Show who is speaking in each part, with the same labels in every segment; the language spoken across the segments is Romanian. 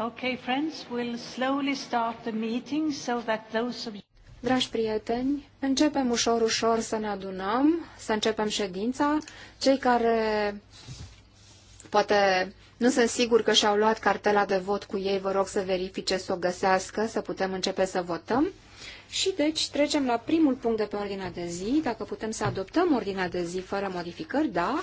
Speaker 1: Okay, friends, we'll slowly start the meeting so that those of you...
Speaker 2: Dragi prieteni, începem ușor, ușor să ne adunăm, să începem ședința. Cei care poate nu sunt siguri că și-au luat cartela de vot cu ei, vă rog să verifice, să o găsească, să putem începe să votăm. Și deci trecem la primul punct de pe ordinea de zi, dacă putem să adoptăm ordinea de zi fără modificări, da,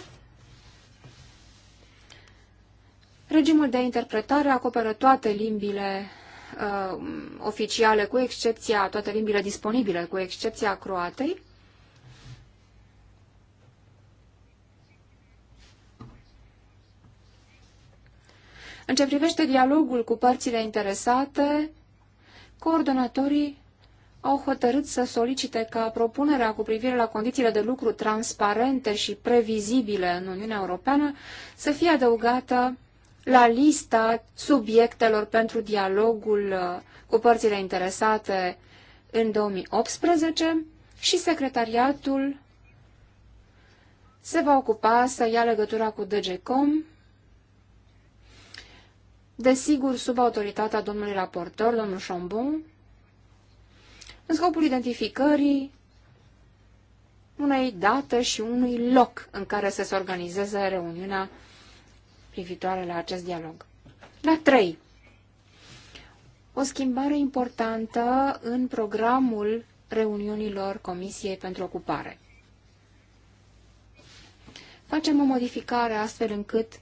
Speaker 2: Regimul de interpretare acoperă toate limbile uh, oficiale, cu excepția, toate limbile disponibile, cu excepția croatei. În ce privește dialogul cu părțile interesate, coordonatorii au hotărât să solicite ca propunerea cu privire la condițiile de lucru transparente și previzibile în Uniunea Europeană să fie adăugată la lista subiectelor pentru dialogul uh, cu părțile interesate în 2018 și secretariatul se va ocupa să ia legătura cu DGCOM, desigur sub autoritatea domnului raportor, domnul Chambon, în scopul identificării unei date și unui loc în care să se organizeze reuniunea privitoare la acest dialog. La 3. O schimbare importantă în programul reuniunilor Comisiei pentru Ocupare. Facem o modificare astfel încât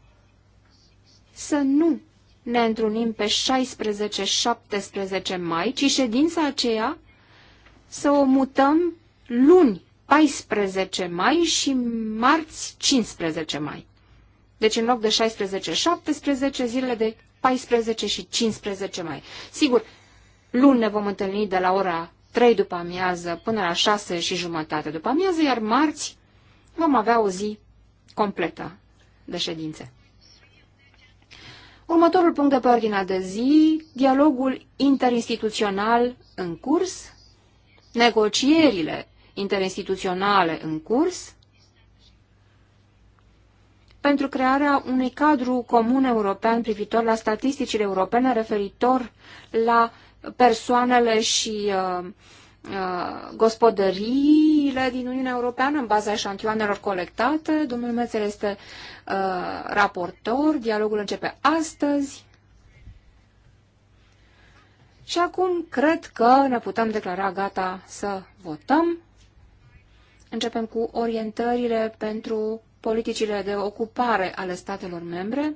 Speaker 2: să nu ne întrunim pe 16-17 mai, ci ședința aceea să o mutăm luni 14 mai și marți 15 mai. Deci în loc de 16-17, zilele de 14 și 15 mai. Sigur, luni ne vom întâlni de la ora 3 după amiază până la 6 și jumătate după amiază, iar marți vom avea o zi completă de ședințe. Următorul punct de pe ordinea de zi, dialogul interinstituțional în curs, negocierile interinstituționale în curs, pentru crearea unui cadru comun european privitor la statisticile europene referitor la persoanele și uh, uh, gospodăriile din Uniunea Europeană în baza eșantioanelor colectate. Domnul Mețel este uh, raportor, dialogul începe astăzi. Și acum cred că ne putem declara gata să votăm. Începem cu orientările pentru politicile de ocupare ale statelor membre.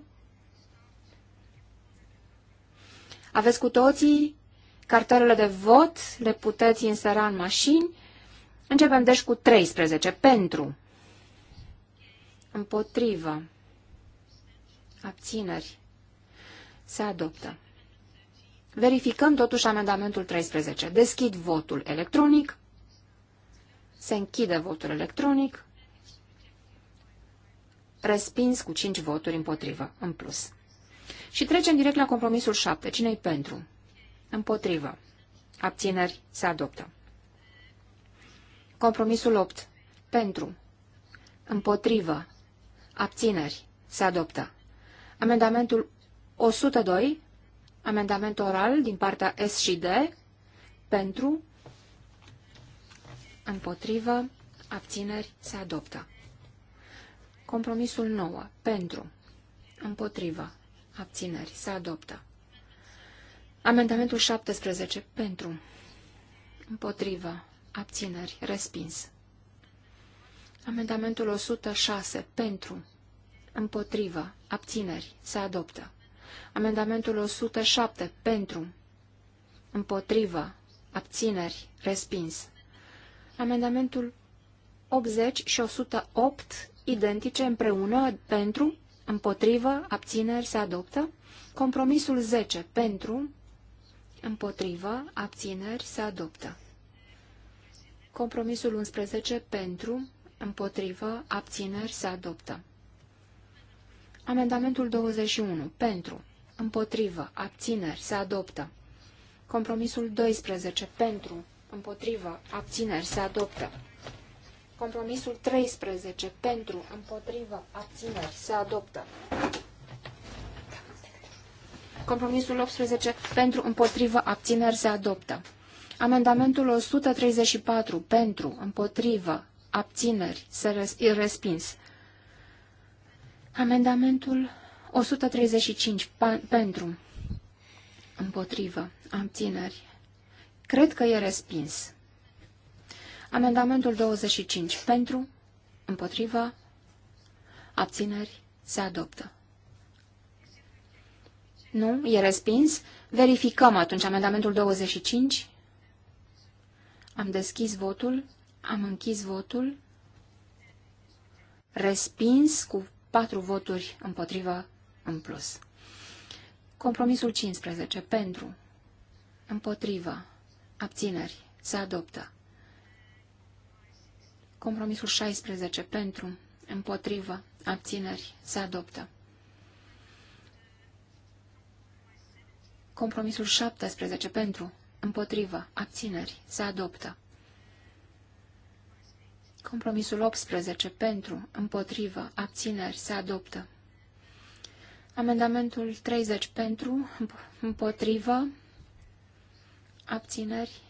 Speaker 2: Aveți cu toții cartelele de vot, le puteți insera în mașini. Începem deci cu 13. Pentru. Împotrivă. Abțineri. Se adoptă. Verificăm totuși amendamentul 13. Deschid votul electronic. Se închide votul electronic respins cu 5 voturi împotrivă, în plus. Și trecem direct la compromisul 7. Cine-i pentru? Împotrivă. Abțineri se adoptă. Compromisul 8. Pentru. Împotrivă. Abțineri se adoptă. Amendamentul 102, amendament oral din partea S și D, pentru, împotrivă, abțineri se adoptă. Compromisul 9. Pentru. Împotrivă. Abțineri. Se adoptă. Amendamentul 17. Pentru. Împotrivă. Abțineri. Respins. Amendamentul 106. Pentru. Împotrivă. Abțineri. Se adoptă. Amendamentul 107. Pentru. Împotrivă. Abțineri. Respins. Amendamentul 80 și 108 identice împreună pentru, împotrivă, abțineri se adoptă. Compromisul 10 pentru, împotrivă, abțineri se adoptă. Compromisul 11 pentru, împotrivă, abțineri se adoptă. Amendamentul 21 pentru, împotrivă, abțineri se adoptă. Compromisul 12 pentru, împotrivă, abțineri se adoptă. Compromisul 13 pentru, împotrivă, abțineri se adoptă. Compromisul 18 pentru, împotrivă, abțineri se adoptă. Amendamentul 134 pentru, împotrivă, abțineri se respins. Amendamentul 135 pentru, împotrivă, abțineri. Cred că e respins. Amendamentul 25. Pentru, împotrivă, abțineri, se adoptă. Nu? E respins? Verificăm atunci amendamentul 25. Am deschis votul, am închis votul, respins cu patru voturi împotrivă în plus. Compromisul 15. Pentru. Împotrivă. Abțineri. Se adoptă. Compromisul 16. Pentru. Împotrivă. Abțineri. Se adoptă. Compromisul 17. Pentru. Împotrivă. Abțineri. Se adoptă. Compromisul 18. Pentru. Împotrivă. Abțineri. Se adoptă. Amendamentul 30. Pentru. Împotrivă. Abțineri.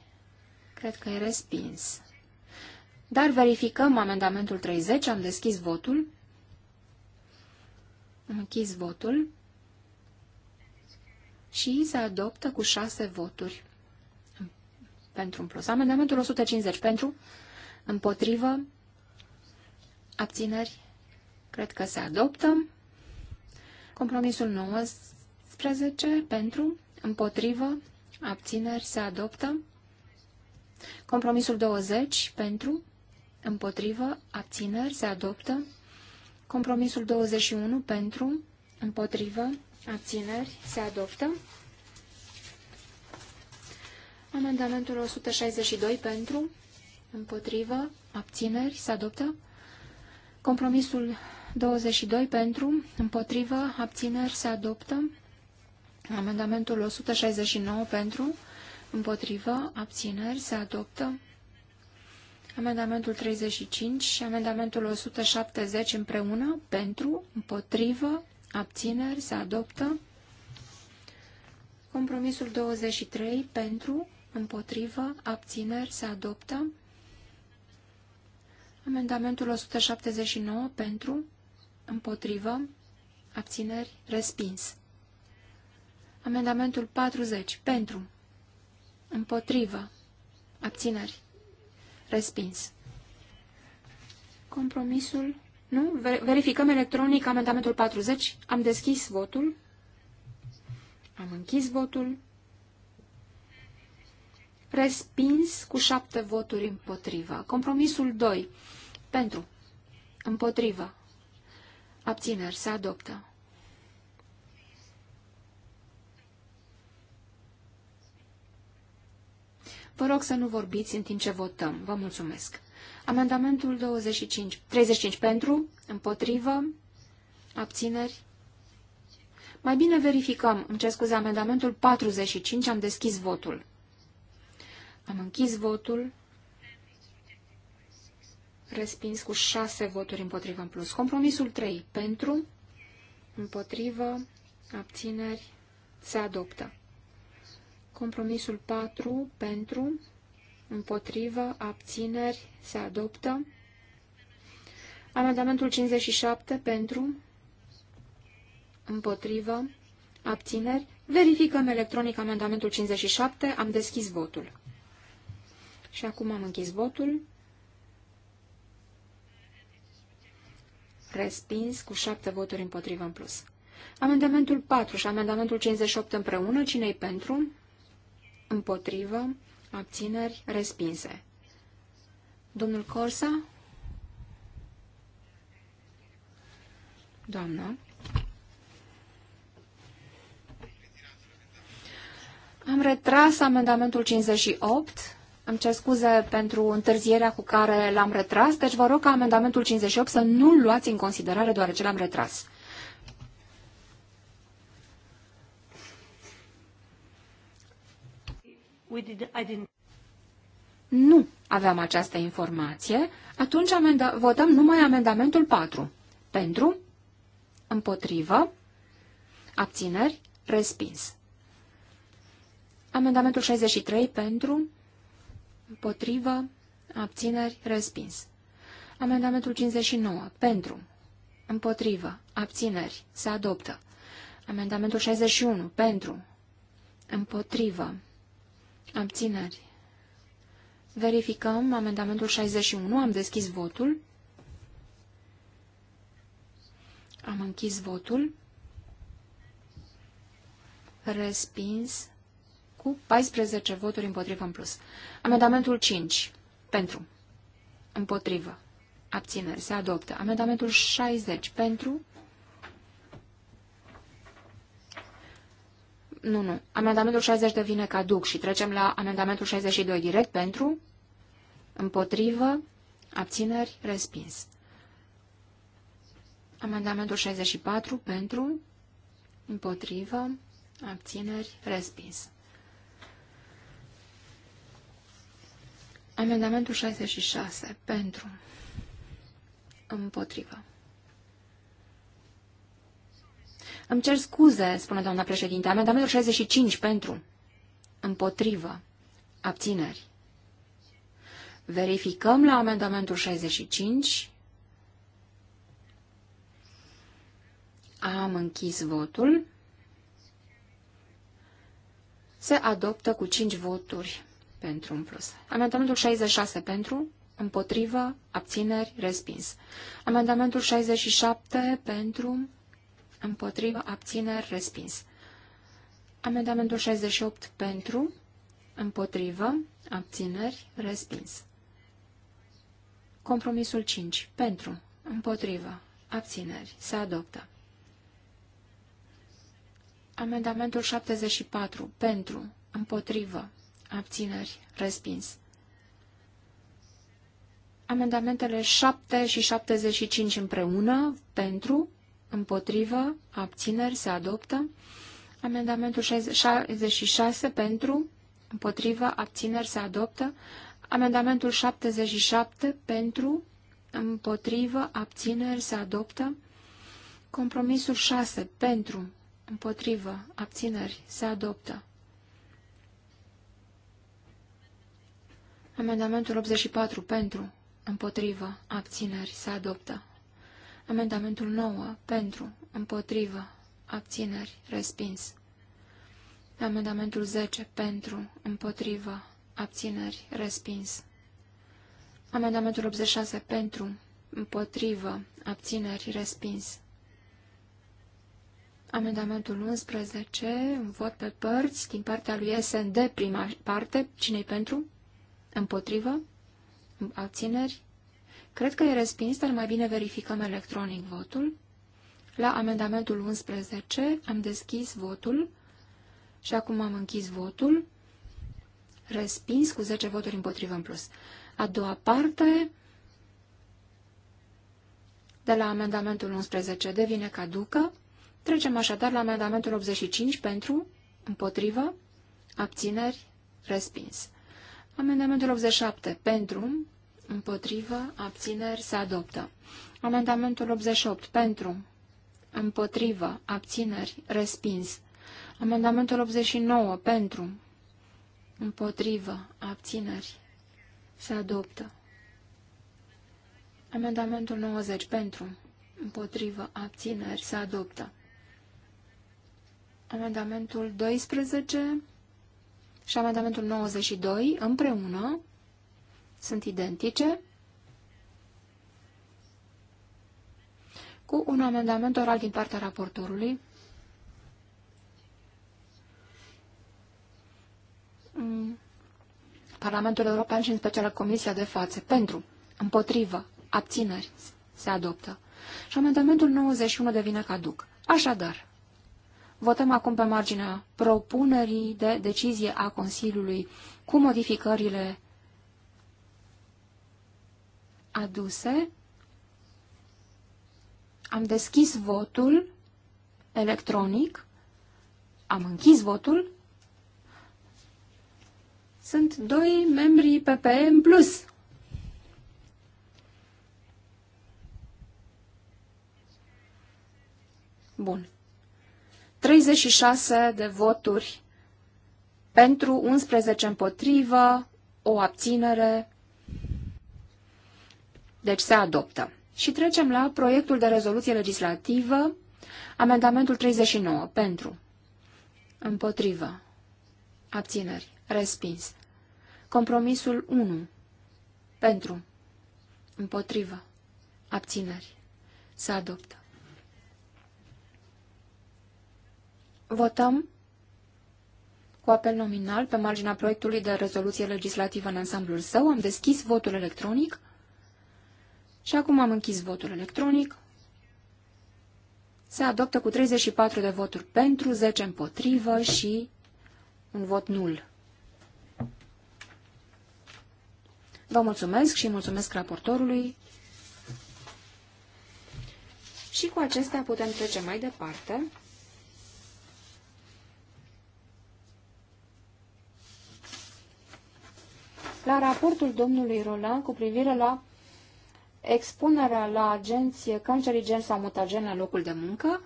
Speaker 2: Cred că e respins. Dar verificăm amendamentul 30, am deschis votul. Am închis votul și se adoptă cu 6 voturi pentru un plus. Amendamentul 150 pentru, împotrivă, abțineri, cred că se adoptă. Compromisul 19 pentru, împotrivă, abțineri, se adoptă. Compromisul 20 pentru, împotrivă, abțineri, se adoptă. Compromisul 21 pentru, împotrivă, abțineri, se adoptă. Amendamentul 162 pentru, împotrivă, abțineri, se adoptă. Compromisul 22 pentru, împotrivă, abțineri, se adoptă. Amendamentul 169 pentru, împotrivă, abțineri, se adoptă amendamentul 35 și amendamentul 170 împreună, pentru, împotrivă, abțineri, se adoptă. Compromisul 23, pentru, împotrivă, abțineri, se adoptă. Amendamentul 179, pentru, împotrivă, abțineri, respins. Amendamentul 40, pentru, împotrivă, abțineri, Respins. Compromisul? Nu? Verificăm electronic amendamentul 40. Am deschis votul. Am închis votul. Respins cu șapte voturi împotrivă. Compromisul 2. Pentru. Împotrivă. Abțineri. Se adoptă. Vă rog să nu vorbiți în timp ce votăm. Vă mulțumesc. Amendamentul 25, 35 pentru, împotrivă, abțineri. Mai bine verificăm. Îmi cer scuze, amendamentul 45, am deschis votul. Am închis votul. Respins cu 6 voturi împotrivă în plus. Compromisul 3, pentru, împotrivă, abțineri, se adoptă. Compromisul 4 pentru, împotrivă, abțineri, se adoptă. Amendamentul 57 pentru, împotrivă, abțineri. Verificăm electronic amendamentul 57, am deschis votul. Și acum am închis votul. Respins cu 7 voturi împotrivă în plus. Amendamentul 4 și amendamentul 58 împreună, cine-i pentru? împotrivă, abțineri, respinse. Domnul Corsa? Doamna? Am retras amendamentul 58. Îmi cer scuze pentru întârzierea cu care l-am retras, deci vă rog ca amendamentul 58 să nu-l luați în considerare deoarece l-am retras. Nu aveam această informație, atunci amenda votăm numai amendamentul 4. Pentru, împotrivă, abțineri, respins. Amendamentul 63 pentru, împotrivă, abțineri, respins. Amendamentul 59 pentru, împotrivă, abțineri, se adoptă. Amendamentul 61 pentru, împotrivă, Abțineri. Verificăm amendamentul 61. Am deschis votul. Am închis votul. Respins cu 14 voturi împotrivă în plus. Amendamentul 5. Pentru. Împotrivă. Abțineri. Se adoptă. Amendamentul 60. Pentru. Nu, nu. Amendamentul 60 devine caduc și trecem la amendamentul 62 direct pentru, împotrivă, abțineri, respins. Amendamentul 64 pentru, împotrivă, abțineri, respins. Amendamentul 66 pentru, împotrivă, Îmi cer scuze, spune doamna președinte, amendamentul 65 pentru. Împotrivă. Abțineri. Verificăm la amendamentul 65. Am închis votul. Se adoptă cu 5 voturi pentru un plus. Amendamentul 66 pentru, împotrivă, abțineri, respins. Amendamentul 67 pentru, împotrivă, abțineri, respins. Amendamentul 68 pentru, împotrivă, abțineri, respins. Compromisul 5 pentru, împotrivă, abțineri, se adoptă. Amendamentul 74 pentru, împotrivă, abțineri, respins. Amendamentele 7 și 75 împreună, pentru, împotrivă, abțineri, se adoptă. Amendamentul 66 pentru, împotrivă, abțineri, se adoptă. Amendamentul 77 pentru, împotrivă, abțineri, se adoptă. Compromisul 6 pentru, împotrivă, abțineri, se adoptă. Amendamentul 84 pentru, împotrivă, abțineri, se adoptă. Amendamentul 9. Pentru. Împotrivă. Abțineri. Respins. Amendamentul 10. Pentru. Împotrivă. Abțineri. Respins. Amendamentul 86. Pentru. Împotrivă. Abțineri. Respins. Amendamentul 11. Un vot pe părți din partea lui SND. Prima parte. Cine-i pentru? Împotrivă. Abțineri. Cred că e respins, dar mai bine verificăm electronic votul. La amendamentul 11 am deschis votul și acum am închis votul. Respins cu 10 voturi împotrivă în plus. A doua parte de la amendamentul 11 devine caducă. Trecem așadar la amendamentul 85 pentru, împotrivă, abțineri, respins. Amendamentul 87 pentru, Împotrivă. Abțineri. Se adoptă. Amendamentul 88. Pentru. Împotrivă. Abțineri. Respins. Amendamentul 89. Pentru. Împotrivă. Abțineri. Se adoptă. Amendamentul 90. Pentru. Împotrivă. Abțineri. Se adoptă. Amendamentul 12 și amendamentul 92 împreună sunt identice cu un amendament oral din partea raportorului Parlamentul European și în special Comisia de față pentru, împotrivă, abțineri se adoptă și amendamentul 91 devine caduc. Așadar, votăm acum pe marginea propunerii de decizie a Consiliului cu modificările aduse. Am deschis votul electronic. Am închis votul. Sunt doi membri PP în plus. Bun. 36 de voturi pentru, 11 împotrivă, o abținere. Deci se adoptă. Și trecem la proiectul de rezoluție legislativă, amendamentul 39, pentru, împotrivă, abțineri, respins. Compromisul 1, pentru, împotrivă, abțineri, se adoptă. Votăm cu apel nominal pe marginea proiectului de rezoluție legislativă în ansamblul său. Am deschis votul electronic. Și acum am închis votul electronic. Se adoptă cu 34 de voturi pentru, 10 împotrivă și un vot nul. Vă mulțumesc și mulțumesc raportorului. Și cu acestea putem trece mai departe. La raportul domnului Roland cu privire la expunerea la agenți cancerigeni sau mutageni la locul de muncă.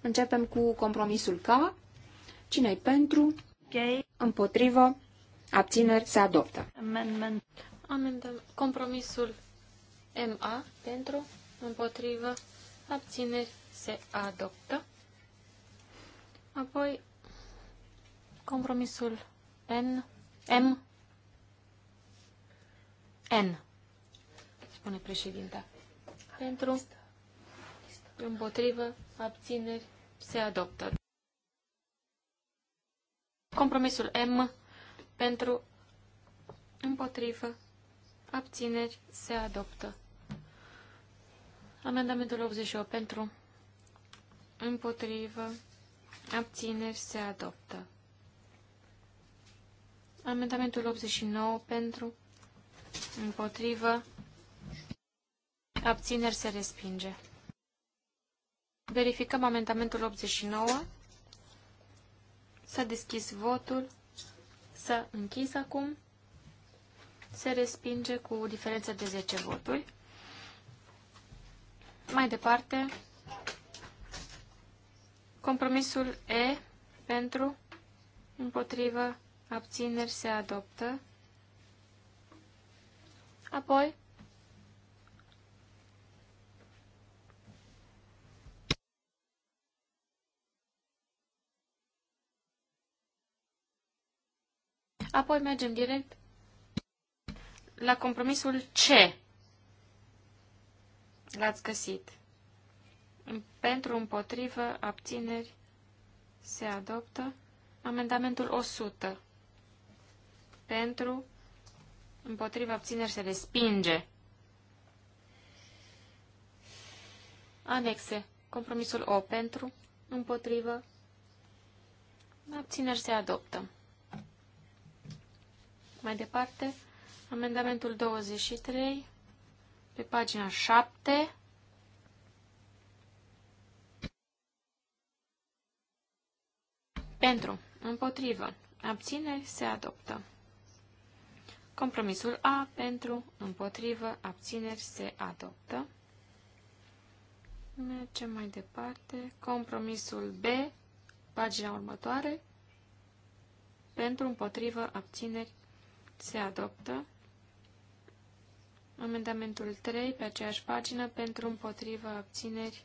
Speaker 2: Începem cu compromisul K. Cine-i pentru? Okay. Împotrivă? Abțineri? Se adoptă.
Speaker 3: Amendment. Amendem. Compromisul MA pentru? Împotrivă? Abțineri? Se adoptă. Apoi compromisul N, M, N spune președinta. Pentru, împotrivă, abțineri, se adoptă. Compromisul M pentru, împotrivă, abțineri, se adoptă. Amendamentul 88 pentru, împotrivă, abțineri, se adoptă. Amendamentul 89 pentru, împotrivă, Abțineri se respinge. Verificăm amendamentul 89. S-a deschis votul. S-a închis acum. Se respinge cu diferență de 10 voturi. Mai departe, compromisul E pentru, împotrivă, abțineri se adoptă. Apoi, Apoi mergem direct la compromisul C. L-ați găsit. Pentru, împotrivă, abțineri, se adoptă amendamentul 100. Pentru, împotrivă, abțineri, se respinge. Anexe. Compromisul O pentru, împotrivă, abțineri, se adoptă. Mai departe, amendamentul 23, pe pagina 7. Pentru, împotrivă, abțineri se adoptă. Compromisul A pentru, împotrivă, abțineri se adoptă. Mergem mai departe. Compromisul B, pagina următoare, pentru, împotrivă, abțineri se adoptă. Amendamentul 3 pe aceeași pagină pentru împotrivă abțineri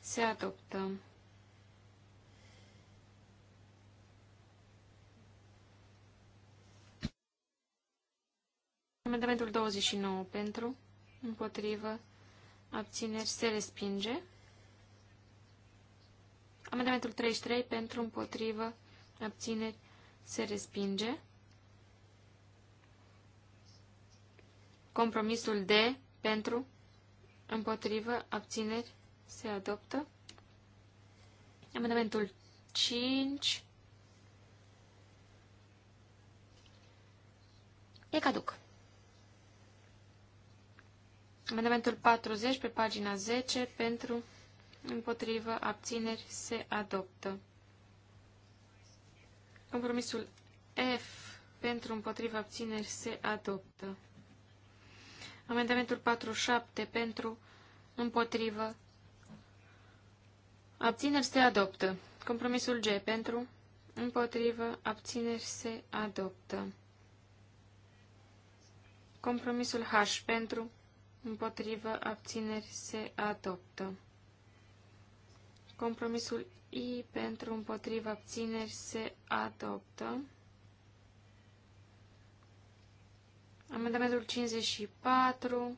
Speaker 3: se adoptă. Amendamentul 29 pentru împotrivă abțineri se respinge. Amendamentul 33 pentru împotrivă abțineri se respinge. Compromisul D pentru, împotrivă, abțineri, se adoptă. Amendamentul 5 e caduc. Amendamentul 40 pe pagina 10 pentru, împotrivă, abțineri, se adoptă. Compromisul F pentru împotriva abțineri se adoptă. Amendamentul 47 pentru, împotrivă, abțineri se adoptă. Compromisul G pentru, împotrivă, abțineri se adoptă. Compromisul H pentru, împotrivă, abțineri se adoptă. Compromisul I pentru, împotrivă, abțineri se adoptă. Amendamentul 54.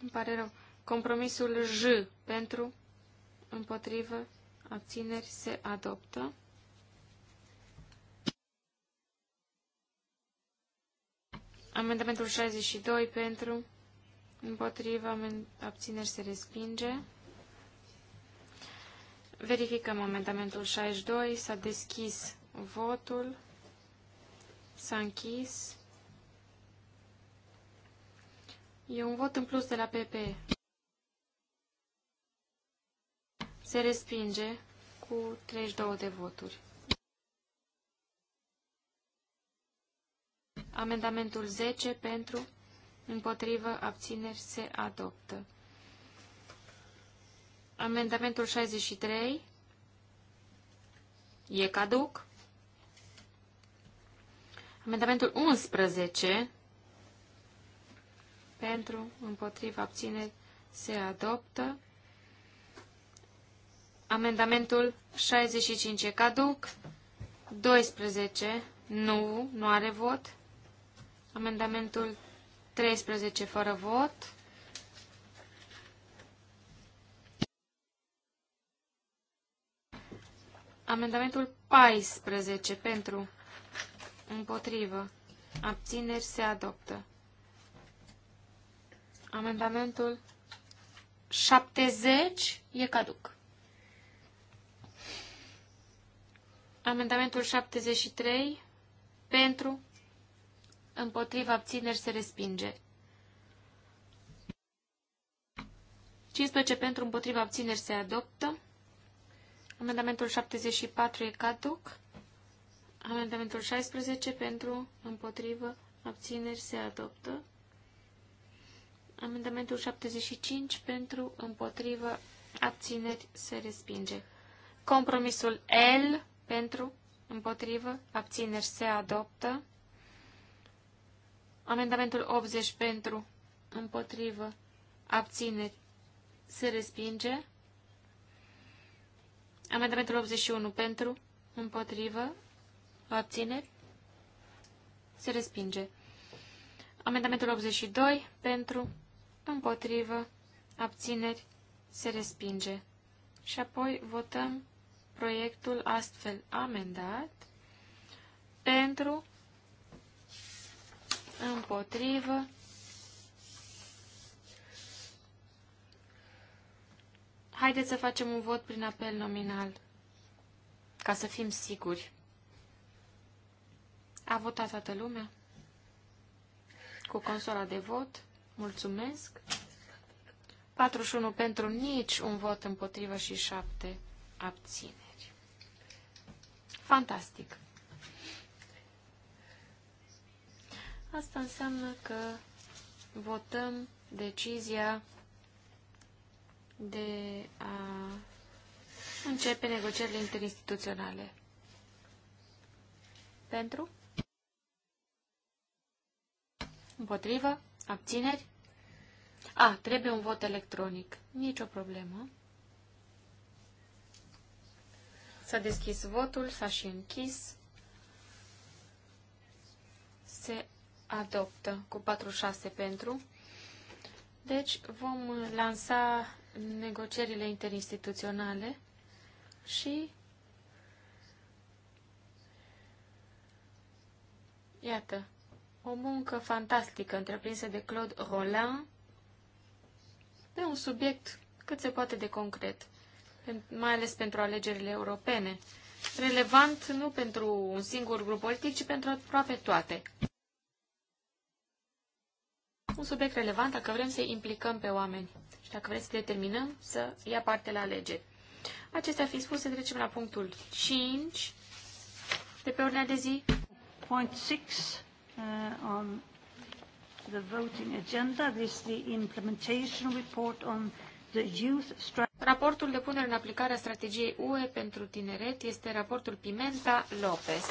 Speaker 3: Îmi pare rău. Compromisul J pentru, împotrivă, abțineri se adoptă. Amendamentul 62 pentru, împotrivă, abțineri se respinge. Verificăm amendamentul 62. S-a deschis votul. S-a închis. E un vot în plus de la PP. Se respinge cu 32 de voturi. Amendamentul 10 pentru, împotrivă, abțineri se adoptă. Amendamentul 63 e caduc. Amendamentul 11 pentru, împotriva, abține se adoptă. Amendamentul 65 e caduc. 12 nu, nu are vot. Amendamentul 13 fără vot. Amendamentul 14 pentru, împotrivă, abțineri se adoptă. Amendamentul 70 e caduc. Amendamentul 73 pentru, împotrivă, abțineri se respinge. 15 pentru, împotrivă, abțineri se adoptă. Amendamentul 74 e caduc. Amendamentul 16 pentru, împotrivă, abțineri se adoptă. Amendamentul 75 pentru, împotrivă, abțineri se respinge. Compromisul L pentru, împotrivă, abțineri se adoptă. Amendamentul 80 pentru, împotrivă, abțineri se respinge. Amendamentul 81 pentru, împotrivă, abțineri, se respinge. Amendamentul 82 pentru, împotrivă, abțineri, se respinge. Și apoi votăm proiectul astfel amendat pentru, împotrivă, Haideți să facem un vot prin apel nominal, ca să fim siguri. A votat toată lumea? Cu consola de vot? Mulțumesc! 41 pentru nici un vot împotrivă și 7 abțineri. Fantastic! Asta înseamnă că votăm decizia de a începe negocierile interinstituționale. Pentru? Împotrivă? Abțineri? A, trebuie un vot electronic. Nici o problemă. S-a deschis votul, s-a și închis. Se adoptă cu 46 pentru. Deci vom lansa negocierile interinstituționale și iată, o muncă fantastică întreprinsă de Claude Roland pe un subiect cât se poate de concret, mai ales pentru alegerile europene, relevant nu pentru un singur grup politic, ci pentru aproape toate un subiect relevant dacă vrem să implicăm pe oameni și dacă vrem să determinăm să ia parte la alegeri. Acestea fiind spuse, trecem la punctul 5 de pe ordinea de zi.
Speaker 1: Point 6 uh, on the voting agenda this
Speaker 3: the implementation report on the youth strategy. Raportul de punere în aplicare a strategiei UE pentru tineret este raportul Pimenta Lopez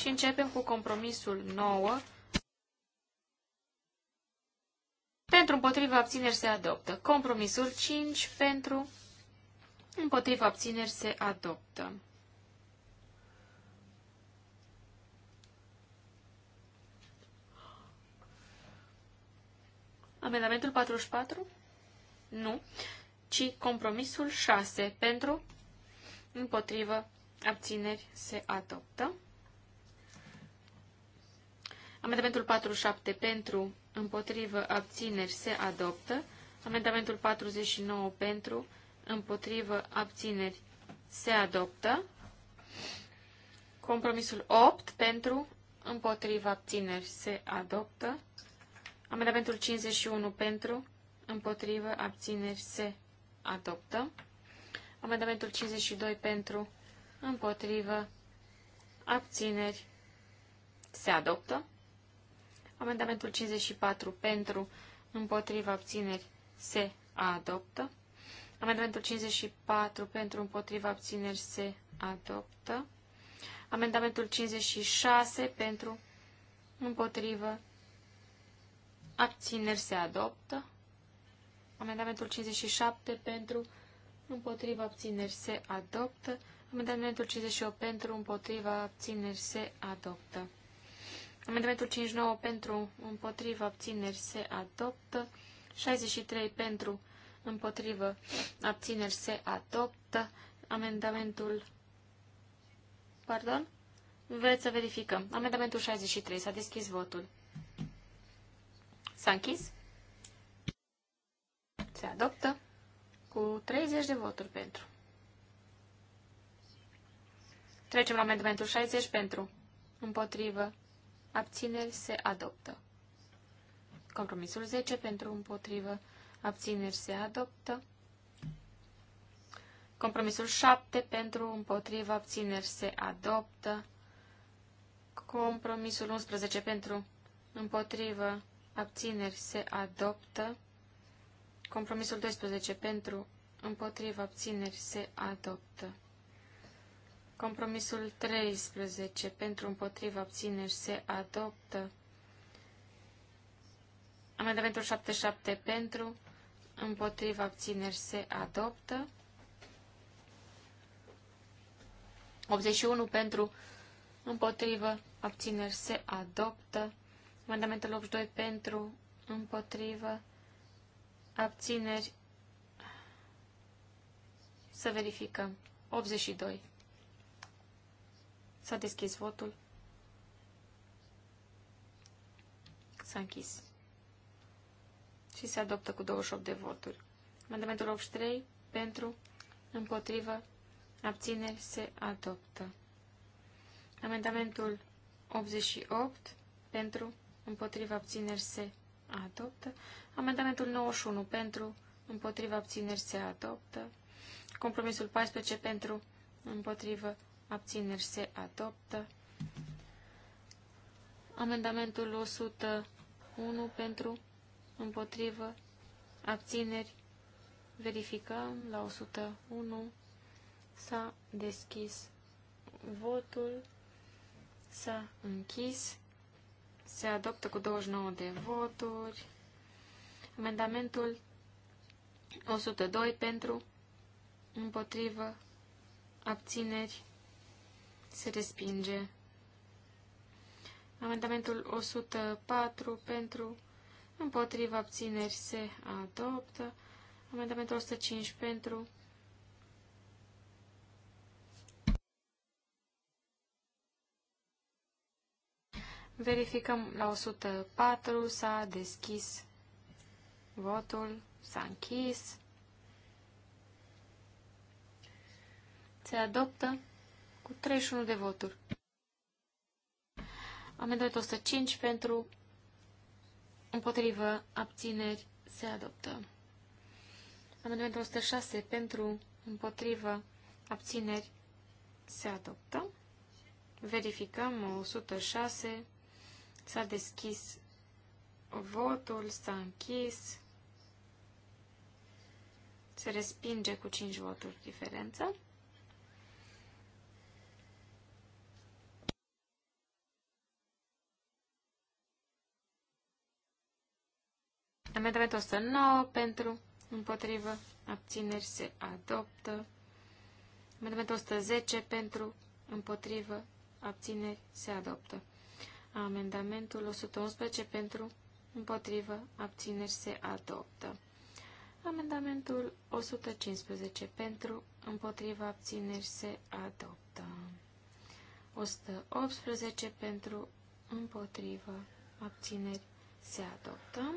Speaker 3: și începem cu compromisul 9 Pentru împotriva abțineri se adoptă. Compromisul 5 pentru împotriva abțineri se adoptă. Amendamentul 44? Nu, ci compromisul 6 pentru împotrivă abțineri se adoptă. Amendamentul 47 pentru, împotrivă, abțineri se adoptă. Amendamentul 49 pentru, împotrivă, abțineri se adoptă. Compromisul 8 pentru, împotrivă, abțineri se adoptă. Amendamentul 51 pentru, împotrivă, abțineri se adoptă. Amendamentul 52 pentru, împotrivă, abțineri se adoptă. Amendamentul 54 pentru, împotriva abțineri se adoptă. Amendamentul 54 pentru, împotriva abțineri se adoptă. Amendamentul 56 pentru, împotrivă, abțineri se adoptă. Amendamentul 57 pentru, împotriva abțineri se adoptă. Amendamentul 58 pentru, împotriva abțineri se adoptă. Amendamentul 59 pentru, împotrivă, abțineri se adoptă. 63 pentru, împotrivă, abțineri se adoptă. Amendamentul... Pardon? Vreți să verificăm. Amendamentul 63. S-a deschis votul. S-a închis. Se adoptă cu 30 de voturi pentru. Trecem la amendamentul 60 pentru. Împotrivă abțineri se adoptă. Compromisul 10 pentru împotrivă, abțineri se adoptă. Compromisul 7 pentru împotrivă, abțineri se adoptă. Compromisul 11 pentru împotrivă, abțineri se adoptă. Compromisul 12 pentru împotrivă, abțineri se adoptă. Compromisul 13 pentru împotriva abțineri se adoptă. Amendamentul 77 pentru împotriva abțineri se adoptă. 81 pentru împotriva abțineri se adoptă. Amendamentul 82 pentru împotriva abțineri să verificăm. 82. S-a deschis votul. S-a închis. Și se adoptă cu 28 de voturi. Amendamentul 83 pentru, împotrivă, abțineri se adoptă. Amendamentul 88 pentru, împotrivă, abțineri se adoptă. Amendamentul 91 pentru, împotrivă, abțineri se adoptă. Compromisul 14 pentru, împotrivă, abțineri se adoptă. Amendamentul 101 pentru, împotrivă, abțineri, verificăm la 101, s-a deschis votul, s-a închis, se adoptă cu 29 de voturi. Amendamentul 102 pentru, împotrivă, abțineri, se respinge. Amendamentul 104 pentru, împotriva abțineri se adoptă. Amendamentul 105 pentru, Verificăm la 104, s-a deschis votul, s-a închis. Se adoptă cu 31 de voturi. Amendamentul 105 pentru împotrivă abțineri se adoptă. Amendamentul 106 pentru împotrivă abțineri se adoptă. Verificăm 106. S-a deschis votul, s-a închis. Se respinge cu 5 voturi diferență. Amendamentul 109 pentru, împotrivă, abțineri se adoptă. Amendamentul 110 pentru, împotrivă, abțineri se adoptă. Amendamentul 111 pentru, împotrivă, abțineri se adoptă. Amendamentul 115 pentru, împotriva abțineri se adoptă. 118 pentru, împotriva abțineri se adoptă.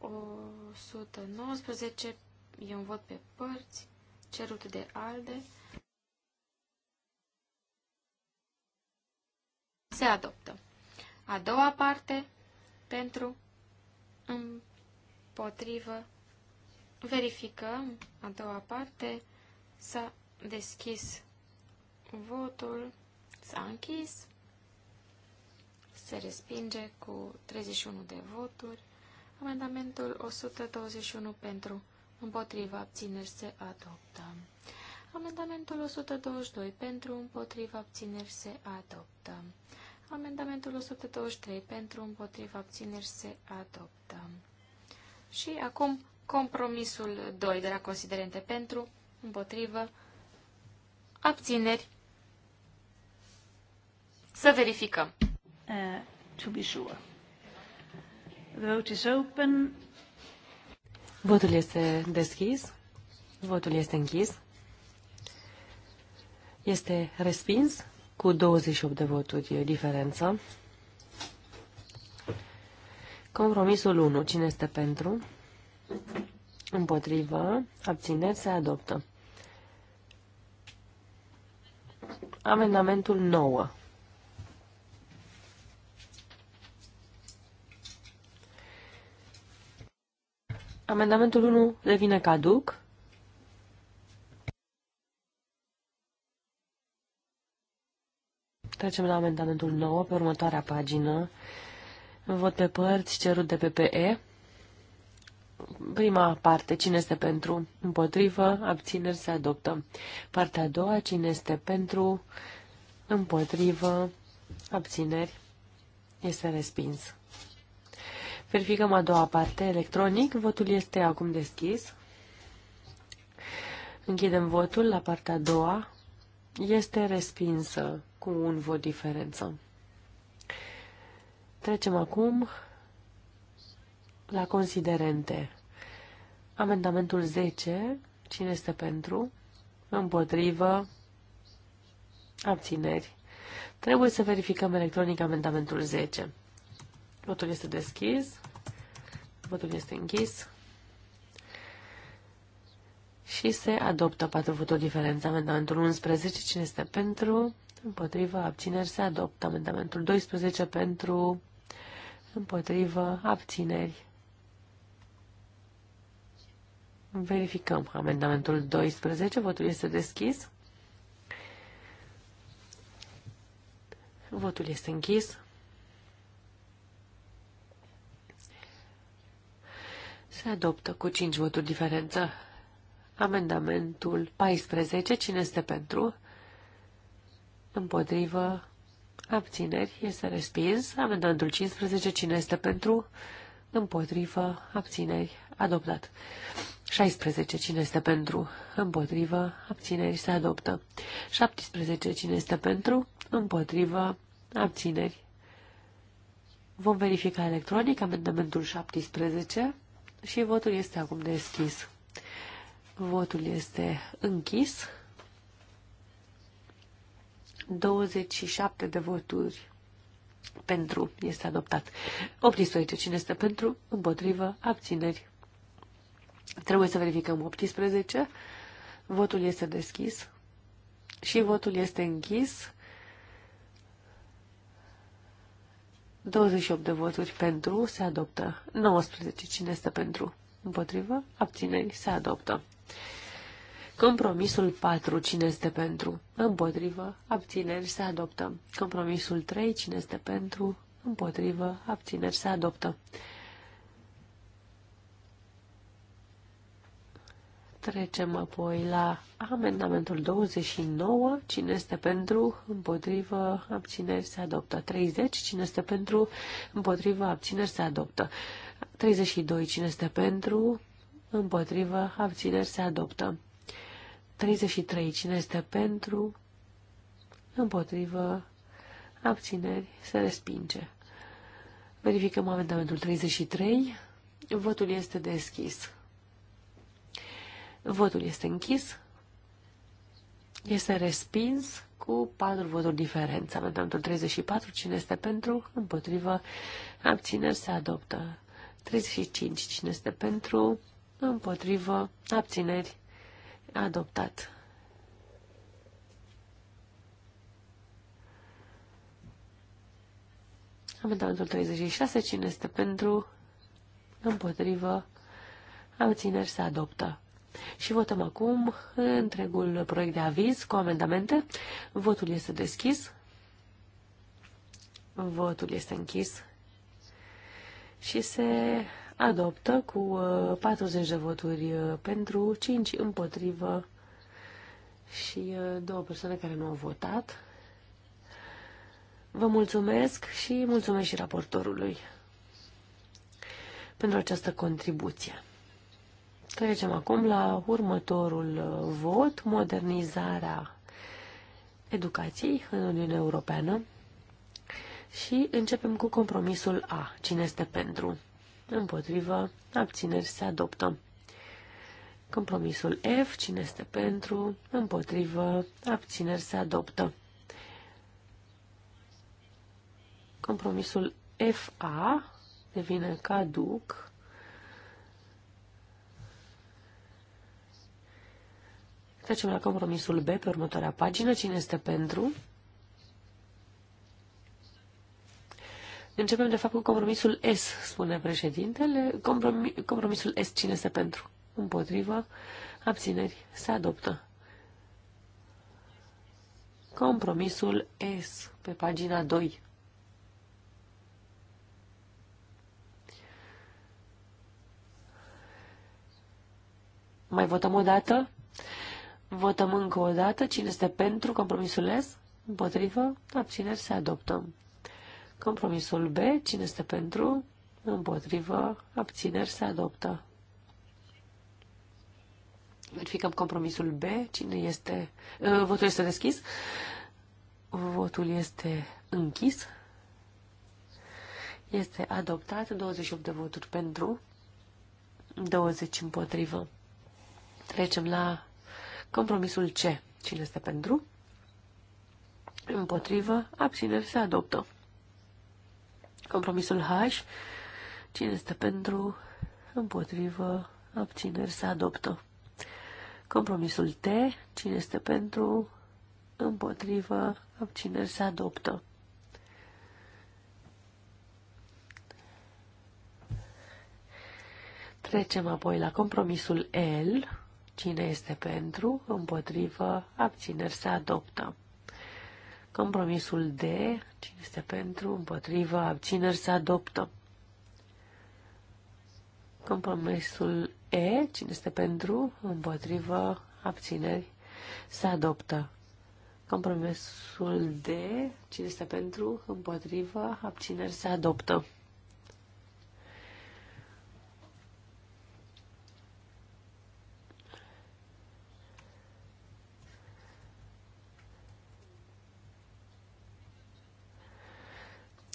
Speaker 3: 119 eu un vot pe părți, cerut de ALDE. Se adoptă. A doua parte, pentru, împotrivă, verificăm. A doua parte, s-a deschis votul, s-a închis, se respinge cu 31 de voturi. Amendamentul 121 pentru, împotriva, abțineri se adoptă. Amendamentul 122 pentru, împotriva, abțineri se adoptă. Amendamentul 123 pentru, împotriva, abțineri se adoptă. Și acum compromisul 2 de la considerente pentru, împotrivă, abțineri. Să verificăm. Uh, to be sure
Speaker 1: vote is open.
Speaker 4: Votul este deschis. Votul este închis. Este respins cu 28 de voturi diferență. Compromisul 1. Cine este pentru? Împotrivă. Abțineri. Se adoptă. Amendamentul 9. Amendamentul 1 devine caduc. Trecem la amendamentul 9, pe următoarea pagină. Vot pe părți, cerut de PPE. Prima parte, cine este pentru? Împotrivă, abțineri se adoptă. Partea a doua, cine este pentru? Împotrivă, abțineri, este respins. Verificăm a doua parte electronic. Votul este acum deschis. Închidem votul la partea a doua. Este respinsă cu un vot diferență. Trecem acum la considerente. Amendamentul 10. Cine este pentru? Împotrivă? Abțineri. Trebuie să verificăm electronic amendamentul 10. Votul este deschis. Votul este închis. Și se adoptă patru voturi diferență. Amendamentul 11, cine este pentru? Împotrivă, abțineri, se adoptă. Amendamentul 12 pentru, împotrivă, abțineri. Verificăm amendamentul 12. Votul este deschis. Votul este închis. Se adoptă cu 5 voturi diferență. Amendamentul 14. Cine este pentru? Împotrivă. Abțineri. Este respins. Amendamentul 15. Cine este pentru? Împotrivă. Abțineri. Adoptat. 16. Cine este pentru? Împotrivă. Abțineri. Se adoptă. 17. Cine este pentru? Împotrivă. Abțineri. Vom verifica electronic amendamentul 17 și votul este acum deschis. Votul este închis. 27 de voturi pentru este adoptat. 18. Cine este pentru? Împotrivă. Abțineri. Trebuie să verificăm 18. Votul este deschis și votul este închis. 28 de voturi pentru, se adoptă. 19. Cine este pentru? Împotrivă? Abțineri? Se adoptă. Compromisul 4. Cine este pentru? Împotrivă? Abțineri? Se adoptă. Compromisul 3. Cine este pentru? Împotrivă? Abțineri? Se adoptă. Trecem apoi la amendamentul 29. Cine este pentru, împotrivă, abțineri, se adoptă. 30. Cine este pentru, împotrivă, abțineri, se adoptă. 32. Cine este pentru, împotrivă, abțineri, se adoptă. 33. Cine este pentru, împotrivă, abțineri, se respinge. Verificăm amendamentul 33. Votul este deschis. Votul este închis. Este respins cu patru voturi diferență. Avem 34, cine este pentru, împotrivă, abțineri se adoptă. 35, cine este pentru, împotrivă, abțineri, adoptat. Amendamentul 36, cine este pentru, împotrivă, abțineri se adoptă. Și votăm acum întregul proiect de aviz cu amendamente. Votul este deschis. Votul este închis. Și se adoptă cu 40 uh, de voturi uh, pentru, 5 împotrivă și uh, două persoane care nu au votat. Vă mulțumesc și mulțumesc și raportorului pentru această contribuție. Trecem acum la următorul uh, vot, modernizarea educației în Uniunea Europeană și începem cu compromisul A. Cine este pentru? Împotrivă, abțineri se adoptă. Compromisul F. Cine este pentru? Împotrivă, abțineri se adoptă. Compromisul FA devine caduc Trecem la compromisul B pe următoarea pagină. Cine este pentru? Începem, de fapt, cu compromisul S, spune președintele. Compromi compromisul S, cine este pentru? Împotrivă. Abțineri. Se adoptă. Compromisul S, pe pagina 2. Mai votăm o dată? Votăm încă o dată cine este pentru compromisul S, împotrivă, abțineri se adoptă. Compromisul B, cine este pentru, împotrivă, abțineri se adoptă. Verificăm compromisul B, cine este, ă, votul este deschis, votul este închis, este adoptat, 28 de voturi pentru, 20 împotrivă. Trecem la Compromisul C. Cine este pentru? Împotrivă. Abțineri se adoptă. Compromisul H. Cine este pentru? Împotrivă. Abțineri se adoptă. Compromisul T. Cine este pentru? Împotrivă. Abțineri se adoptă. Trecem apoi la compromisul L. Cine este pentru, împotrivă, abțineri se adoptă. Compromisul D, cine este pentru, împotrivă, abțineri se adoptă. Compromisul E, cine este pentru, împotrivă, abțineri se adoptă. Compromisul D, cine este pentru, împotrivă, abțineri se adoptă.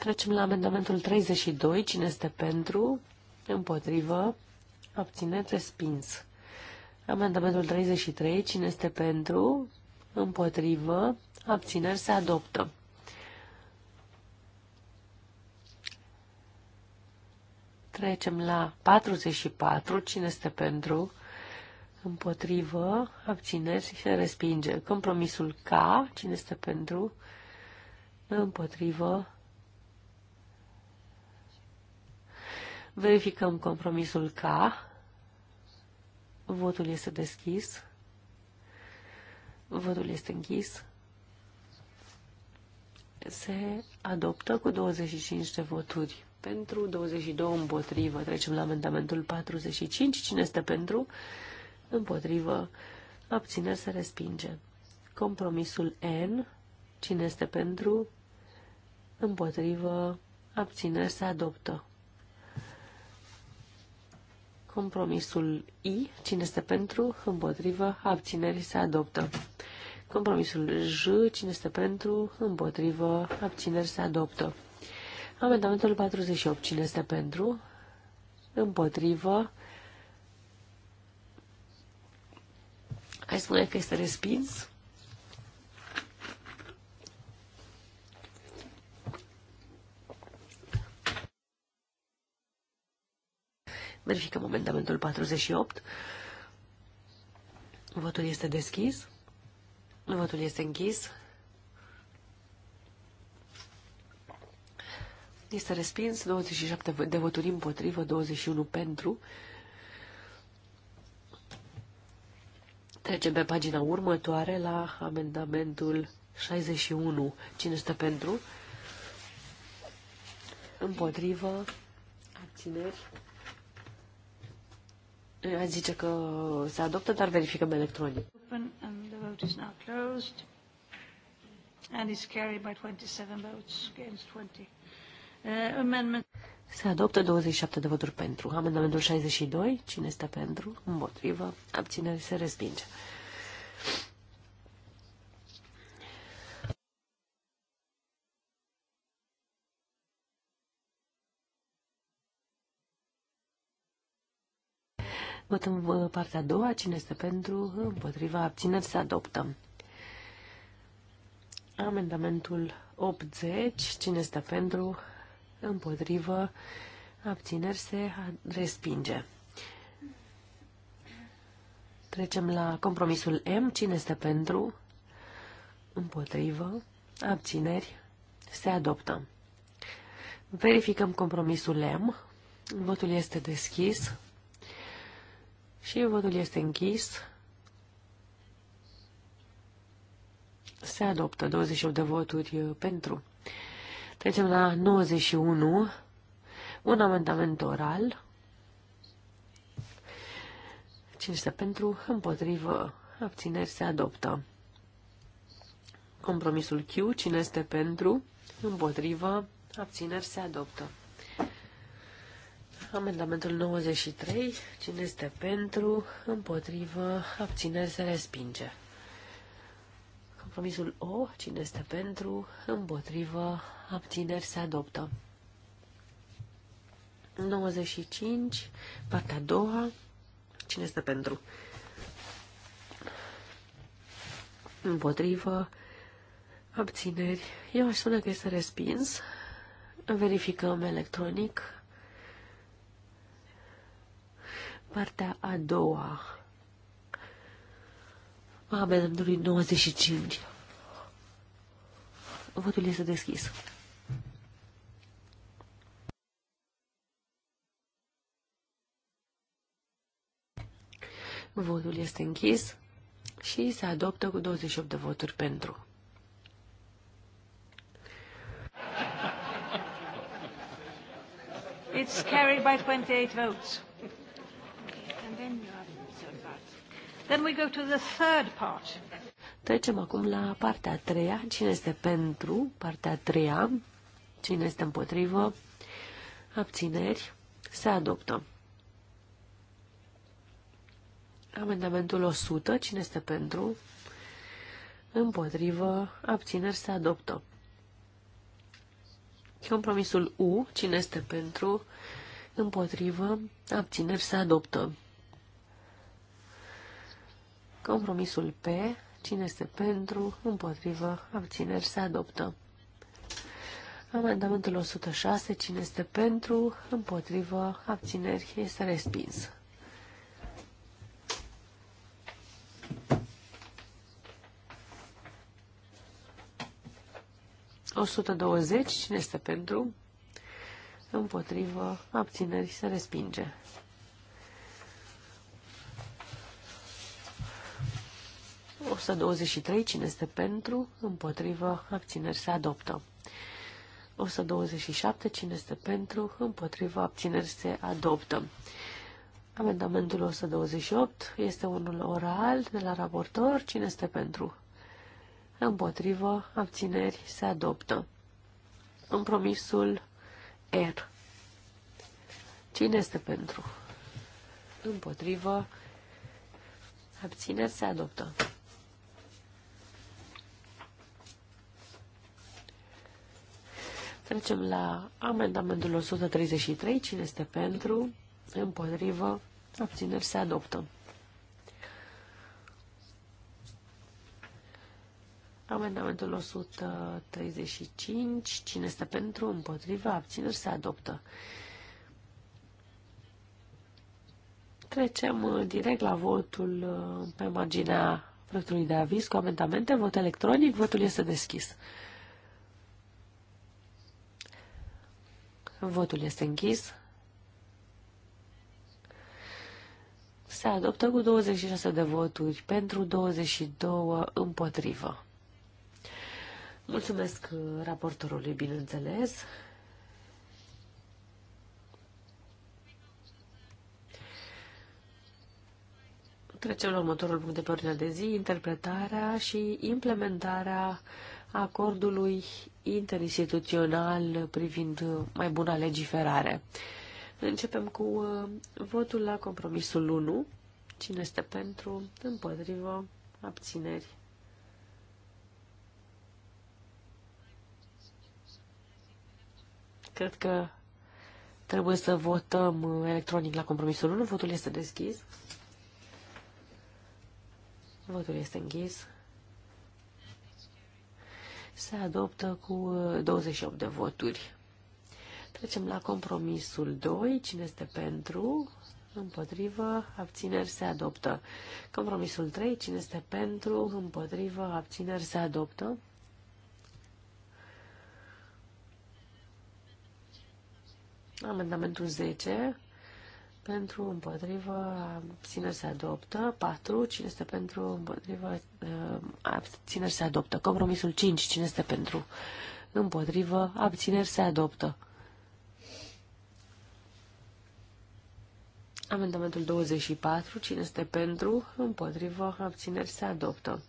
Speaker 4: Trecem la amendamentul 32. Cine este pentru? Împotrivă. Abțineți? Respins. Amendamentul 33. Cine este pentru? Împotrivă. Abțineri. Se adoptă. Trecem la 44. Cine este pentru? Împotrivă. Abțineri. Se respinge. Compromisul K. Cine este pentru? Împotrivă Verificăm compromisul K. Votul este deschis. Votul este închis. Se adoptă cu 25 de voturi pentru, 22 împotrivă. Trecem la amendamentul 45. Cine este pentru? Împotrivă. Abțineri se respinge. Compromisul N. Cine este pentru? Împotrivă. Abțineri se adoptă. Compromisul I, cine este pentru, împotrivă, abținerii se adoptă. Compromisul J, cine este pentru, împotrivă, abțineri, se adoptă. Amendamentul 48, cine este pentru, împotrivă, hai spune că este respins. Verificăm amendamentul 48. Votul este deschis. Votul este închis. Este respins 27 de voturi împotrivă, 21 pentru. Trecem pe pagina următoare la amendamentul 61. Cine stă pentru? Împotrivă. Abțineri. Zice că se adoptă, dar verificăm electronic. Uh, se adoptă 27 de voturi pentru. Amendamentul 62. Cine este pentru? Împotrivă. Abțineri se respinge. Votăm uh, partea a doua. Cine este pentru? Împotriva. Abțineri se adoptă. Amendamentul 80. Cine este pentru? Împotrivă. Abțineri se respinge. Trecem la compromisul M. Cine este pentru? Împotrivă. Abțineri se adoptă. Verificăm compromisul M. Votul este deschis. Și votul este închis. Se adoptă 28 de voturi uh, pentru. Trecem la 91. Un amendament oral. 500 pentru, împotrivă, abțineri se adoptă. Compromisul Q, cine este pentru, împotrivă, abțineri se adoptă. Amendamentul 93. Cine este pentru? Împotrivă? Abțineri se respinge. Compromisul O. Cine este pentru? Împotrivă? Abțineri se adoptă. 95. Partea a doua. Cine este pentru? Împotrivă? Abțineri. Eu aș spune că este respins. Verificăm electronic Partea a doua. Amendamentului 95. Votul este deschis. Votul este închis și se adoptă cu 28 de voturi pentru.
Speaker 1: It's carried by 28 votes then we go to the third part. Trecem
Speaker 4: acum la partea a treia. Cine este pentru partea a treia? Cine este împotrivă? Abțineri. Se adoptă. Amendamentul 100. Cine este pentru? Împotrivă. Abțineri. Se adoptă. Compromisul U. Cine este pentru? Împotrivă. Abțineri. Se adoptă. Compromisul P, cine este pentru, împotrivă, abțineri, se adoptă. Amendamentul 106, cine este pentru, împotrivă, abțineri, este respins. O 120, cine este pentru, împotrivă, abțineri, se respinge. 123. Cine este pentru? Împotrivă. Abțineri se adoptă. 127. Cine este pentru? Împotrivă. Abțineri se adoptă. Amendamentul 128 este unul oral de la raportor. Cine este pentru? Împotrivă. Abțineri se adoptă. Compromisul R. Cine este pentru? Împotrivă. Abțineri se adoptă. Trecem la amendamentul 133. Cine este pentru? Împotrivă? Abțineri se adoptă. Amendamentul 135. Cine este pentru? Împotrivă? Abțineri se adoptă. Trecem uh, direct la votul uh, pe marginea proiectului de aviz cu amendamente. Vot electronic. Votul este deschis. Votul este închis. Se adoptă cu 26 de voturi pentru 22 împotrivă. Mulțumesc raportorului, bineînțeles. Trecem la următorul punct de pe ordinea de zi, interpretarea și implementarea acordului interinstituțional privind mai bună legiferare. Începem cu uh, votul la compromisul 1. Cine este pentru, împotrivă, abțineri. Cred că trebuie să votăm uh, electronic la compromisul 1. Votul este deschis. Votul este închis se adoptă cu 28 uh, de voturi. Trecem la compromisul 2. Cine este pentru? Împotrivă, abțineri se adoptă. Compromisul 3. Cine este pentru? Împotrivă, abțineri se adoptă. Amendamentul 10 pentru, împotrivă, abțineri se adoptă. 4. Eh, cine este pentru, împotrivă, abțineri se adoptă. Compromisul 5. Cine este pentru, împotrivă, abțineri se adoptă. Amendamentul 24. Cine este pentru, împotrivă, abțineri se adoptă.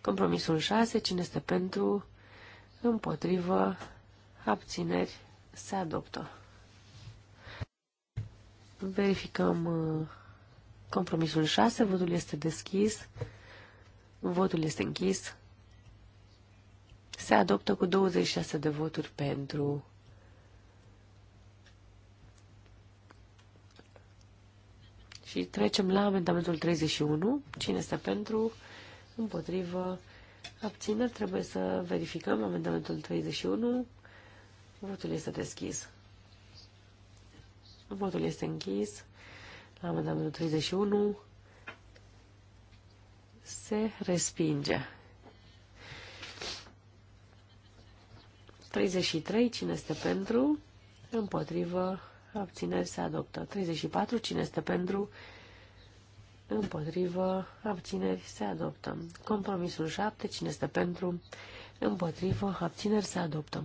Speaker 4: Compromisul 6. Cine este pentru, împotrivă, abțineri se adoptă. Verificăm uh, compromisul 6. Votul este deschis. Votul este închis. Se adoptă cu 26 de voturi pentru. Și trecem la amendamentul 31. Cine este pentru? Împotrivă. Abțineri. Trebuie să verificăm amendamentul 31. Votul este deschis. Votul este închis. La amendamentul 31 se respinge. 33. Cine este pentru? Împotrivă. Abțineri se adoptă. 34. Cine este pentru? Împotrivă. Abțineri se adoptă. Compromisul 7. Cine este pentru? Împotrivă. Abțineri se adoptă.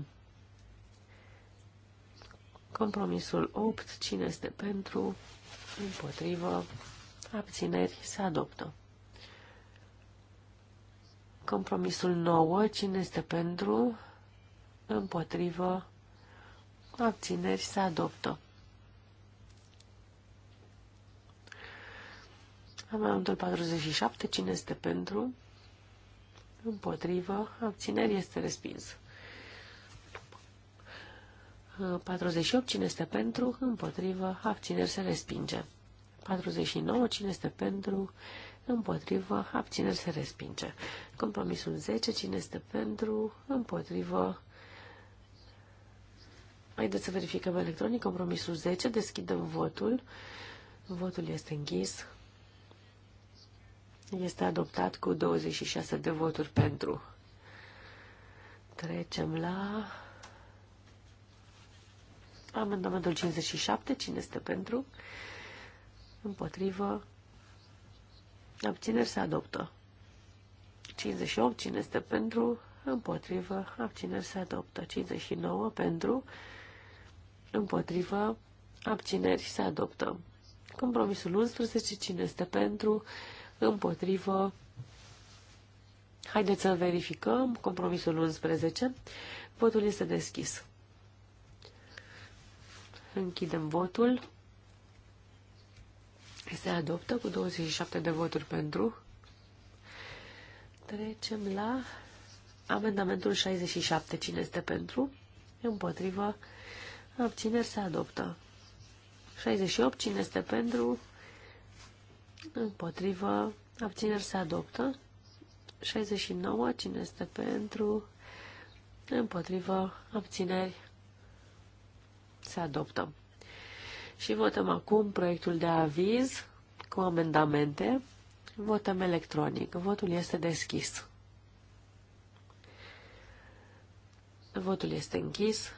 Speaker 4: Compromisul 8. Cine este pentru? Împotrivă. Abțineri. Se adoptă. Compromisul 9. Cine este pentru? Împotrivă. Abțineri. Se adoptă. Amendamentul 47. Cine este pentru? Împotrivă. Abțineri. Este respins. 48. Cine este pentru? Împotrivă. Abțineri se respinge. 49. Cine este pentru? Împotrivă. Abțineri se respinge. Compromisul 10. Cine este pentru? Împotrivă. Haideți să verificăm electronic. Compromisul 10. Deschidem votul. Votul este închis. Este adoptat cu 26 de voturi pentru. Trecem la Amendamentul 57, cine este pentru? Împotrivă. Abțineri se adoptă. 58, cine este pentru? Împotrivă. Abțineri se adoptă. 59, pentru? Împotrivă. Abțineri se adoptă. Compromisul 11, cine este pentru? Împotrivă. Haideți să verificăm. Compromisul 11. Votul este deschis. Închidem votul. Se adoptă cu 27 de voturi pentru. Trecem la amendamentul 67. Cine este pentru? Împotrivă. Abțineri se adoptă. 68. Cine este pentru? Împotrivă. Abțineri se adoptă. 69. Cine este pentru? Împotrivă. Abțineri se adoptă. Și votăm acum proiectul de aviz cu amendamente. Votăm electronic. Votul este deschis. Votul este închis.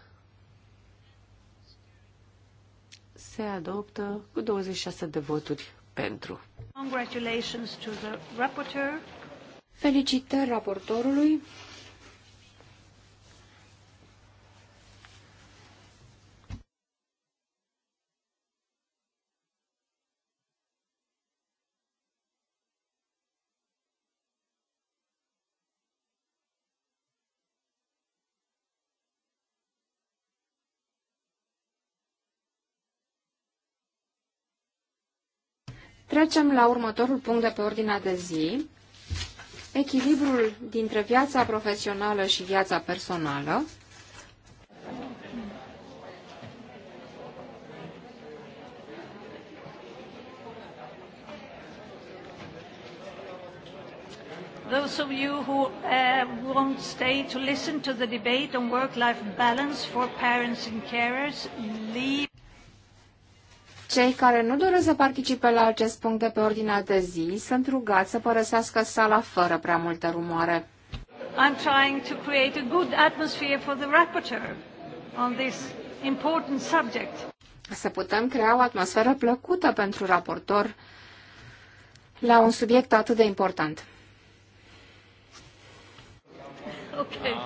Speaker 4: Se adoptă cu 26 de voturi
Speaker 1: pentru. Congratulations to the rapporteur.
Speaker 2: Felicitări raportorului. Trecem la următorul punct de pe ordinea de zi, echilibrul dintre viața profesională și viața personală.
Speaker 1: Those of you who
Speaker 2: uh,
Speaker 1: won't stay to listen to the debate on work-life balance for parents and carers, leave.
Speaker 2: Cei care nu doresc să participe la acest punct de pe ordinea de zi sunt rugați să părăsească sala fără prea multă rumoare.
Speaker 1: I'm trying to create a good atmosphere for the rapporteur on this
Speaker 2: important subject. Să putem crea o atmosferă plăcută pentru raportor la un subiect atât de important.
Speaker 3: Okay.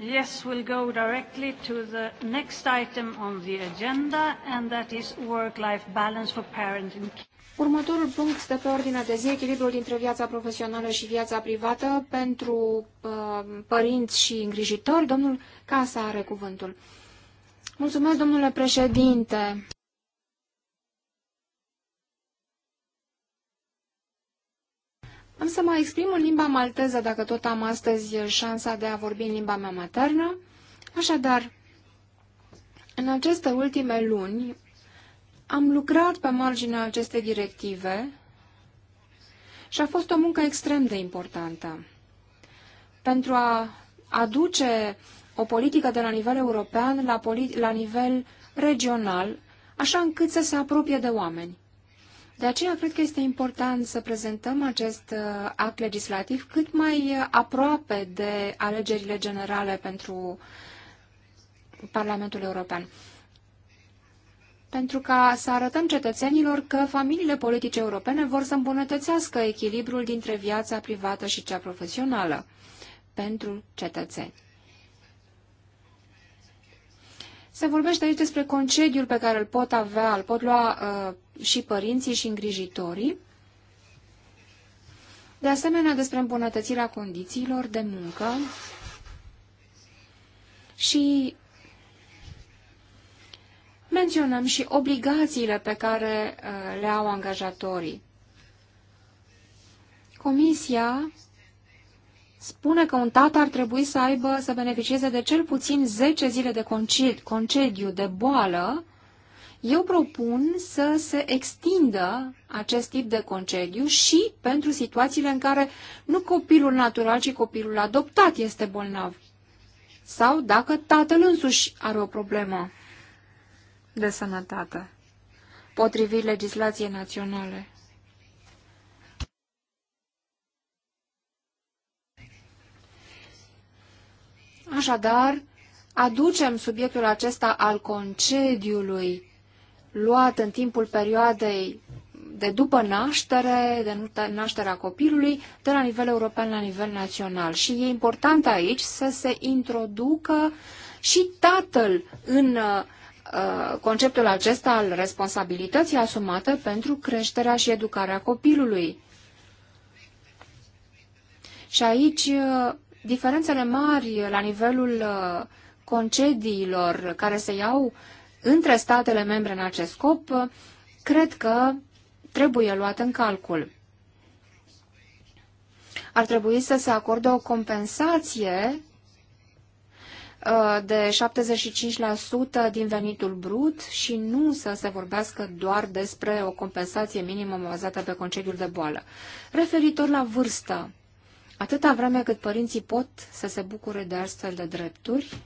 Speaker 1: Yes, we'll go directly to the next item on the agenda, and that is work-life balance for
Speaker 2: Următorul punct stă pe ordinea de zi, echilibrul dintre viața profesională și viața privată pentru uh, părinți și îngrijitori. Domnul Casa are cuvântul. Mulțumesc, domnule președinte. Am să mă exprim în limba malteză, dacă tot am astăzi șansa de a vorbi în limba mea maternă. Așadar, în aceste ultime luni am lucrat pe marginea acestei directive și a fost o muncă extrem de importantă. Pentru a aduce o politică de la nivel european la, la nivel regional, așa încât să se apropie de oameni. De aceea cred că este important să prezentăm acest uh, act legislativ cât mai uh, aproape de alegerile generale pentru Parlamentul European. Pentru ca să arătăm cetățenilor că familiile politice europene vor să îmbunătățească echilibrul dintre viața privată și cea profesională pentru cetățeni. Se vorbește aici despre concediul pe care îl pot avea, îl pot lua uh, și părinții și îngrijitorii. De asemenea, despre îmbunătățirea condițiilor de muncă și menționăm și obligațiile pe care uh, le au angajatorii. Comisia spune că un tată ar trebui să aibă, să beneficieze de cel puțin 10 zile de concediu de boală, eu propun să se extindă acest tip de concediu și pentru situațiile în care nu copilul natural, ci copilul adoptat este bolnav. Sau dacă tatăl însuși are o problemă de sănătate, potrivit legislației naționale. Așadar, aducem subiectul acesta al concediului luat în timpul perioadei de după naștere, de nașterea copilului, de la nivel european la nivel național. Și e important aici să se introducă și tatăl în uh, conceptul acesta al responsabilității asumată pentru creșterea și educarea copilului. Și aici uh, diferențele mari la nivelul uh, concediilor care se iau între statele membre în acest scop, uh, cred că trebuie luat în calcul. Ar trebui să se acorde o compensație uh, de 75% din venitul brut și nu să se vorbească doar despre o compensație minimă bazată pe concediul de boală. Referitor la vârstă, Atâta vreme cât părinții pot să se bucure de astfel de drepturi,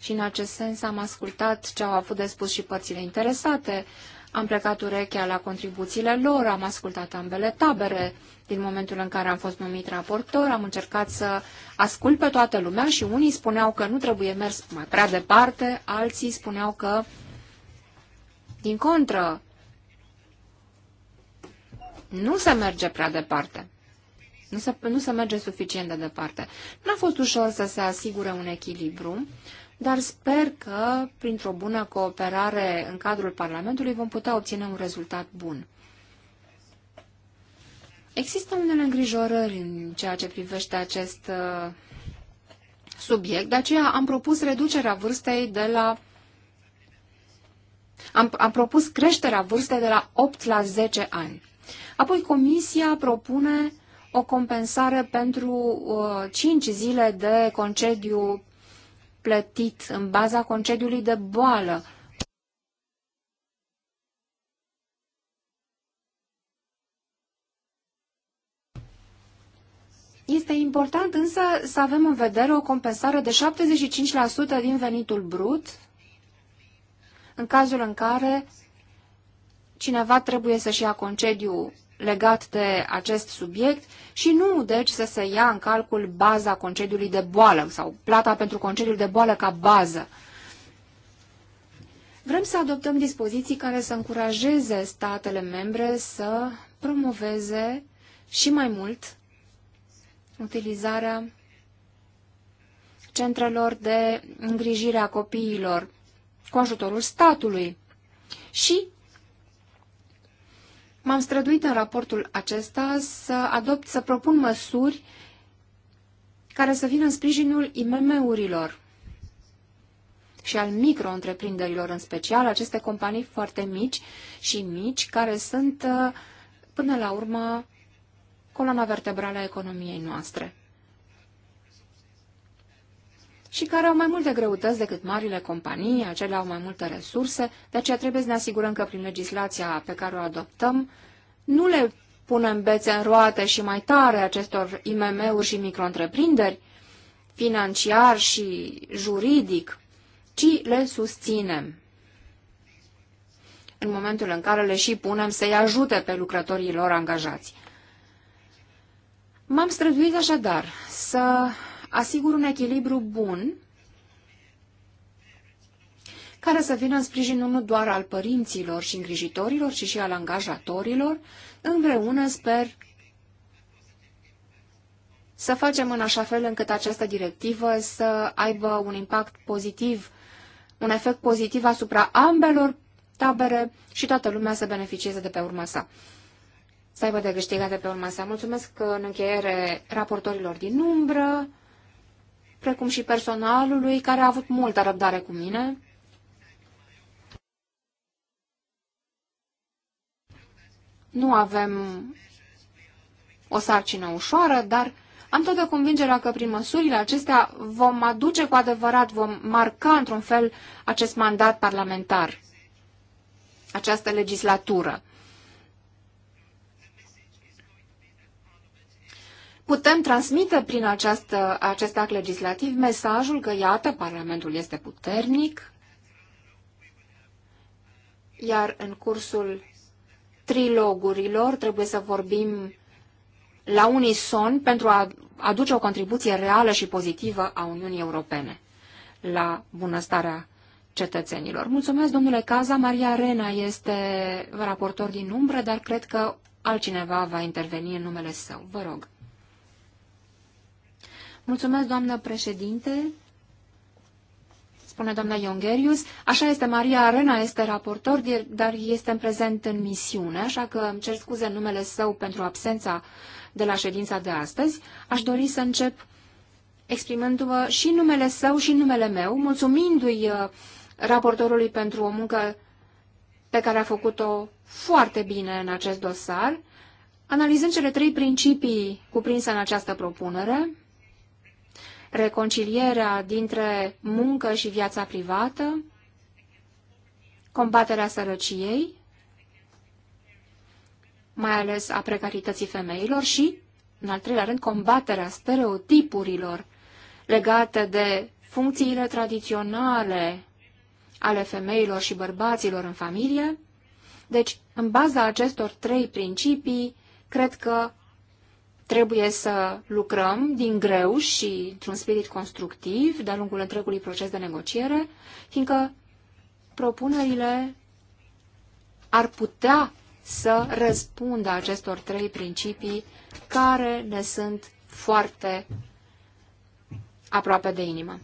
Speaker 2: și în acest sens am ascultat ce au avut de spus și părțile interesate, am plecat urechea la contribuțiile lor, am ascultat ambele tabere din momentul în care am fost numit raportor, am încercat să ascult pe toată lumea și unii spuneau că nu trebuie mers mai prea departe, alții spuneau că, din contră, nu se merge prea departe. Nu se, nu se merge suficient de departe. Nu a fost ușor să se asigure un echilibru, dar sper că, printr-o bună cooperare în cadrul Parlamentului, vom putea obține un rezultat bun. Există unele îngrijorări în ceea ce privește acest uh, subiect, de aceea am propus reducerea vârstei de la am, am propus creșterea vârstei de la 8 la 10 ani. Apoi Comisia propune o compensare pentru uh, 5 zile de concediu plătit în baza concediului de boală. Este important însă să avem în vedere o compensare de 75% din venitul brut în cazul în care cineva trebuie să-și ia concediu legat de acest subiect și nu, deci, să se ia în calcul baza concediului de boală sau plata pentru concediul de boală ca bază. Vrem să adoptăm dispoziții care să încurajeze statele membre să promoveze și mai mult utilizarea centrelor de îngrijire a copiilor cu ajutorul statului și M-am străduit în raportul acesta să adopt, să propun măsuri care să vină în sprijinul IMM-urilor și al micro-întreprinderilor, în special aceste companii foarte mici și mici, care sunt, uh, până la urmă, coloana vertebrală a economiei noastre și care au mai multe greutăți decât marile companii, acelea au mai multe resurse, de aceea trebuie să ne asigurăm că prin legislația pe care o adoptăm nu le punem bețe în roate și mai tare acestor IMM-uri și micro-întreprinderi, financiar și juridic, ci le susținem. În momentul în care le și punem să-i ajute pe lucrătorii lor angajați. M-am străduit așadar să asigur un echilibru bun care să vină în sprijinul nu doar al părinților și îngrijitorilor, ci și al angajatorilor. Împreună sper să facem în așa fel încât această directivă să aibă un impact pozitiv, un efect pozitiv asupra ambelor tabere și toată lumea să beneficieze de pe urma sa. Să aibă de câștigat de pe urma sa. Mulțumesc că în încheiere raportorilor din umbră, precum și personalului care a avut multă răbdare cu mine. Nu avem o sarcină ușoară, dar am toată convingerea că prin măsurile acestea vom aduce cu adevărat, vom marca într-un fel acest mandat parlamentar, această legislatură. putem transmite prin această, acest act legislativ mesajul că, iată, Parlamentul este puternic, iar în cursul trilogurilor trebuie să vorbim la unison pentru a aduce o contribuție reală și pozitivă a Uniunii Europene la bunăstarea cetățenilor. Mulțumesc, domnule Caza. Maria Rena este raportor din umbră, dar cred că altcineva va interveni în numele său. Vă rog. Mulțumesc, doamnă președinte, spune doamna Iongerius. Așa este, Maria Arena este raportor, dar este în prezent în misiune, așa că îmi cer scuze în numele său pentru absența de la ședința de astăzi. Aș dori să încep exprimându-mă și numele său și numele meu, mulțumindu-i uh, raportorului pentru o muncă pe care a făcut-o foarte bine în acest dosar, analizând cele trei principii cuprinse în această propunere, reconcilierea dintre muncă și viața privată, combaterea sărăciei, mai ales a precarității femeilor și, în al treilea rând, combaterea stereotipurilor legate de funcțiile tradiționale ale femeilor și bărbaților în familie. Deci, în baza acestor trei principii, cred că Trebuie să lucrăm din greu și într-un spirit constructiv de-a lungul întregului proces de negociere, fiindcă propunerile ar putea să răspundă acestor trei principii care ne sunt foarte aproape de inimă.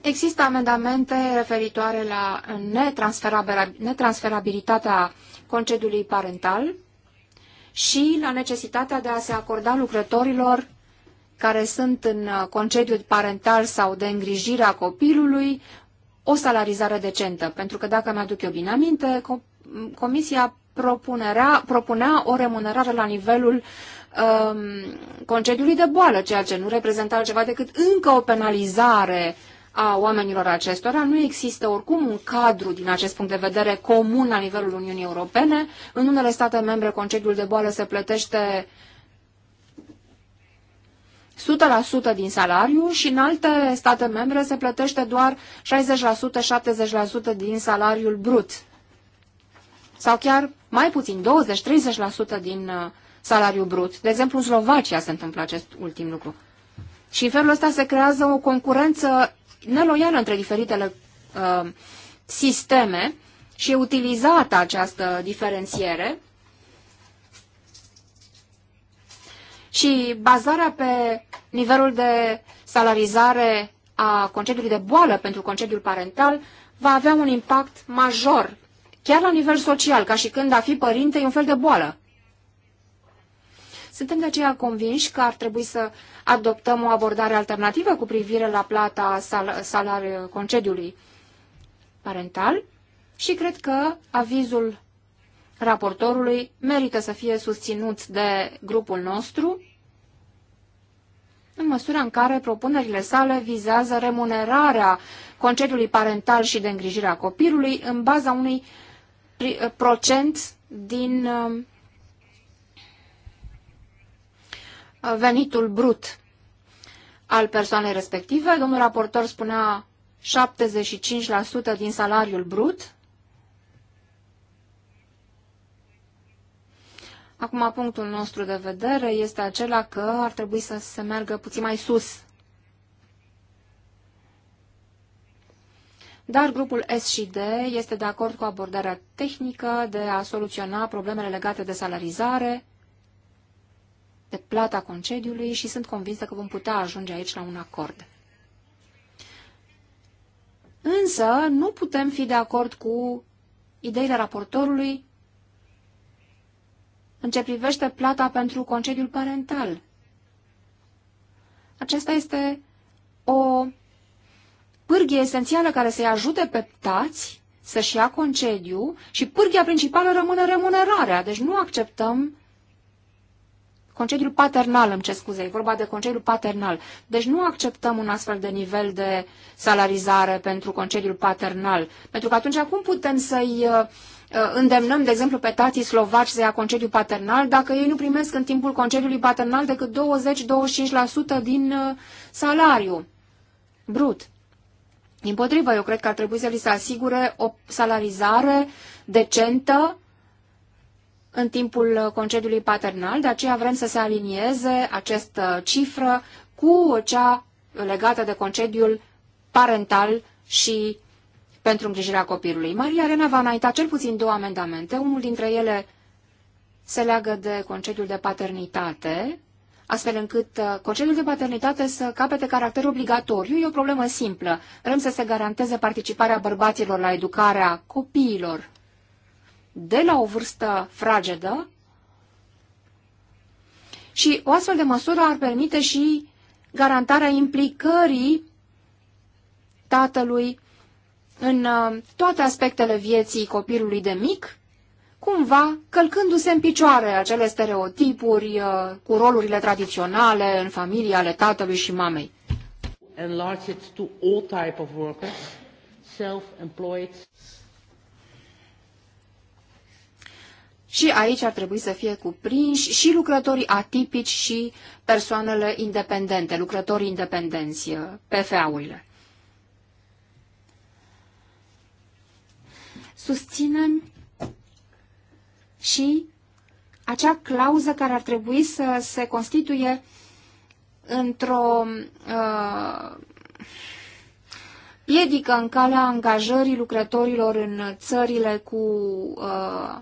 Speaker 2: Există amendamente referitoare la netransferabilitatea concediului parental și la necesitatea de a se acorda lucrătorilor care sunt în uh, concediu parental sau de îngrijire a copilului o salarizare decentă. Pentru că, dacă mi-aduc eu bine aminte, Comisia propunerea, propunea o remunerare la nivelul um, concediului de boală, ceea ce nu reprezenta altceva decât încă o penalizare uh, a oamenilor acestora. Nu există oricum un cadru din acest punct de vedere comun la nivelul Uniunii Europene. În unele state membre concediul de boală se plătește 100% din salariu și în alte state membre se plătește doar 60%-70% din salariul brut. Sau chiar mai puțin, 20-30% din uh, salariul brut. De exemplu, în Slovacia se întâmplă acest ultim lucru. Și în felul ăsta se creează o concurență neloială între diferitele uh, sisteme și e utilizată această diferențiere și bazarea pe nivelul de salarizare a concediului de boală pentru concediul parental va avea un impact major, chiar la nivel social, ca și când a fi părinte e un fel de boală. Suntem de aceea convinși că ar trebui să adoptăm o abordare alternativă cu privire la plata sal salariului uh, concediului parental și cred că avizul raportorului merită să fie susținut de grupul nostru în măsura în care propunerile sale vizează remunerarea concediului parental și de îngrijire a copilului în baza unui uh, procent din uh, venitul brut al persoanei respective. Domnul raportor spunea 75% din salariul brut. Acum, punctul nostru de vedere este acela că ar trebui să se meargă puțin mai sus. Dar grupul S și D este de acord cu abordarea tehnică de a soluționa problemele legate de salarizare, de plata concediului și sunt convinsă că vom putea ajunge aici la un acord. Însă, nu putem fi de acord cu ideile raportorului în ce privește plata pentru concediul parental. Aceasta este o pârghie esențială care să-i ajute pe tați să-și ia concediu și pârghia principală rămâne remunerarea. Deci nu acceptăm concediul paternal, îmi ce scuze, e vorba de concediul paternal. Deci nu acceptăm un astfel de nivel de salarizare pentru concediul paternal, pentru că atunci cum putem să-i uh, uh, îndemnăm, de exemplu, pe tații slovaci să ia concediu paternal dacă ei nu primesc în timpul concediului paternal decât 20-25% din uh, salariu brut. Din potrivă, eu cred că ar trebui să li se asigure o salarizare decentă în timpul uh, concediului paternal, de aceea vrem să se alinieze această uh, cifră cu cea legată de concediul parental și pentru îngrijirea copilului. Maria Arena va înainta cel puțin două amendamente, unul dintre ele se leagă de concediul de paternitate, astfel încât uh, concediul de paternitate să capete caracter obligatoriu. E o problemă simplă. Vrem să se garanteze participarea bărbaților la educarea copiilor de la o vârstă fragedă și o astfel de măsură ar permite și garantarea implicării tatălui în uh, toate aspectele vieții copilului de mic, cumva călcându-se în picioare acele stereotipuri uh, cu rolurile tradiționale în familie ale tatălui și mamei. Enlarge it to all type of workers, self-employed. Și aici ar trebui să fie cuprinși și lucrătorii atipici și persoanele independente, lucrătorii independenți, uh, PFA-urile. Susținem și acea clauză care ar trebui să se constituie într-o uh, piedică în calea angajării lucrătorilor în țările cu uh,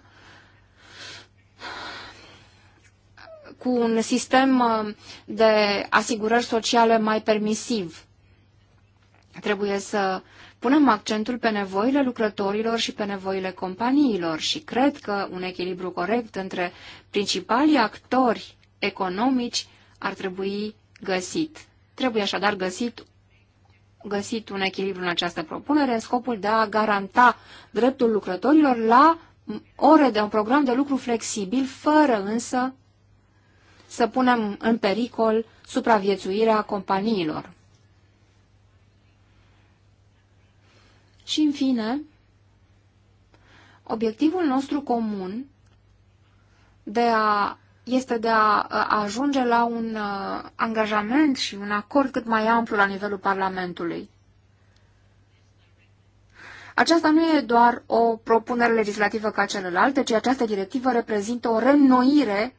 Speaker 2: cu un sistem uh, de asigurări sociale mai permisiv. Trebuie să punem accentul pe nevoile lucrătorilor și pe nevoile companiilor și cred că un echilibru corect între principalii actori economici ar trebui găsit. Trebuie așadar găsit, găsit un echilibru în această propunere în scopul de a garanta dreptul lucrătorilor la ore de un program de lucru flexibil, fără însă să punem în pericol supraviețuirea companiilor. Și, în fine, obiectivul nostru comun de a, este de a, a ajunge la un uh, angajament și un acord cât mai amplu la nivelul Parlamentului. Aceasta nu e doar o propunere legislativă ca celelalte, ci această directivă reprezintă o reînnoire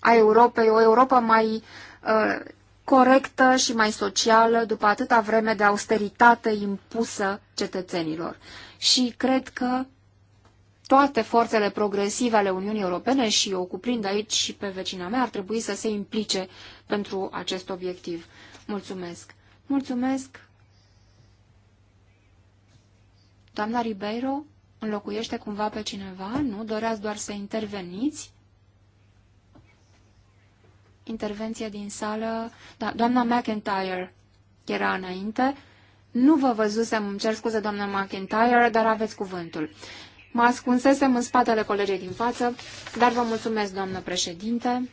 Speaker 2: a Europei, o Europa mai uh, corectă și mai socială după atâta vreme de austeritate impusă cetățenilor. Și cred că toate forțele progresive ale Uniunii Europene și o cuprind aici și pe vecina mea ar trebui să se implice pentru acest obiectiv. Mulțumesc! Mulțumesc! Doamna Ribeiro înlocuiește cumva pe cineva? Nu? Doreați doar să interveniți? intervenție din sală. Da, doamna McIntyre era înainte. Nu vă văzusem, îmi cer scuze, doamna McIntyre, dar aveți cuvântul. Mă ascunsesem în spatele colegei din față, dar vă mulțumesc, doamnă președinte.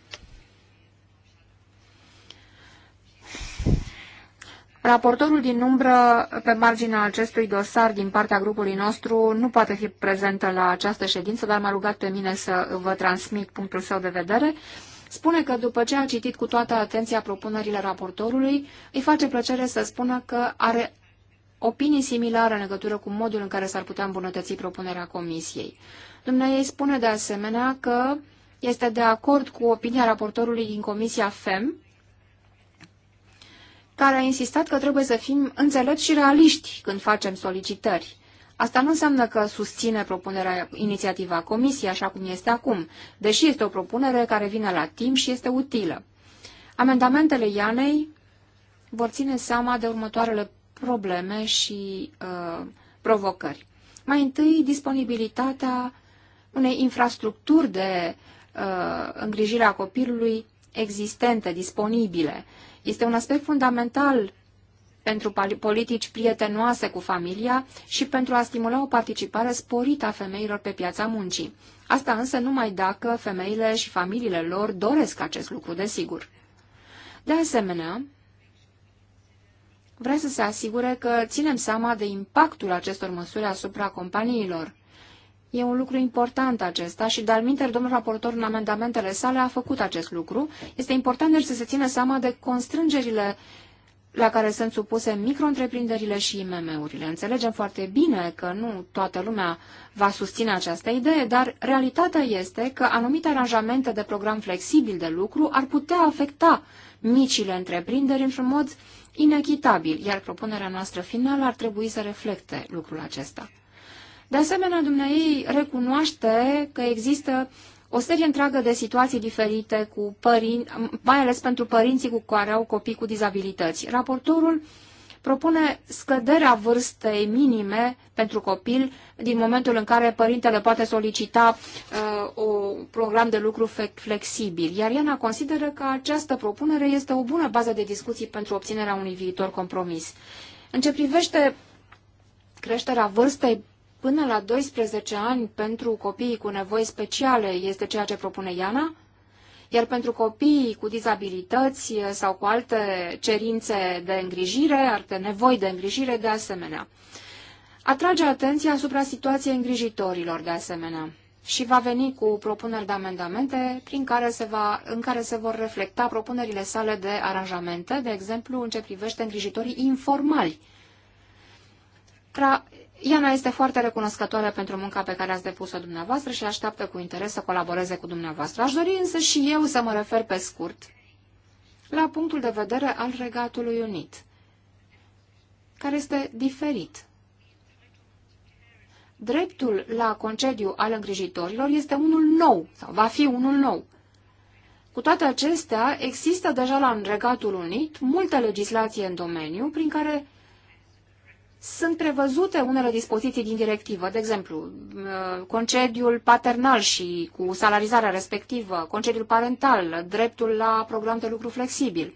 Speaker 2: Raportorul din umbră pe marginea acestui dosar din partea grupului nostru nu poate fi prezentă la această ședință, dar m-a rugat pe mine să vă transmit punctul său de vedere spune că după ce a citit cu toată atenția propunerile raportorului, îi face plăcere să spună că are opinii similare în legătură cu modul în care s-ar putea îmbunătăți propunerea comisiei. Dumnezeu spune de asemenea că este de acord cu opinia raportorului din Comisia FEM, care a insistat că trebuie să fim înțelepți și realiști când facem solicitări. Asta nu înseamnă că susține propunerea, inițiativa Comisiei așa cum este acum, deși este o propunere care vine la timp și este utilă. Amendamentele Ianei vor ține seama de următoarele probleme și uh, provocări. Mai întâi, disponibilitatea unei infrastructuri de uh, îngrijire a copilului existente, disponibile. Este un aspect fundamental pentru politici prietenoase cu familia și pentru a stimula o participare sporită a femeilor pe piața muncii. Asta însă numai dacă femeile și familiile lor doresc acest lucru, desigur. De asemenea, vrea să se asigure că ținem seama de impactul acestor măsuri asupra companiilor. E un lucru important acesta și, de-al domnul raportor în amendamentele sale a făcut acest lucru. Este important deci să se țină seama de constrângerile uh, la care sunt supuse micro-întreprinderile și IMM-urile. Înțelegem foarte bine că nu toată lumea va susține această idee, dar realitatea este că anumite aranjamente de program flexibil de lucru ar putea afecta micile întreprinderi într-un mod inechitabil, iar propunerea noastră finală ar trebui să reflecte lucrul acesta. De asemenea, dumneai recunoaște că există o serie întreagă de situații diferite, cu părin, mai ales pentru părinții cu care au copii cu dizabilități. Raportorul propune scăderea vârstei minime pentru copil din momentul în care părintele poate solicita uh, un program de lucru flexibil. Iar Iana consideră că această propunere este o bună bază de discuții pentru obținerea unui viitor compromis. În ce privește creșterea vârstei până la 12 ani pentru copiii cu nevoi speciale este ceea ce propune Iana, iar pentru copiii cu dizabilități sau cu alte cerințe de îngrijire, alte nevoi de îngrijire de asemenea. Atrage atenția asupra situației îngrijitorilor de asemenea și va veni cu propuneri de amendamente prin care se va, în care se vor reflecta propunerile sale de aranjamente, de exemplu în ce privește îngrijitorii informali. Iana este foarte recunoscătoare pentru munca pe care ați depus-o dumneavoastră și așteaptă cu interes să colaboreze cu dumneavoastră. Aș dori însă și eu să mă refer pe scurt la punctul de vedere al Regatului Unit, care este diferit. Dreptul la concediu al îngrijitorilor este unul nou, sau va fi unul nou. Cu toate acestea, există deja la Regatul Unit multă legislație în domeniu prin care sunt prevăzute unele dispoziții din directivă, de exemplu, uh, concediul paternal și cu salarizarea respectivă, concediul parental, dreptul la program de lucru flexibil.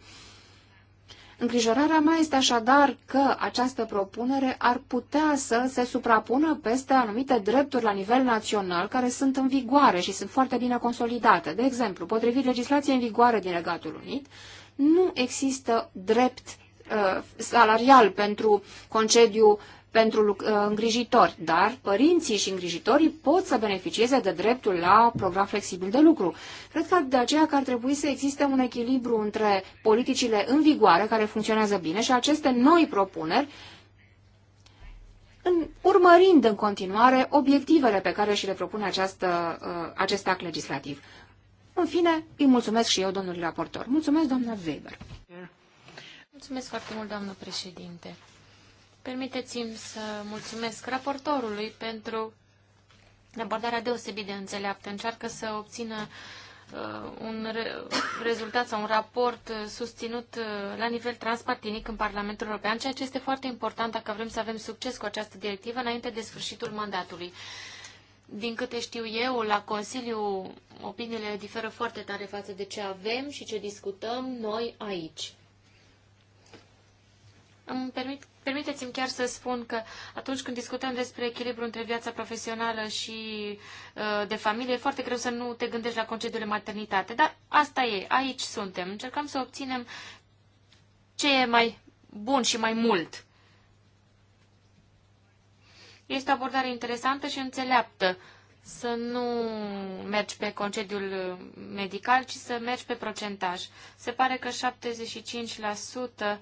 Speaker 2: Îngrijorarea mea este așadar că această propunere ar putea să se suprapună peste anumite drepturi la nivel național care sunt în vigoare și sunt foarte bine consolidate. De exemplu, potrivit legislației în vigoare din Regatul Unit, nu există drept Uh, salarial pentru concediu pentru uh, îngrijitori, dar părinții și îngrijitorii pot să beneficieze de dreptul la program flexibil de lucru. Cred că de aceea că ar trebui să existe un echilibru între politicile în vigoare, care funcționează bine, și aceste noi propuneri, în, urmărind în continuare obiectivele pe care și le propune această, uh, acest act legislativ. În fine, îi mulțumesc și eu, domnului raportor. Mulțumesc, doamna Weber.
Speaker 3: Mulțumesc foarte mult, doamnă președinte. Permiteți-mi să mulțumesc raportorului pentru abordarea deosebit de înțeleaptă. Încearcă să obțină uh, un re rezultat sau un raport uh, susținut uh, la nivel transpartinic în Parlamentul European, ceea ce este foarte important dacă vrem să avem succes cu această directivă înainte de sfârșitul mandatului. Din câte știu eu, la Consiliu opiniile diferă foarte tare față de ce avem și ce discutăm noi aici. Îmi permit, permiteți-mi chiar să spun că atunci când discutăm despre echilibru între viața profesională și uh, de familie, e foarte greu să nu te gândești la concediul de maternitate. Dar asta e, aici suntem. Încercăm să obținem ce e mai bun și mai mult. Este o abordare interesantă și înțeleaptă să nu mergi pe concediul uh, medical, ci să mergi pe procentaj. Se pare că 75%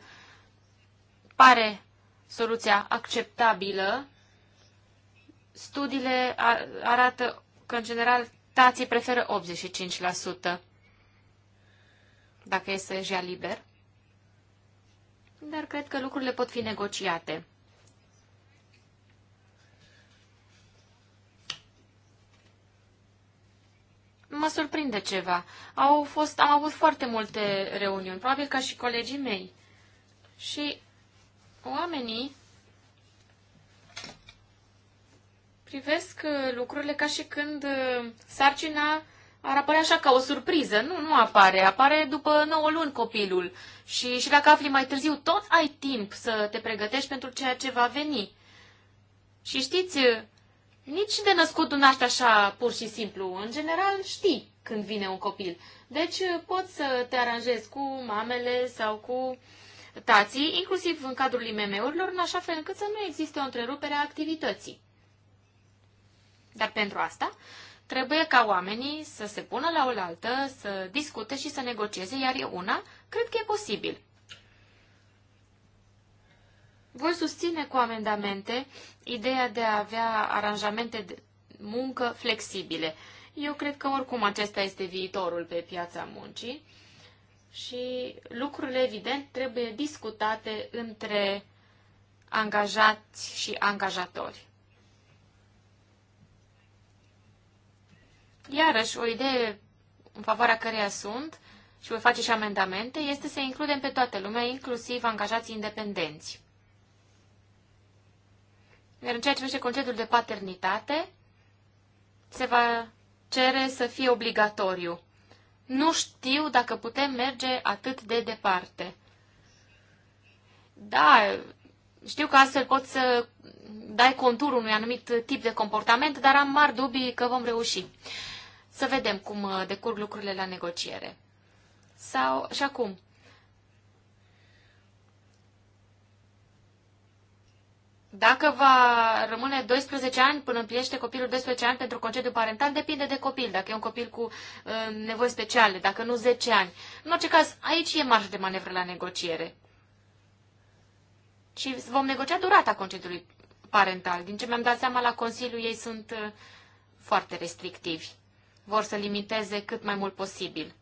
Speaker 3: pare soluția acceptabilă. Studiile arată că, în general, tații preferă 85% dacă este deja liber. Dar cred că lucrurile pot fi negociate. Mă surprinde ceva. Au fost, am avut foarte multe reuniuni, probabil ca și colegii mei. Și Oamenii privesc uh, lucrurile ca și când uh, sarcina ar apărea așa ca o surpriză. Nu, nu apare. Apare după 9 luni copilul. Și, și dacă afli mai târziu, tot ai timp să te pregătești pentru ceea ce va veni. Și știți, uh, nici de născut nu naști așa pur și simplu. În general știi când vine un copil. Deci poți să te aranjezi cu mamele sau cu tații, inclusiv în cadrul IMM-urilor, în așa fel încât să nu existe o întrerupere a activității. Dar pentru asta trebuie ca oamenii să se pună la oaltă, să discute și să negocieze, iar eu una cred că e posibil. Voi susține cu amendamente ideea de a avea aranjamente de muncă flexibile. Eu cred că oricum acesta este viitorul pe piața muncii și lucrurile, evident, trebuie discutate între angajați și angajatori. Iarăși, o idee în favoarea căreia sunt și voi face și amendamente, este să includem pe toată lumea, inclusiv angajații independenți. Iar în ceea ce privește concediul de paternitate, se va cere să fie obligatoriu nu știu dacă putem merge atât de departe. Da, știu că astfel poți să dai contur unui anumit tip de comportament, dar am mari dubii că vom reuși. Să vedem cum decurg lucrurile la negociere. Sau, și acum, Dacă va rămâne 12 ani până împlinește copilul 12 ani pentru concediu parental, depinde de copil, dacă e un copil cu uh, nevoi speciale, dacă nu 10 ani. În orice caz, aici e marjă de manevră la negociere. Și vom negocia durata concediului parental. Din ce mi-am dat seama la Consiliu, ei sunt uh, foarte restrictivi. Vor să limiteze cât mai mult posibil.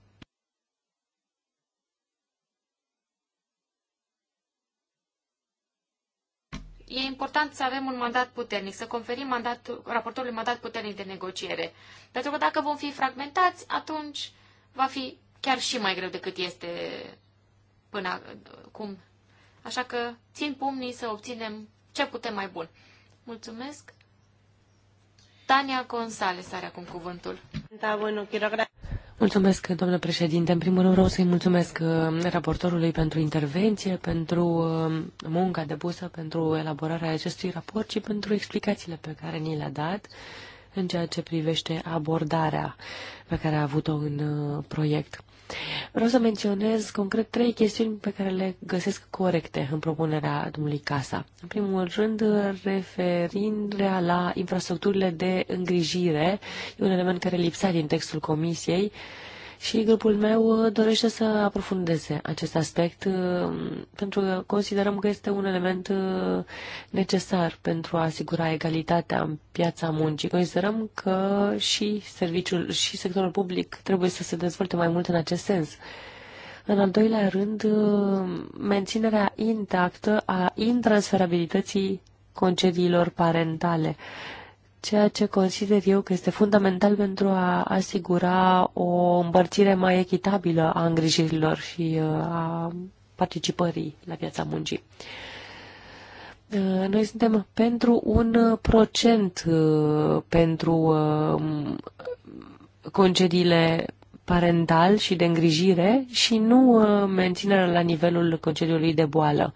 Speaker 3: E important să avem un mandat puternic, să conferim mandat, raportorului mandat puternic de negociere. Pentru că dacă vom fi fragmentați, atunci va fi chiar și mai greu decât este până acum. Așa că țin pumnii să obținem ce putem mai bun. Mulțumesc! Tania González are acum cuvântul. Da, bueno, quiero
Speaker 4: Mulțumesc, domnule președinte. În primul rând vreau să-i mulțumesc uh, raportorului pentru intervenție, pentru uh, munca depusă, pentru elaborarea acestui raport și pentru explicațiile pe care ni le-a dat în ceea ce privește abordarea pe care a avut-o în uh, proiect. Vreau să menționez concret trei chestiuni pe care le găsesc corecte în propunerea domnului Casa. În primul rând, referindu-se la infrastructurile de îngrijire, e un element care lipsa din textul comisiei, uh, și grupul meu uh, dorește să aprofundeze acest aspect uh, pentru că considerăm că este un element uh, necesar pentru a asigura egalitatea în piața muncii. Considerăm că și serviciul și sectorul public trebuie să se dezvolte mai mult în acest sens. În al doilea rând, menținerea intactă a intransferabilității concediilor parentale ceea ce consider eu că este fundamental pentru a asigura o împărțire mai echitabilă a îngrijirilor și uh, a participării la viața muncii. Uh, noi suntem pentru un procent uh, pentru concediile parental și de îngrijire și nu menținerea la nivelul concediului de boală.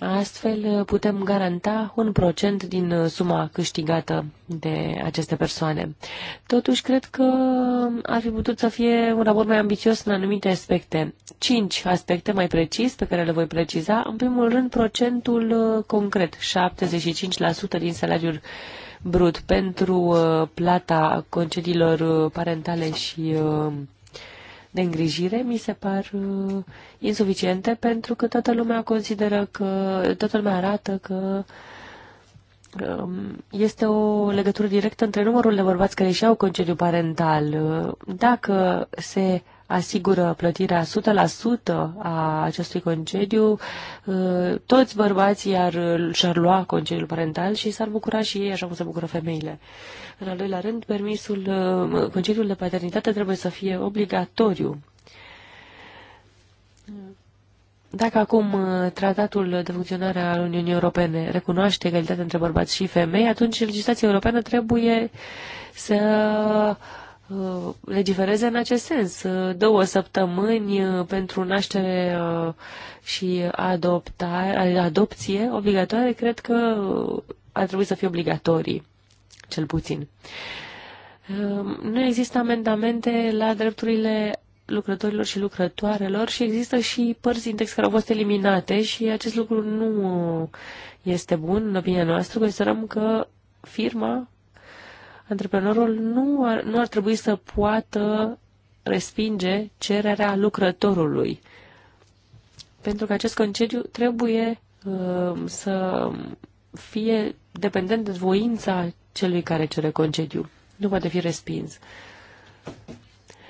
Speaker 4: Astfel uh, putem garanta un procent din uh, suma câștigată de aceste persoane. Totuși, cred că ar fi putut să fie un raport mai ambițios în anumite aspecte. Cinci aspecte mai precis pe care le voi preciza. În primul rând, procentul uh, concret, 75% din salariul brut pentru plata concediilor parentale și de îngrijire mi se par uh, insuficiente pentru că toată lumea consideră că, toată lumea arată că um, este o legătură directă între numărul de bărbați care își iau concediu parental. Uh, dacă se asigură plătirea 100% a acestui concediu, uh, toți bărbații ar, și-ar lua concediul parental și s-ar bucura și ei, așa cum se bucură femeile. În al doilea rând, permisul, uh, concediul de paternitate trebuie să fie obligatoriu. Dacă acum uh, tratatul de funcționare al Uniunii Europene recunoaște egalitatea între bărbați și femei, atunci legislația europeană trebuie să Uh, legifereze în acest sens. Uh, două săptămâni uh, pentru naștere și adoptare, adopție obligatoare, cred că ar trebui să fie obligatorii, cel puțin. Nu există amendamente la drepturile lucrătorilor și lucrătoarelor și există și părți din text care au fost eliminate și acest lucru nu este bun, în opinia noastră. Considerăm că firma antreprenorul nu ar, nu ar trebui să poată respinge cererea lucrătorului. Pentru că acest concediu trebuie uh, să fie dependent de voința celui care cere concediu. Nu poate fi respins.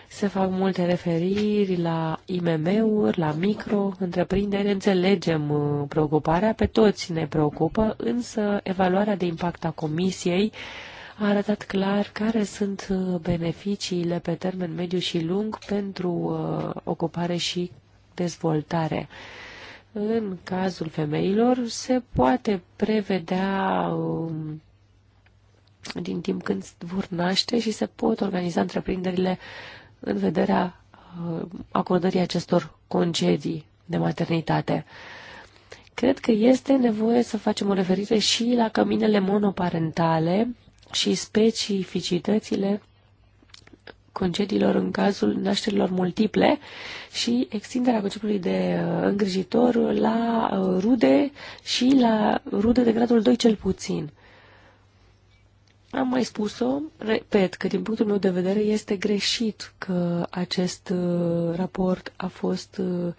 Speaker 4: Se fac multe referiri la IMM-uri, la micro-întreprinderi. Înțelegem uh, preocuparea, pe toți ne preocupă, însă evaluarea de impact a comisiei uh, a arătat clar care sunt uh, beneficiile pe termen mediu și lung pentru uh, ocupare și dezvoltare. În cazul femeilor se poate prevedea um, din timp când vor naște și se pot organiza întreprinderile în vederea uh, acordării acestor concedii de maternitate. Cred că este nevoie să facem o referire și la căminele monoparentale și specificitățile concediilor în cazul nașterilor multiple și extinderea conceptului de uh, îngrijitor la uh, rude și la rude de gradul 2 cel puțin. Am mai spus-o, repet, că din punctul meu de vedere este greșit că acest uh, raport a fost uh,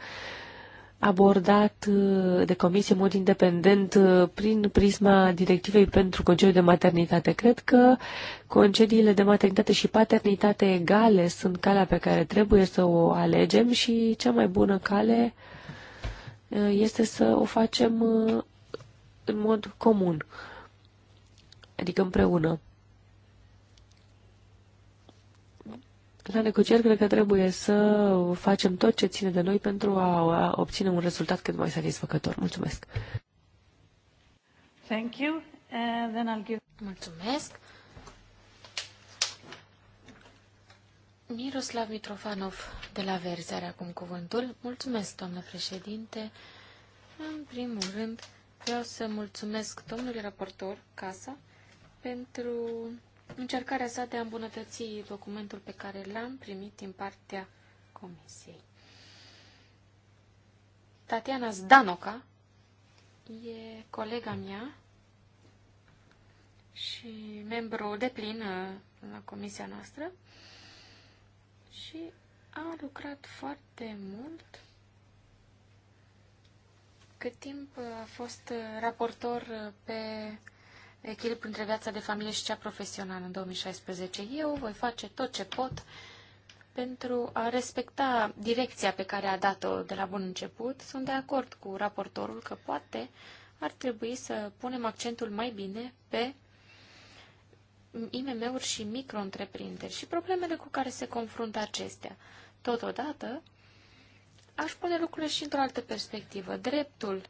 Speaker 4: abordat uh, de comisie în mod independent uh, prin prisma directivei pentru concediu de maternitate. Cred că concediile de maternitate și paternitate egale sunt calea pe care trebuie să o alegem și cea mai bună cale uh, este să o facem în mod comun, adică împreună. La negocieri cred că trebuie să facem tot ce ține de noi pentru a obține un rezultat cât mai satisfăcător. Mulțumesc!
Speaker 1: Thank you. And
Speaker 3: uh, then I'll give... Mulțumesc! Miroslav Mitrofanov de la Verzi are acum cuvântul. Mulțumesc, doamnă președinte. În primul rând, vreau să mulțumesc domnului raportor Casa pentru încercarea sa de a îmbunătăți documentul pe care l-am primit din partea Comisiei. Tatiana Zdanoca e colega mea și membru de plin uh, la comisia noastră și a lucrat foarte mult cât timp a fost uh, raportor uh, pe echilibru între viața de familie și cea profesională în 2016. Eu voi face tot ce pot pentru a respecta direcția pe care a dat-o de la bun început. Sunt de acord cu raportorul că poate ar trebui să punem accentul mai bine pe IMM-uri și micro-întreprinderi și problemele cu care se confruntă acestea. Totodată, aș pune lucrurile și într-o altă perspectivă. Dreptul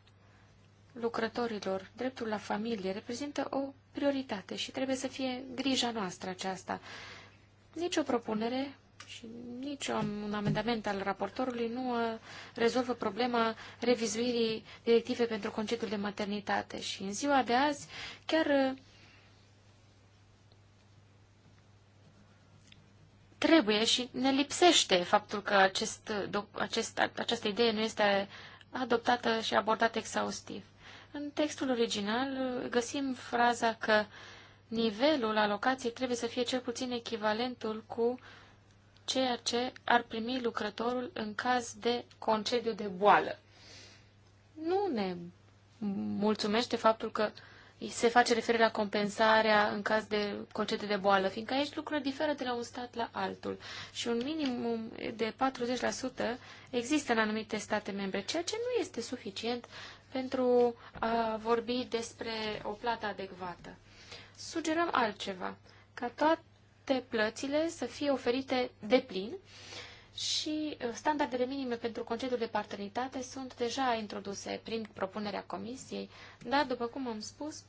Speaker 3: lucrătorilor, dreptul la familie, reprezintă o prioritate și trebuie să fie grija noastră aceasta. Nici o propunere și nici un amendament al raportorului nu uh, rezolvă problema revizuirii directive pentru concediul de maternitate. Și în ziua de azi, chiar uh, trebuie și ne lipsește faptul că acest, acest, această idee nu este adoptată și abordată exhaustiv. În textul original uh, găsim fraza că nivelul alocației trebuie să fie cel puțin echivalentul cu ceea ce ar primi lucrătorul în caz de concediu de boală. Nu ne mulțumește faptul că se face referire la compensarea în caz de concediu de boală, fiindcă aici lucrurile diferă de la un stat la altul și un minimum de 40% există în anumite state membre, ceea ce nu este suficient pentru a vorbi despre o plată adecvată. Sugerăm altceva, ca toate plățile să fie oferite de plin și uh, standardele minime pentru concediul de paternitate sunt deja introduse prin propunerea comisiei, dar, după cum am spus,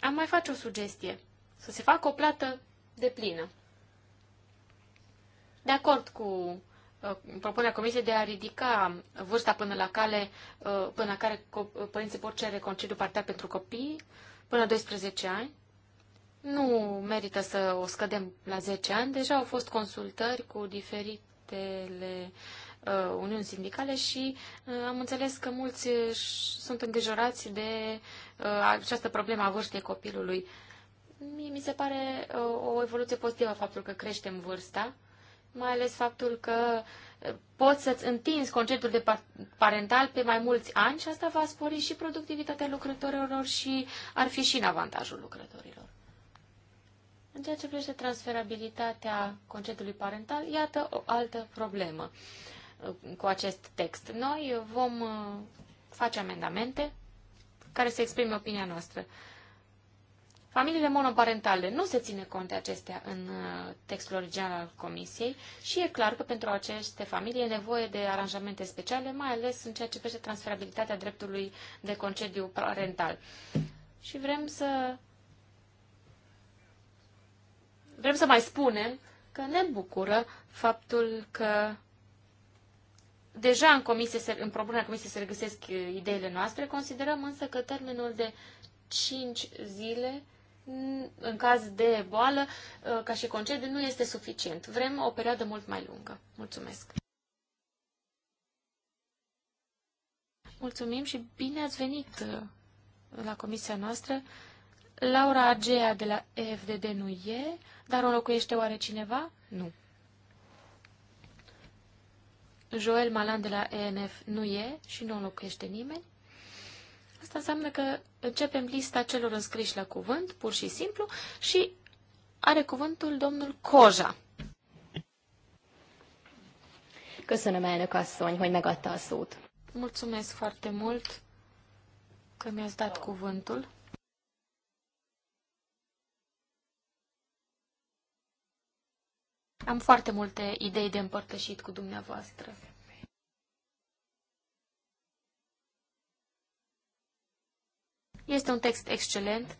Speaker 3: am mai face o sugestie, să se facă o plată de plină. De acord cu Uh, propunerea Comisiei de a ridica vârsta până la, cale, uh, până la care uh, părinții pot cere concediu partea pentru copii, până 12 ani. Nu merită să o scădem la 10 ani. Deja au fost consultări cu diferitele uh, uniuni sindicale și uh, am înțeles că mulți sunt îngrijorați de uh, această problemă a vârstei copilului. Mie mi se pare uh, o evoluție pozitivă faptul că creștem vârsta. Uh, mai ales faptul că eh, poți să-ți întinzi concediul de parental pe mai mulți ani și asta va spori și productivitatea lucrătorilor și ar fi și în avantajul lucrătorilor. În ceea ce privește transferabilitatea concediului parental, iată o altă problemă eh, cu acest text. Noi vom eh, face amendamente care să exprime opinia noastră. Familiile monoparentale nu se ține cont de acestea în uh, textul original al Comisiei și e clar că pentru aceste familii e nevoie de aranjamente speciale, mai ales în ceea ce privește transferabilitatea dreptului de concediu parental. Și vrem să vrem să mai spunem că ne bucură faptul că deja în, comisie se, în propunerea comisiei se regăsesc uh, ideile noastre, considerăm însă că termenul de 5 zile în caz de boală, uh, ca și concediu, nu este suficient. Vrem o perioadă mult mai lungă. Mulțumesc! Mulțumim și bine ați venit uh, la comisia noastră. Laura Agea de la EFDD nu e, dar o locuiește oare cineva? Nu. Joel Malan de la ENF nu e și nu o locuiește nimeni. Asta înseamnă că începem lista celor înscriși la cuvânt, pur și simplu, și are cuvântul domnul Coja. Köszönöm, elnök asszony, hogy megadta a szót. Mulțumesc foarte mult că mi-ați dat cuvântul. Am foarte multe idei de împărtășit cu dumneavoastră. Este un text excelent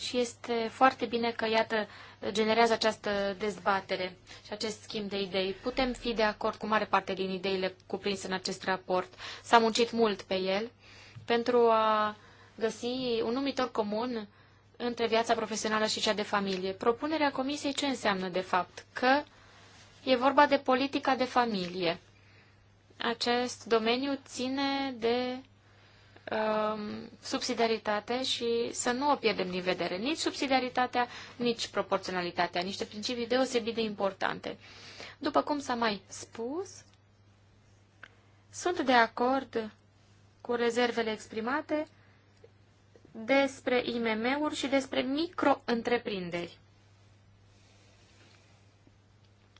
Speaker 3: și este foarte bine că, iată, generează această dezbatere și acest schimb de idei. Putem fi de acord cu mare parte din ideile cuprinse în acest raport. S-a muncit mult pe el pentru a găsi un numitor comun între viața profesională și cea de familie. Propunerea comisiei ce înseamnă, de fapt? Că e vorba de politica de familie. Acest domeniu ține de Um, subsidiaritate și să nu o pierdem din vedere. Nici subsidiaritatea, nici proporționalitatea, niște principii deosebit de importante. După cum s-a mai spus, sunt de acord cu rezervele exprimate despre IMM-uri și despre micro-întreprinderi.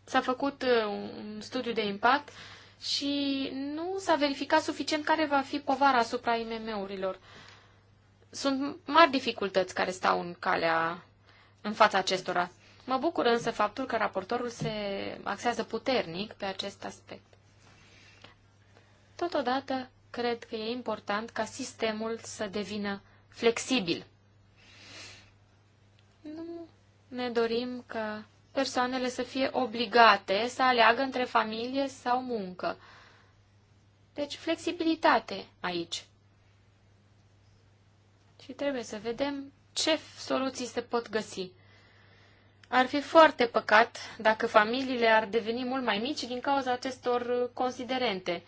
Speaker 3: S-a făcut uh, un studiu de impact și nu s-a verificat suficient care va fi povara asupra IMM-urilor. Sunt mari dificultăți care stau în calea în fața acestora. Mă bucur însă faptul că raportorul se axează puternic pe acest aspect. Totodată, cred că e important ca sistemul să devină flexibil. Nu ne dorim ca persoanele să fie obligate să aleagă între familie sau muncă. Deci flexibilitate aici. Și trebuie să vedem ce soluții se pot găsi. Ar fi foarte păcat dacă familiile ar deveni mult mai mici din cauza acestor considerente.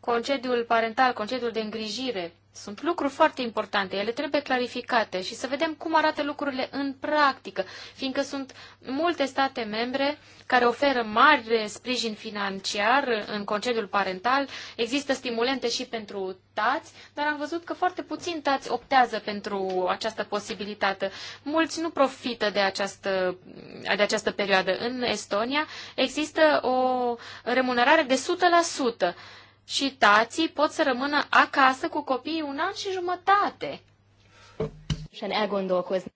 Speaker 3: Concediul parental, concediul de îngrijire, sunt lucruri foarte importante, ele trebuie clarificate și să vedem cum arată lucrurile în practică, fiindcă sunt multe state membre care oferă mare sprijin financiar în concediul parental, există stimulente și pentru tați, dar am văzut că foarte puțin tați optează pentru această posibilitate. Mulți nu profită de această, de această perioadă. În Estonia există o remunerare de 100% și tații pot să rămână acasă cu copiii un an și jumătate.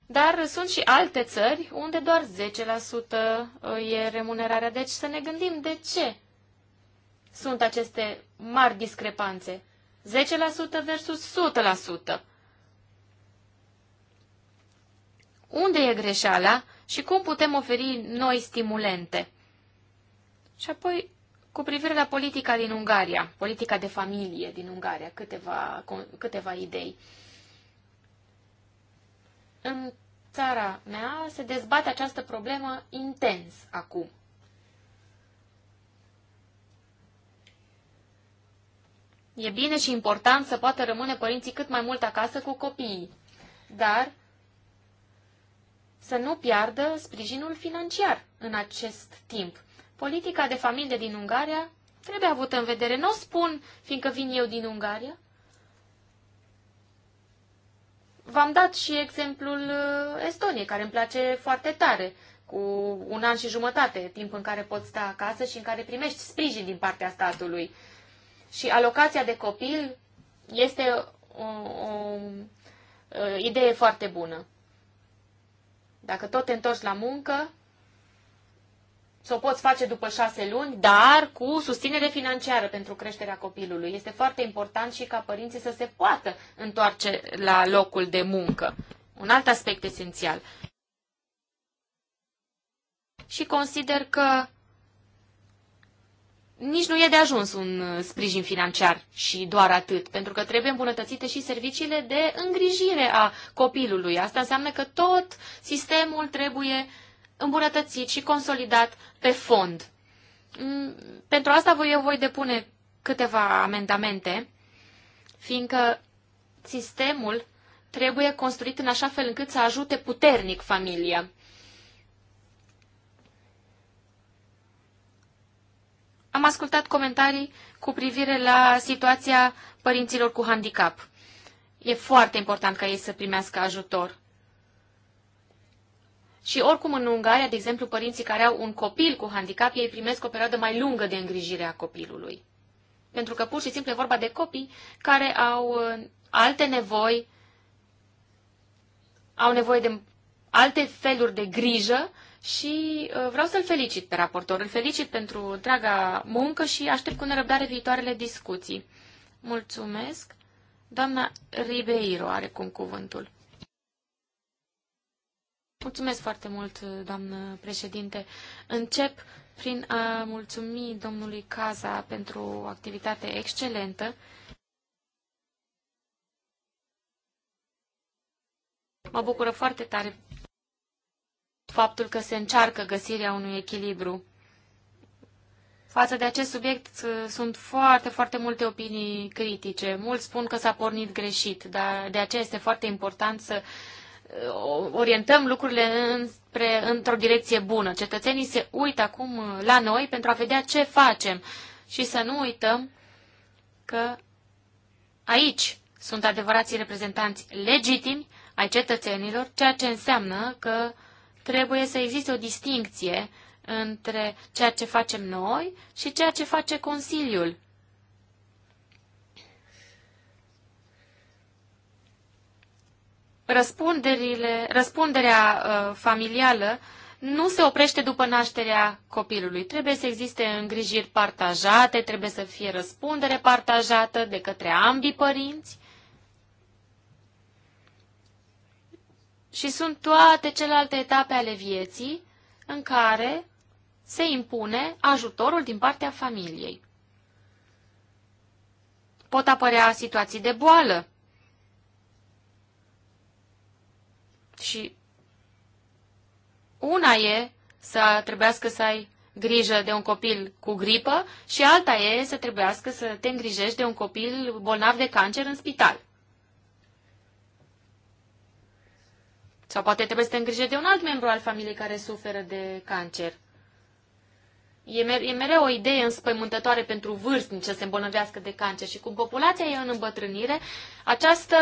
Speaker 3: Dar sunt și alte țări unde doar 10% uh, e remunerarea. Deci să ne gândim de ce sunt aceste mari discrepanțe. 10% versus 100%. Unde e greșeala și cum putem oferi noi stimulente? Și apoi cu privire la politica din Ungaria, politica de familie din Ungaria, câteva, câteva idei. În țara mea se dezbate această problemă intens acum. E bine și important să poată rămâne părinții cât mai mult acasă cu copiii, dar să nu piardă sprijinul financiar în acest timp politica de familie din Ungaria trebuie avută în vedere. Nu o spun, fiindcă vin eu din Ungaria. V-am dat și exemplul uh, Estoniei, care îmi place foarte tare, cu un an și jumătate, timp în care poți sta acasă și în care primești sprijin din partea statului. Și alocația de copil este o, o, o uh, idee foarte bună. Dacă tot te întorci la muncă, să o poți face după șase luni, dar cu susținere financiară pentru creșterea copilului. Este foarte important și ca părinții să se poată întoarce la locul de muncă. Un alt aspect esențial. Și consider că nici nu e de ajuns un sprijin financiar și doar atât, pentru că trebuie îmbunătățite și serviciile de îngrijire a copilului. Asta înseamnă că tot sistemul trebuie uh, îmbunătățit și consolidat pe fond. Mm, pentru asta eu voi depune câteva amendamente, fiindcă sistemul trebuie construit în așa fel încât să ajute puternic familia. Am ascultat comentarii cu privire la situația părinților cu handicap. E foarte important ca ei să primească ajutor. Și oricum în Ungaria, de exemplu, părinții care au un copil cu handicap, ei primesc o perioadă mai lungă de îngrijire a copilului. Pentru că pur și simplu e vorba de copii care au uh, alte nevoi, au nevoie de alte feluri de grijă și uh, vreau să-l felicit pe raportor. Îl felicit pentru întreaga muncă și aștept cu nerăbdare viitoarele discuții. Mulțumesc. Doamna Ribeiro are cum cuvântul. Mulțumesc foarte mult, doamnă președinte. Încep prin a mulțumi domnului Caza pentru o activitate excelentă. Mă bucură foarte tare faptul că se încearcă găsirea unui echilibru. Față de acest subiect ă, sunt foarte, foarte multe opinii critice. Mulți spun că s-a pornit greșit, dar de aceea este foarte important să Uh, orientăm lucrurile înspre, într-o direcție bună. Cetățenii se uită acum uh, la noi pentru a vedea ce facem și să nu uităm că aici sunt adevărații reprezentanți legitimi ai cetățenilor, ceea ce înseamnă că trebuie să existe o distinție între ceea ce facem noi și ceea ce face Consiliul. răspunderile, răspunderea uh, familială nu se oprește după nașterea copilului. Trebuie să existe îngrijiri partajate, trebuie să fie răspundere partajată de către ambii părinți. Și sunt toate celelalte etape ale vieții în care se impune ajutorul din partea familiei. Pot apărea situații de boală, Și una e să trebuiască să ai grijă de un copil cu gripă și alta e să trebuiască să te îngrijești de un copil bolnav de cancer în spital. Sau poate trebuie să te îngrijești de un alt membru al familiei care suferă de cancer. E, mere- e mereu o idee înspăimântătoare pentru vârstnici să se îmbolnăvească de cancer și cum populația e în îmbătrânire, această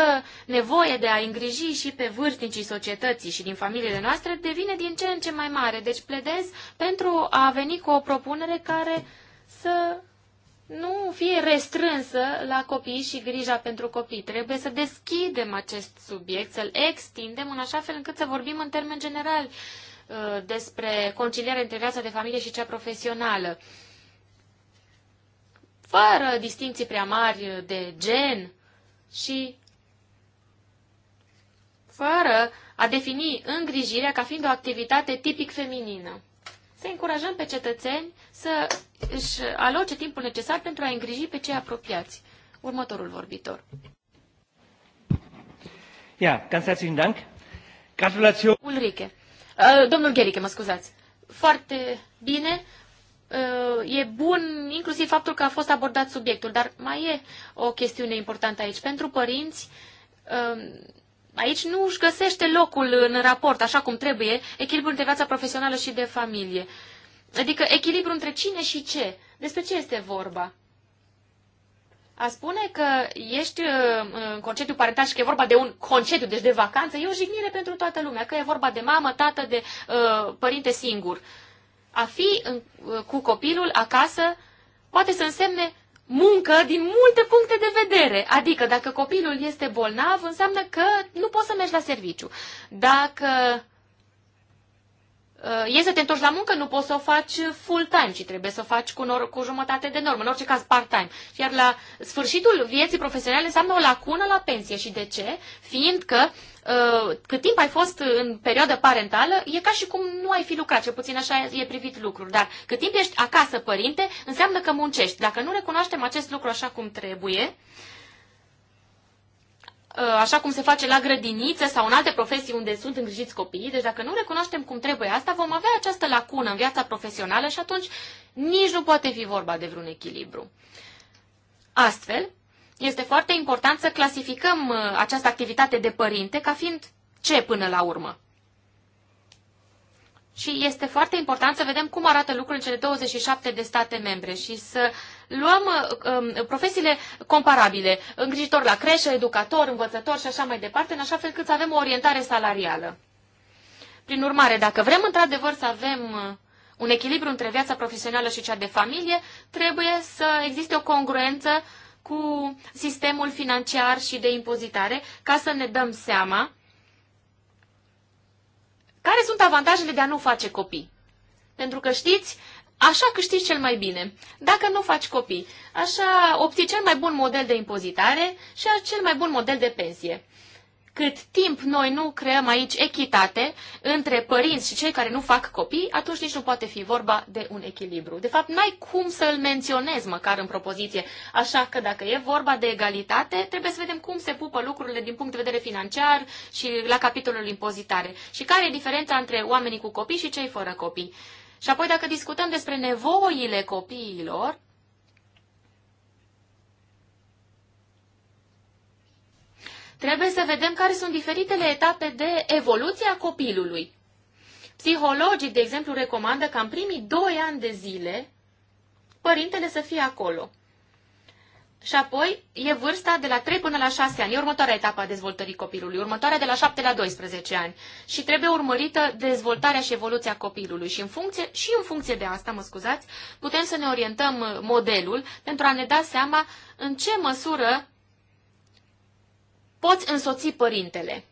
Speaker 3: nevoie de a îngriji și pe vârstnicii societății și din familiile noastre devine din ce în ce mai mare. Deci pledez pentru a veni cu o propunere care să nu fie restrânsă la copii și grija pentru copii. Trebuie să deschidem acest subiect, să-l extindem în așa fel încât să vorbim în termen general Uh, despre conciliere între viața de familie și cea profesională, fără distinții prea mari de gen și fără a defini îngrijirea ca fiind o activitate tipic feminină. Să încurajăm pe cetățeni să își aloce timpul necesar pentru a îngriji pe cei apropiați. Următorul vorbitor.
Speaker 1: Ja, ganz herzlichen Dank.
Speaker 4: Gratulation.
Speaker 3: Ulrike domnul Gherică, mă scuzați. Foarte bine. e bun inclusiv faptul că a fost abordat subiectul, dar mai e o chestiune importantă aici. Pentru părinți, aici nu își găsește locul în raport, așa cum trebuie, echilibrul între viața profesională și de familie. Adică echilibru între cine și ce. Despre ce este vorba? A spune că ești uh, în concediu parental și că e vorba de un concediu, deci de vacanță, e o jignire pentru toată lumea, că e vorba de mamă, tată, de uh, părinte singur. A fi în, uh, cu copilul acasă poate să însemne muncă din multe puncte de vedere. Adică dacă copilul este bolnav, înseamnă că nu poți să mergi la serviciu. Dacă Uh, e să te întorci la muncă, nu poți să o faci full-time, ci trebuie să o faci cu, nor- cu jumătate de normă, în orice caz part-time. Iar la sfârșitul vieții profesionale înseamnă o lacună la pensie. Și de ce? Fiindcă uh, cât timp ai fost în perioadă parentală, e ca și cum nu ai fi lucrat, cel puțin așa e privit lucrul. Dar cât timp ești acasă, părinte, înseamnă că muncești. Dacă nu recunoaștem acest lucru așa cum trebuie, Uh, așa cum se face la grădiniță sau în alte profesii unde sunt îngrijiți copiii. Deci dacă nu recunoaștem cum trebuie asta, vom avea această lacună în viața profesională și atunci nici nu poate fi vorba de vreun echilibru. Astfel, este foarte important să clasificăm uh, această activitate de părinte ca fiind ce până la urmă. Și este foarte important să vedem cum arată lucrurile în cele 27 de state membre și să uh, luăm um, profesiile comparabile, îngrijitor la creșă, educator, învățător și așa mai departe, în așa fel cât să avem o orientare salarială. Prin urmare, dacă vrem într-adevăr să avem uh, un echilibru între viața profesională și cea de familie, trebuie să existe o congruență cu sistemul financiar și de impozitare ca să ne dăm seama care sunt avantajele de a nu face copii. Pentru că știți, Așa câștigi cel mai bine, dacă nu faci copii. Așa obții cel mai bun model de impozitare și cel mai bun model de pensie. Cât timp noi nu creăm aici echitate între părinți și cei care nu fac copii, atunci nici nu poate fi vorba de un echilibru. De fapt, n-ai cum să-l menționez măcar în propoziție. Așa că dacă e vorba de egalitate, trebuie să vedem cum se pupă lucrurile din punct de vedere financiar și la capitolul impozitare. Și care e diferența între oamenii cu copii și cei fără copii. Și apoi dacă discutăm despre nevoile copiilor, trebuie să vedem care sunt diferitele etape de evoluție a copilului. Psihologii, de exemplu, recomandă ca în primii doi ani de zile părintele să fie acolo. Și apoi e vârsta de la 3 până la 6 ani. E următoarea etapă a dezvoltării copilului, următoarea de la 7 la 12 ani. Și trebuie urmărită dezvoltarea și evoluția copilului. Și în funcție, și în funcție de asta, mă scuzați, putem să ne orientăm modelul pentru a ne da seama în ce măsură poți însoți părintele.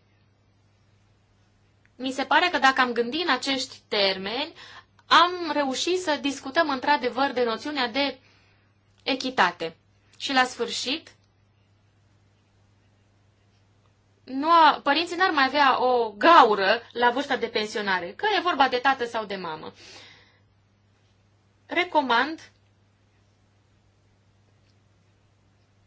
Speaker 3: Mi se pare că dacă am gândit în acești termeni, am reușit să discutăm într-adevăr de noțiunea de echitate. Și la sfârșit, nu a, părinții n-ar mai avea o gaură la vârsta de pensionare, că e vorba de tată sau de mamă. Recomand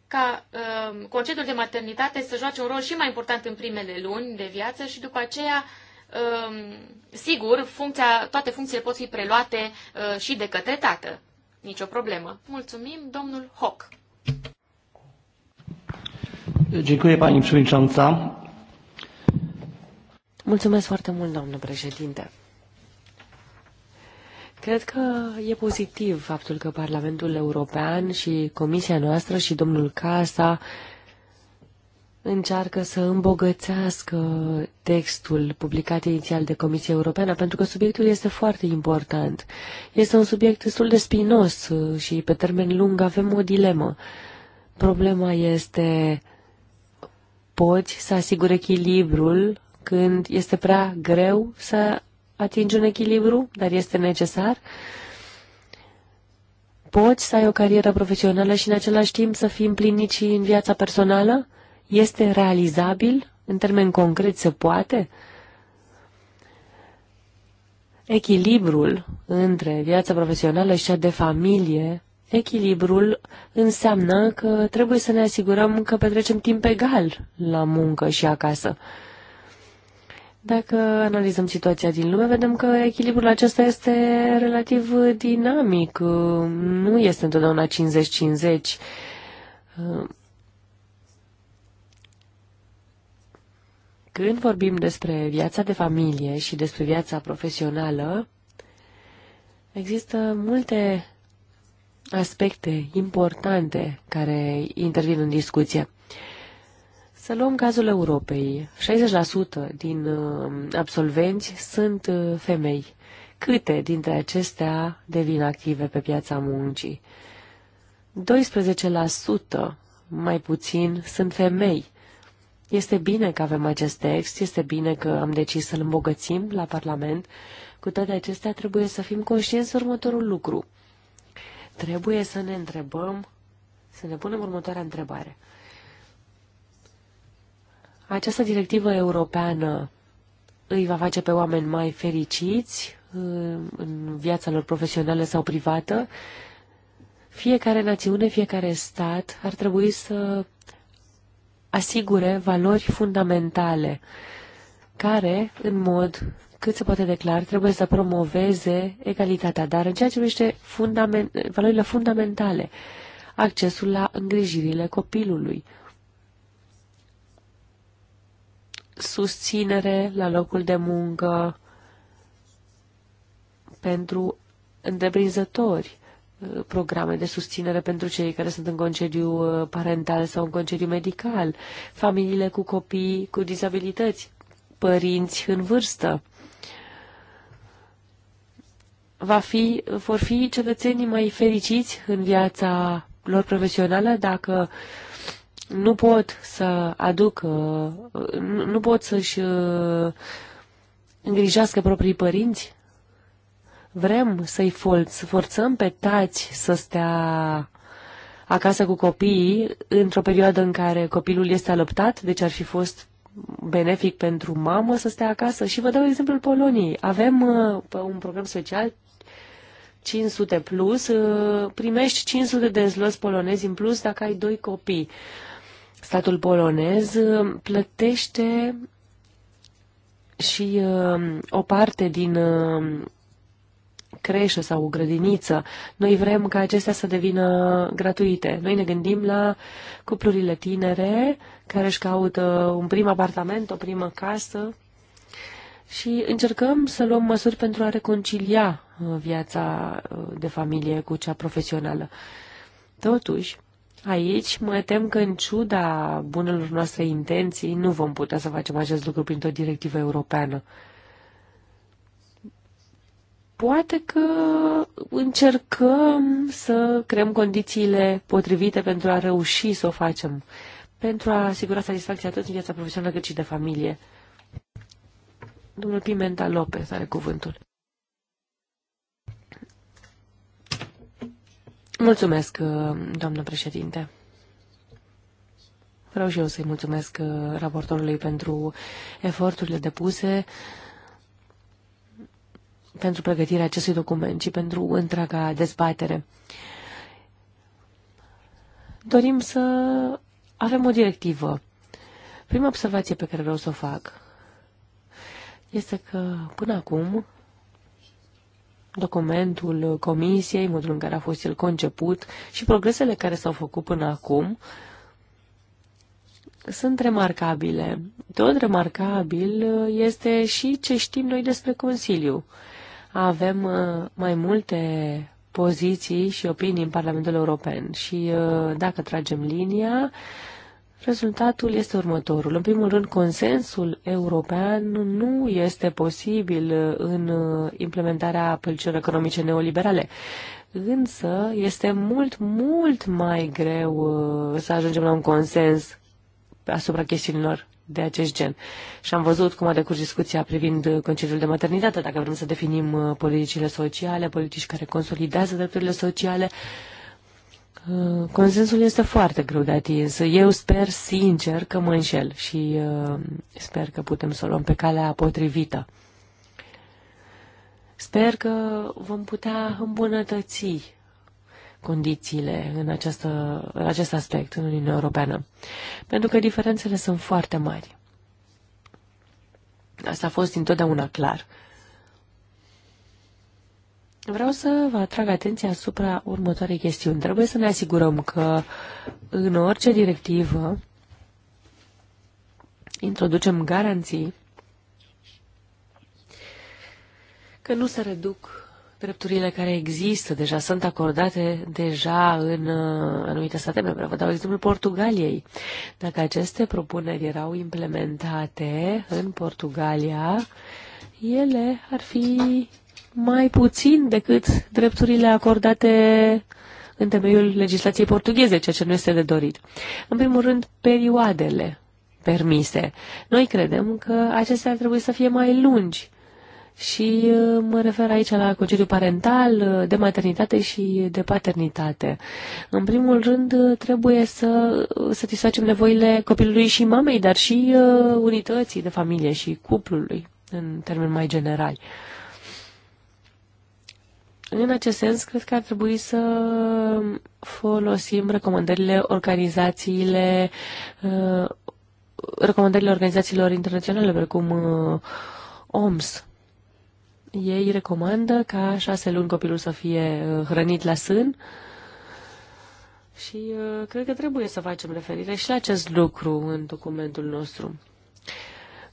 Speaker 3: ca uh, concediul de maternitate să joace un rol și mai important în primele luni de viață și după aceea, uh, sigur, funcția, toate funcțiile pot fi preluate uh, și de către tată. Nicio problemă. Mulțumim, domnul Hoc.
Speaker 4: Dziękuję pani przewodnicząca. Mulțumesc foarte mult, doamnă președinte. Cred că e pozitiv faptul că Parlamentul European și Comisia noastră și domnul Casa încearcă să îmbogățească textul publicat inițial de Comisia Europeană, pentru că subiectul este foarte important. Este un subiect destul de spinos uh, și pe termen lung avem o dilemă. Problema este poți să asiguri echilibrul când este prea greu să atingi un echilibru, dar este necesar. Poți să ai o carieră profesională și în același timp să fii împlinit și în viața personală? Este realizabil? În termen concret se poate? Echilibrul între viața profesională și cea de familie Echilibrul înseamnă că trebuie să ne asigurăm că petrecem timp egal la muncă și acasă. Dacă analizăm situația din lume, vedem că echilibrul acesta este relativ dinamic, nu este întotdeauna 50-50. Când vorbim despre viața de familie și despre viața profesională, există multe aspecte importante care intervin în discuție. Să luăm cazul Europei. 60% din uh, absolvenți sunt uh, femei. Câte dintre acestea devin active pe piața muncii? 12% mai puțin sunt femei. Este bine că avem acest text, este bine că am decis să-l îmbogățim la Parlament. Cu toate acestea, trebuie să fim conștienți următorul lucru. Trebuie să ne întrebăm, să ne punem următoarea întrebare. Această directivă europeană îi va face pe oameni mai fericiți uh, în viața lor profesională sau privată? Fiecare națiune, fiecare stat ar trebui să asigure valori fundamentale care, în mod cât se poate declar, trebuie să promoveze egalitatea, dar în ceea ce privește fundament, valorile fundamentale, accesul la îngrijirile copilului, susținere la locul de muncă pentru întreprinzători, programe de susținere pentru cei care sunt în concediu uh, parental sau în concediu medical, familiile cu copii cu dizabilități, părinți în vârstă va fi, vor fi cetățenii mai fericiți în viața lor profesională dacă nu pot să aduc uh, nu pot să-și uh, îngrijească proprii părinți? Vrem să-i forțăm pe tați să stea acasă cu copiii într-o perioadă în care copilul este alăptat, deci ar fi fost benefic pentru mamă să stea acasă. Și vă dau exemplul Poloniei. Avem uh, un program special, 500 plus, uh, primești 500 de zloți polonezi în plus dacă ai doi copii. Statul polonez uh, plătește și uh, o parte din creșă sau o grădiniță. Noi vrem ca acestea să devină gratuite. Noi ne gândim la cuplurile tinere care își caută un prim apartament, o primă casă și încercăm să luăm măsuri pentru a reconcilia uh, viața uh, de familie cu cea profesională. Totuși, aici mă tem că în ciuda bunelor noastre intenții nu vom putea să facem acest lucru printr-o directivă europeană. Poate că încercăm să creăm condițiile potrivite pentru a reuși să o facem, pentru a asigura satisfacția atât în viața profesională cât și de familie. Domnul Pimenta Lopez are cuvântul. Mulțumesc, uh, doamnă președinte. Vreau și eu să-i mulțumesc uh, raportorului pentru eforturile depuse, pentru pregătirea acestui document și pentru întreaga dezbatere. Dorim să avem o directivă. Prima observație pe care vreau să o fac este că până acum documentul comisiei, modul în care a fost el conceput și progresele care s-au făcut până acum sunt remarcabile. Tot remarcabil este și ce știm noi despre Consiliu. Avem uh, mai multe poziții și opinii în Parlamentul European și uh, dacă tragem linia, Rezultatul este următorul. În primul rând, consensul european nu este posibil în implementarea pălcilor economice neoliberale. Însă este mult, mult mai greu uh, să ajungem la un consens asupra chestiunilor de acest gen. Și am văzut cum a decurs discuția privind uh, concediul de maternitate, dacă vrem să definim uh, politicile sociale, politici care consolidează drepturile sociale, Uh, consensul este foarte greu de atins. Eu sper sincer că mă înșel și uh, sper că putem să o luăm pe calea potrivită. Sper că vom putea îmbunătăți condițiile în, această, în acest aspect în Uniunea Europeană, pentru că diferențele sunt foarte mari. Asta a fost întotdeauna clar. Vreau să vă atrag atenția asupra următoarei chestiuni. Trebuie să ne asigurăm că în orice directivă introducem garanții că nu se reduc drepturile care există deja, sunt acordate deja în uh, anumite state membre. Vă dau exemplul Portugaliei. Dacă aceste propuneri erau implementate în Portugalia, ele ar fi mai puțin decât drepturile acordate în temeiul legislației portugheze, ceea ce nu este de dorit. În primul rând, perioadele permise. Noi credem că acestea ar trebui să fie mai lungi și uh, mă refer aici la concediu parental, uh, de maternitate și de paternitate. În primul rând, uh, trebuie să satisfacem nevoile copilului și mamei, dar și unității de familie și cuplului, în termeni mai generali. În acest sens, cred că ar trebui să folosim recomandările organizațiile, uh, recomandările organizațiilor internaționale, precum uh, OMS. Ei recomandă ca șase luni copilul să fie uh, hrănit la sân și cred că trebuie să facem referire și la acest lucru în documentul nostru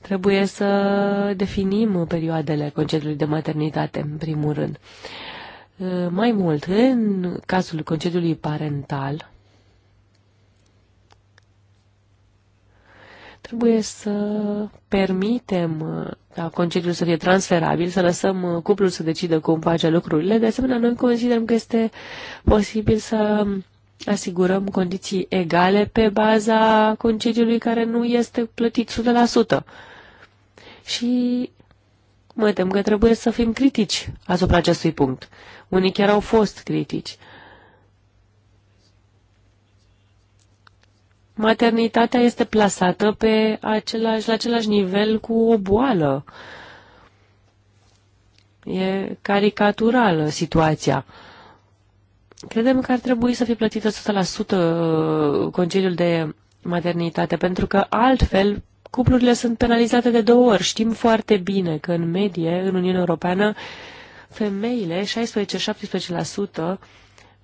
Speaker 4: trebuie să definim perioadele concediului de maternitate, în primul rând. Eh, mai mult, în cazul concediului parental, trebuie să permitem eh, ca concediul să fie transferabil, să lăsăm eh, cuplul să decidă cum face lucrurile. De asemenea, noi considerăm că este posibil să asigurăm condiții egale pe baza concediului care nu este plătit 100%. Și mă tem că trebuie să fim critici asupra acestui punct. Unii chiar au fost critici. Maternitatea este plasată pe același, la același nivel cu o boală. E caricaturală situația. Credem că ar trebui să fie plătită 100% uh, concediul de maternitate, pentru că altfel cuplurile sunt penalizate de două ori. Știm foarte bine că în medie, în Uniunea Europeană, Femeile, 16-17%,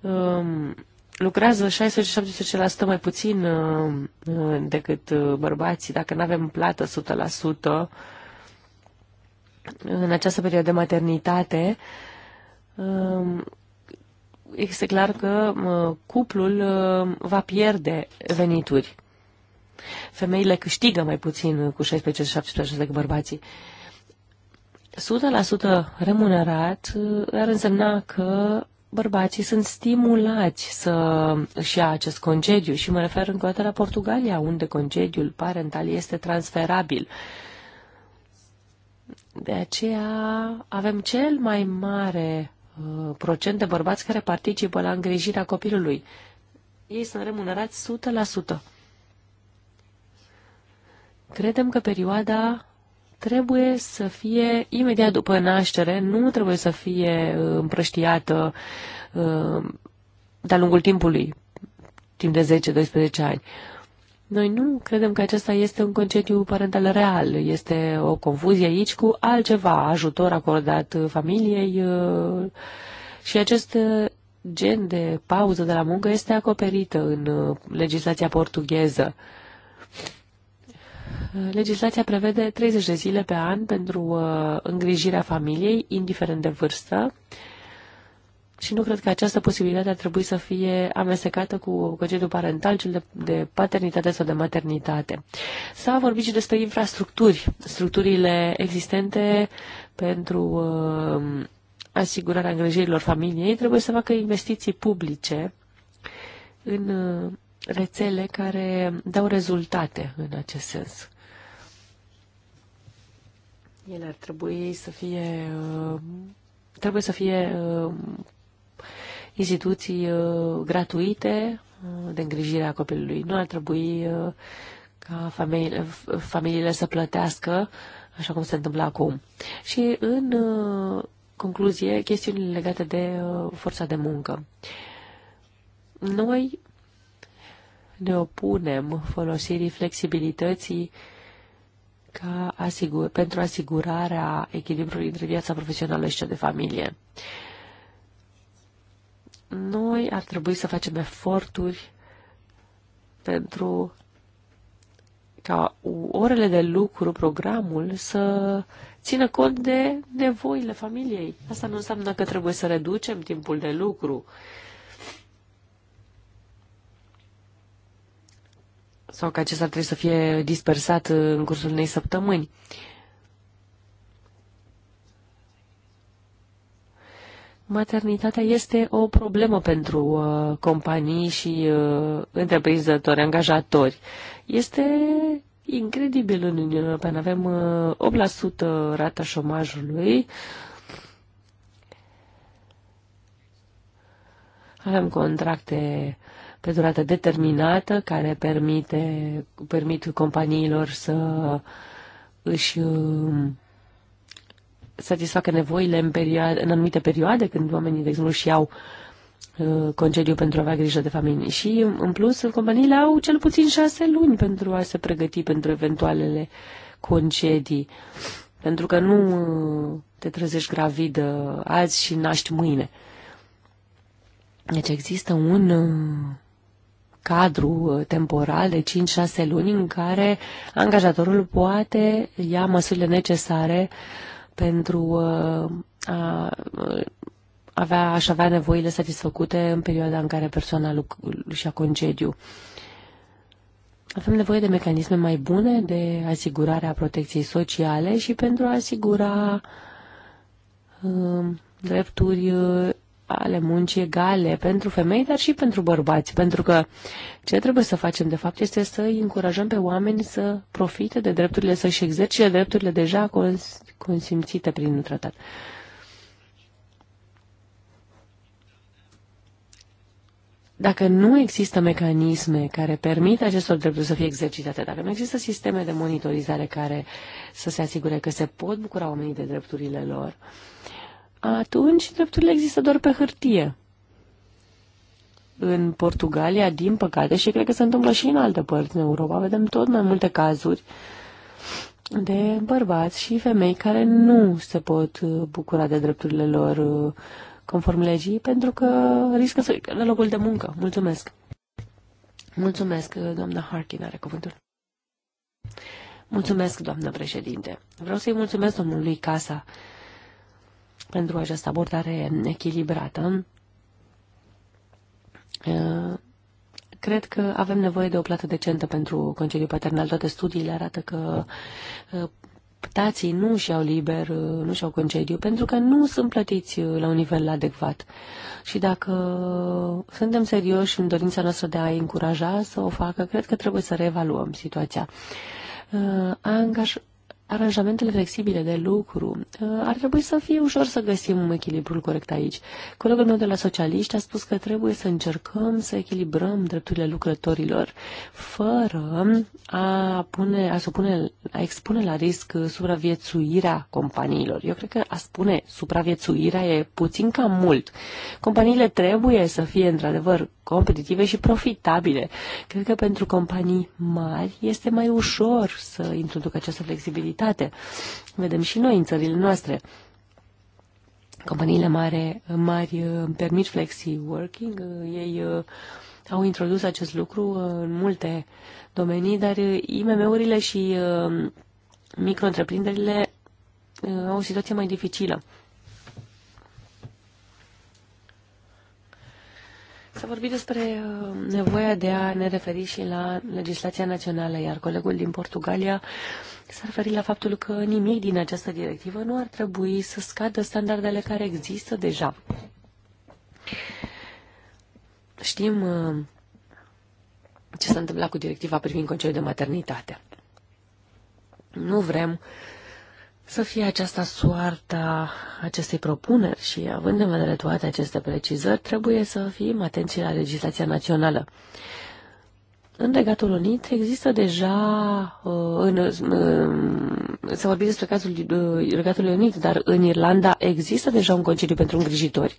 Speaker 4: um, lucrează 16-17% mai puțin um, uh, decât uh, bărbații, dacă nu avem plată 100% în această perioadă de maternitate, um, este clar că uh, cuplul va pierde venituri. Femeile câștigă mai puțin cu 16-17% decât bărbații. Uh, 100% remunerat uh, ar însemna că bărbații sunt stimulați să își ia acest concediu și mă refer încă o dată la Portugalia, unde concediul parental este transferabil. De aceea avem cel mai mare uh, procent de bărbați care participă la îngrijirea copilului. Ei sunt remunerați 100%. Credem că perioada trebuie să fie imediat după naștere, nu trebuie să fie uh, împrăștiată uh, de-a lungul timpului, timp de 10-12 ani. Noi nu credem că acesta este un concediu parental real. Este o confuzie aici cu altceva, ajutor acordat uh, familiei și acest gen de pauză de la muncă este acoperită în legislația portugheză. Legislația prevede 30 de zile pe an pentru uh, îngrijirea familiei, indiferent de vârstă, și nu cred că această posibilitate ar trebui să fie amestecată cu concediul parental, cel de, de paternitate sau de maternitate. S-a vorbit și despre infrastructuri, structurile existente pentru uh, asigurarea îngrijirilor familiei. Trebuie să facă investiții publice în uh, rețele care dau rezultate în acest sens. Ele ar trebui să fie, uh, trebuie să fie uh, instituții uh, gratuite de îngrijire a copilului. Nu ar trebui ca familiile, familiile să plătească așa cum se întâmplă acum. Și în concluzie, chestiunile legate de forța de muncă. Noi ne opunem folosirii flexibilității uh, ca asigur, pentru asigurarea echilibrului între viața profesională și cea de familie. Noi ar trebui să facem eforturi pentru ca orele de lucru, programul, să țină cont de nevoile familiei. Asta nu înseamnă că trebuie să reducem timpul de lucru. Uh, sau că acesta trebuie să fie dispersat uh, în cursul unei săptămâni. Maternitatea este o problemă pentru uh, companii și uh, întreprinzători, angajatori. Este incredibil în Uniunea Europeană. Avem uh, 8% rata șomajului. Avem contracte pe durată determinată care permite, permit companiilor să își um, satisfacă nevoile în, perioade, în anumite perioade când oamenii, de exemplu, își iau uh, concediu pentru a avea grijă de familie. Și, în plus, companiile au cel puțin șase luni pentru a se pregăti pentru eventualele concedii. Pentru că nu uh, te trezești gravidă uh, azi și naști mâine. Deci există un cadru uh, temporal de 5-6 luni în care angajatorul poate ia măsurile necesare pentru uh, a uh, avea, aș avea nevoile satisfăcute în perioada în care persoana și-a concediu. Avem nevoie de mecanisme mai bune de asigurare a protecției sociale și pentru a asigura drepturi ale muncii egale pentru femei, dar și pentru bărbați, pentru că ce trebuie să facem, de fapt, este să îi încurajăm pe oameni să profite de drepturile, să-și exercite drepturile deja cons- consimțite prin tratat. Dacă nu există mecanisme care permit acestor drepturi să fie exercitate, dacă nu există sisteme de monitorizare care să se asigure că se pot bucura oamenii de drepturile lor, uh, atunci drepturile există doar pe hârtie. În Portugalia, din păcate, și cred că se întâmplă și în alte părți în Europa, vedem tot mai multe cazuri de bărbați și femei care nu se pot uh, bucura de drepturile lor uh, conform legii pentru că riscă să la locul de muncă. Mulțumesc! Mulțumesc, uh, doamna Harkin are cuvântul. Mulțumesc, doamnă președinte. Vreau să-i mulțumesc domnului Casa pentru această abordare echilibrată. Cred că avem nevoie de o plată decentă pentru concediu paternal. Toate studiile arată că tații nu și-au liber, nu și-au concediu, pentru că nu sunt plătiți la un nivel adecvat. Și dacă suntem serioși în dorința noastră de a încuraja să o facă, cred că trebuie să reevaluăm situația. Angaj, aranjamentele flexibile de lucru. Uh, ar trebui să fie ușor să găsim echilibru corect aici. Colegul meu de la socialiști a spus că trebuie să încercăm să echilibrăm drepturile lucrătorilor fără a, pune, a, supune, a expune la risc supraviețuirea companiilor. Eu cred că a spune supraviețuirea e puțin cam mult. Companiile trebuie să fie într-adevăr competitive și profitabile. Cred că pentru companii mari este mai ușor să introducă această flexibilitate realitate. Vedem și noi în țările noastre. Companiile mari, uh, mari permit flexi working, uh, ei uh, au introdus acest lucru în multe domenii, dar IMM-urile și micro au o situație mai dificilă. S-a vorbit despre nevoia de a ne referi și la legislația națională, iar colegul din Portugalia s-a referit la faptul că nimic din această directivă nu ar trebui să scadă standardele care există deja. Știm uh, ce s-a întâmplat cu directiva privind concediul de maternitate. Nu vrem să fie aceasta soarta acestei propuneri și, având în vedere toate aceste precizări, trebuie să fim atenți la legislația națională. În Regatul Unit există deja, uh, în, s se vorbit despre cazul uh, Regatului Unit, dar în Irlanda există deja un concediu pentru îngrijitori.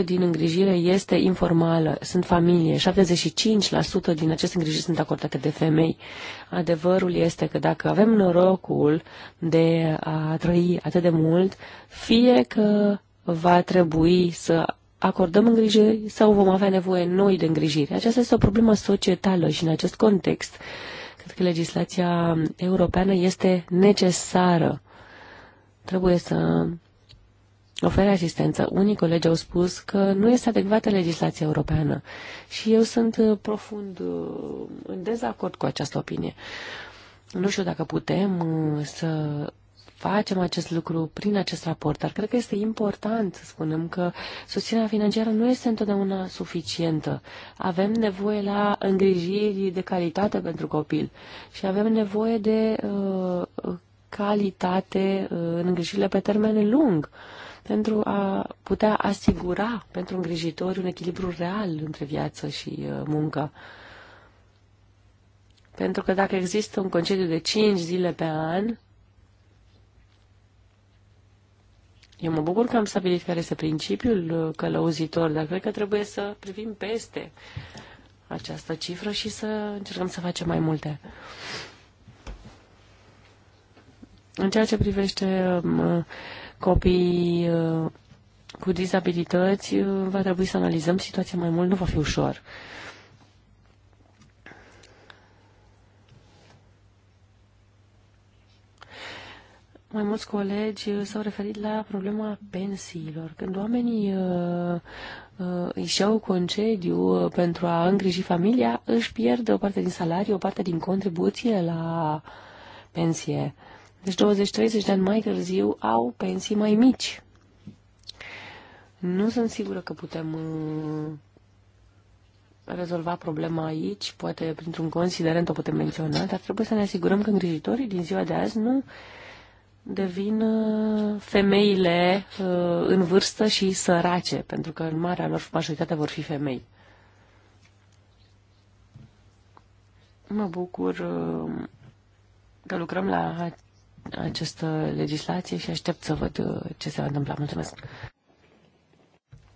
Speaker 4: 80% din îngrijire este informală, sunt familie, 75% din aceste îngrijiri sunt acordate de femei. Adevărul este că dacă avem norocul de a trăi atât de mult, fie că va trebui să acordăm îngrijiri sau vom avea nevoie noi de îngrijire. Aceasta este o problemă societală și în acest context cred că legislația europeană este necesară. Trebuie să ofere asistență. Unii colegi au spus că nu este adecvată legislația europeană și eu sunt profund uh, în dezacord cu această opinie. Nu știu dacă putem uh, să facem acest lucru prin acest raport, dar cred că este important să spunem că susținerea financiară nu este întotdeauna suficientă. Avem nevoie la îngrijiri de calitate pentru copil și avem nevoie de uh, calitate uh, în îngrijirile pe termen lung pentru a putea asigura pentru îngrijitori un echilibru real între viață și uh, muncă. Pentru că dacă există un concediu de 5 zile pe an, Eu mă bucur că am stabilit care este principiul uh, călăuzitor, dar cred că trebuie să privim peste această cifră și să încercăm să facem mai multe. În ceea ce privește um, uh, copiii uh, cu dizabilități, va trebui să analizăm situația mai mult, nu va fi ușor. Mai mulți colegi uh, s-au referit la problema pensiilor. Când oamenii uh, uh, își iau concediu uh, pentru a îngriji familia, își pierd o parte din salariu, o parte din contribuție la pensie. Deci 20-30 de ani mai târziu au pensii mai mici. Nu sunt sigură că putem uh, rezolva problema aici, poate printr-un considerent o putem menționa, dar trebuie să ne asigurăm că îngrijitorii din ziua de azi nu uh, devin uh, femeile uh, în vârstă și sărace, pentru că în marea lor majoritate vor fi femei. Mă bucur uh, că lucrăm la această legislație și aștept să văd ce se va întâmpla. Mulțumesc!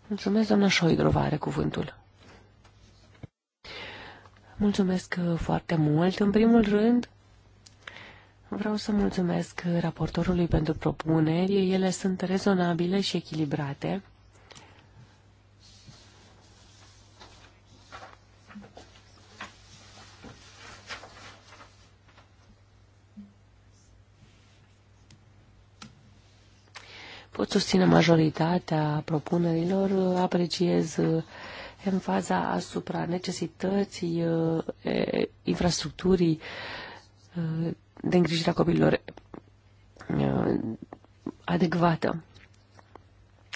Speaker 4: Mulțumesc, doamna Șoidrova are cuvântul. Mulțumesc foarte mult. În primul rând, Vreau să mulțumesc raportorului pentru propuneri. Ele sunt rezonabile și echilibrate. Pot susține majoritatea propunerilor, apreciez în uh, faza asupra necesității uh, infrastructurii uh, de îngrijirea copiilor uh, adecvată.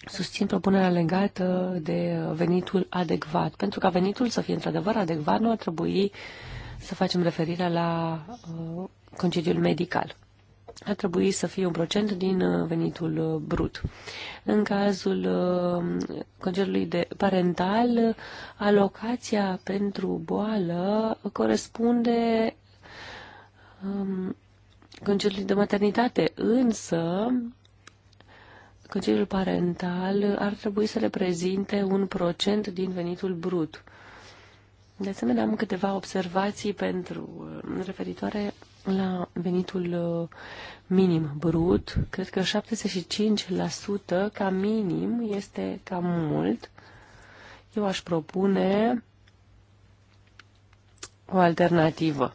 Speaker 4: Susțin propunerea legată de venitul adecvat. Pentru ca venitul să fie într-adevăr adecvat, nu ar trebui să facem referire la uh, concediul medical. Ar trebui să fie un procent din uh, venitul brut. În cazul concediului de parental, alocația pentru boală corespunde um, concediului de maternitate, însă concediul parental ar trebui să reprezinte un procent din venitul brut. De asemenea, am câteva observații pentru um, referitoare la venitul uh, minim brut. Cred că 75% ca minim este cam mult. Eu aș propune o alternativă.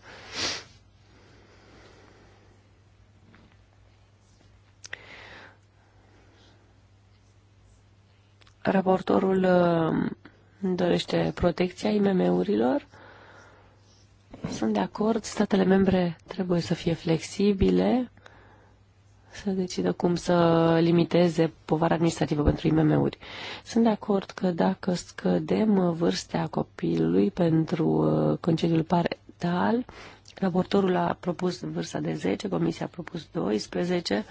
Speaker 4: Raportorul uh, dorește protecția IMM-urilor. Sunt de acord, statele membre trebuie să fie flexibile, să decidă cum să limiteze povara administrativă pentru IMM-uri. Sunt de acord că dacă scădem vârstea copilului pentru uh, concediul parental, raportorul a propus vârsta de 10, comisia a propus 12,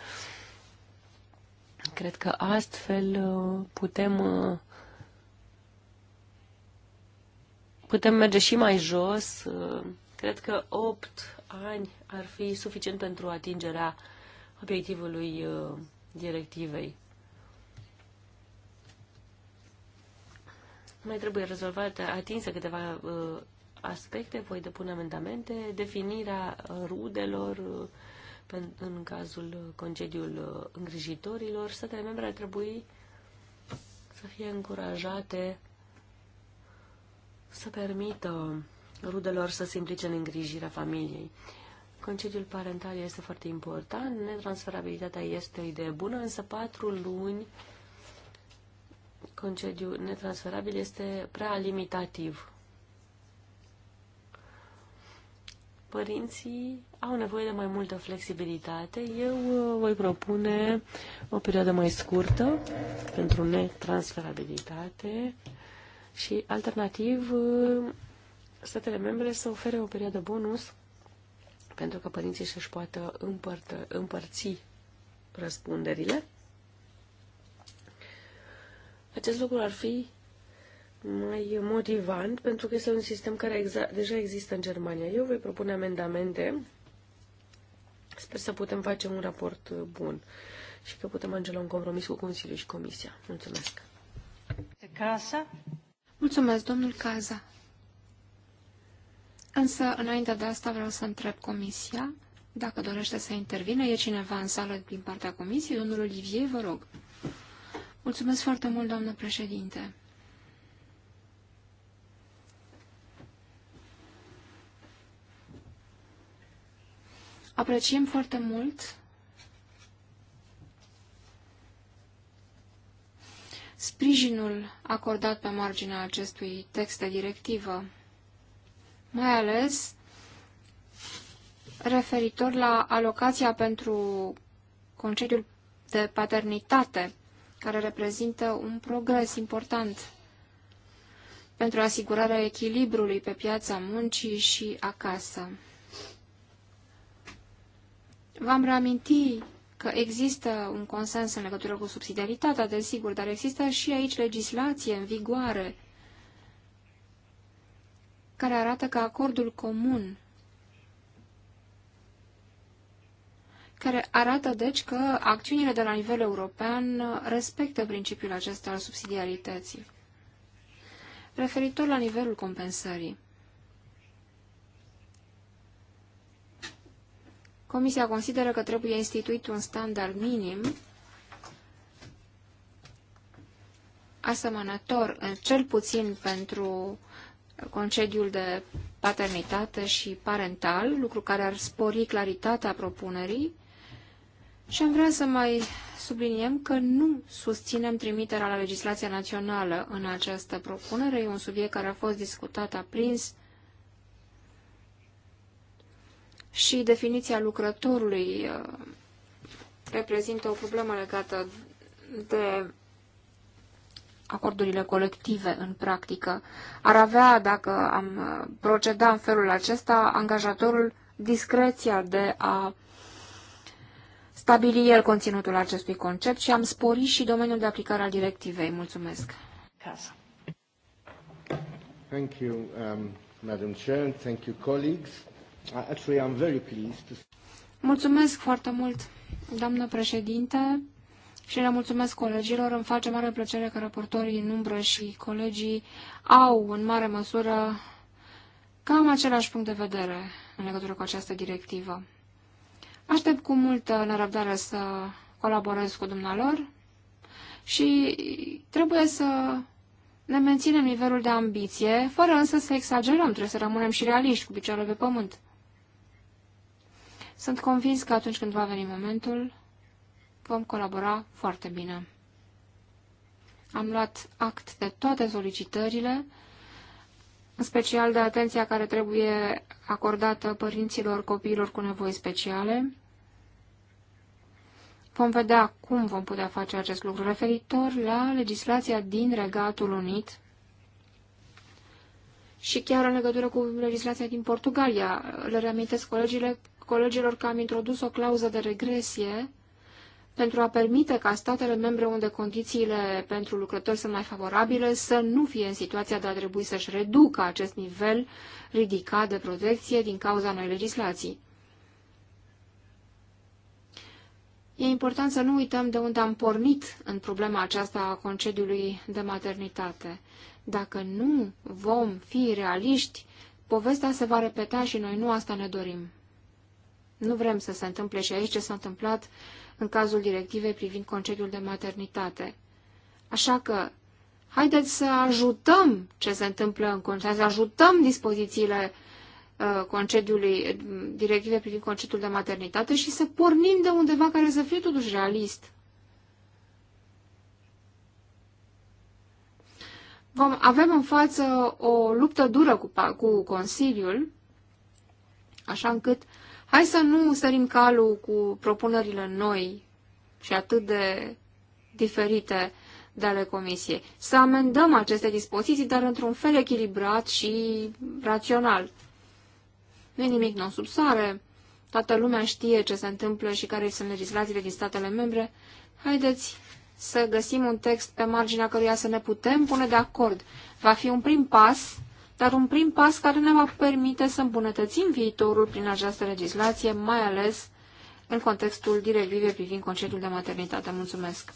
Speaker 4: Cred că astfel uh, putem uh, putem merge și mai jos. Uh, cred că 8 ani ar fi suficient pentru atingerea obiectivului directivei. Mai trebuie rezolvate, atinse câteva aspecte, voi depune amendamente, definirea rudelor, în cazul concediul uh, îngrijitorilor, statele membre ar trebui să fie încurajate să permită rudelor să se implice în îngrijirea familiei. Concediul parental este foarte important, netransferabilitatea este o idee bună, însă patru luni concediu netransferabil este prea limitativ părinții au nevoie de mai multă flexibilitate. Eu uh, voi propune o perioadă mai scurtă pentru netransferabilitate și, alternativ, uh, statele membre să ofere o perioadă bonus pentru că părinții să-și poată împărtă, împărți răspunderile. Acest lucru ar fi mai motivant, pentru că este un sistem care deja există în Germania. Eu voi propune amendamente. Sper să putem face un raport bun și că putem ajunge la un compromis cu Consiliul și Comisia. Mulțumesc.
Speaker 2: De casa? Mulțumesc, domnul Caza. Însă, înainte de asta, vreau să întreb Comisia dacă dorește să intervină. E cineva în sală din partea Comisiei? Domnul Olivier, vă rog. Mulțumesc foarte mult, doamnă președinte. Apreciem foarte mult sprijinul acordat pe marginea acestui text de directivă, mai ales referitor la alocația pentru concediul de paternitate, care reprezintă un progres important pentru asigurarea echilibrului pe piața muncii și acasă. V-am reaminti că există un consens în legătură cu subsidiaritatea, desigur, dar există și aici legislație în vigoare care arată că acordul comun care arată, deci, că acțiunile de la nivel european respectă principiul acesta al subsidiarității. Referitor la nivelul compensării, Comisia consideră că trebuie instituit un standard minim asemănător, cel puțin pentru concediul de paternitate și parental, lucru care ar spori claritatea propunerii, și am vrea să mai subliniem că nu susținem trimiterea la legislația națională în această propunere. E un subiect care a fost discutat aprins și definiția lucrătorului uh, reprezintă o problemă legată de acordurile colective în practică. Ar avea, dacă am uh, proceda în felul acesta, angajatorul discreția de a stabili el conținutul acestui concept și am spori și domeniul de aplicare al directivei. Mulțumesc. Casa.
Speaker 1: Thank you, um, Madam Chair, and thank you, colleagues. Actually, I'm very pleased to...
Speaker 2: Mulțumesc foarte mult, doamnă președinte, și le mulțumesc colegilor. Îmi face mare plăcere că raportorii în umbră și colegii au, în mare măsură, cam același punct de vedere în legătură cu această directivă. Aștept cu multă nerăbdare să colaborez cu dumnealor și trebuie să ne menținem nivelul de ambiție, fără însă să exagerăm, trebuie să rămânem și realiști cu picioarele pe pământ. Sunt convins că atunci când va veni momentul, vom colabora foarte bine. Am luat act de toate solicitările, în special de atenția care trebuie acordată părinților copiilor cu nevoi speciale. Vom vedea cum vom putea face acest lucru referitor la legislația din Regatul Unit și chiar în legătură cu legislația din Portugalia. Le reamintesc colegile colegilor că am introdus o clauză de regresie pentru a permite ca statele membre unde condițiile pentru lucrători sunt mai favorabile să nu fie în situația de a trebui să-și reducă acest nivel ridicat de protecție din cauza noi legislații. E important să nu uităm de unde am pornit în problema aceasta a concediului de maternitate. Dacă nu vom fi realiști, povestea se va repeta și noi nu asta ne dorim. Nu vrem să se întâmple și aici ce s-a întâmplat în cazul directivei privind concediul de maternitate. Așa că haideți să ajutăm ce se întâmplă în concediu, să ajutăm dispozițiile uh, concediului, directive privind concediul de maternitate și să pornim de undeva care să fie totuși realist. Vom, avem în față o luptă dură cu, cu Consiliul, așa încât uh, Hai să nu sărim calul cu propunerile noi și atât de diferite de ale Comisiei. Să amendăm aceste dispoziții, dar într-un fel echilibrat și rațional. Nu e nimic nou sub soare. Toată lumea știe ce se întâmplă și care sunt legislațiile din statele membre. Haideți să găsim un text pe marginea căruia să ne putem pune de acord. Va fi un prim pas dar un prim pas care ne va permite să îmbunătățim viitorul prin această legislație, mai ales în contextul directive privind concediul de maternitate. Mulțumesc!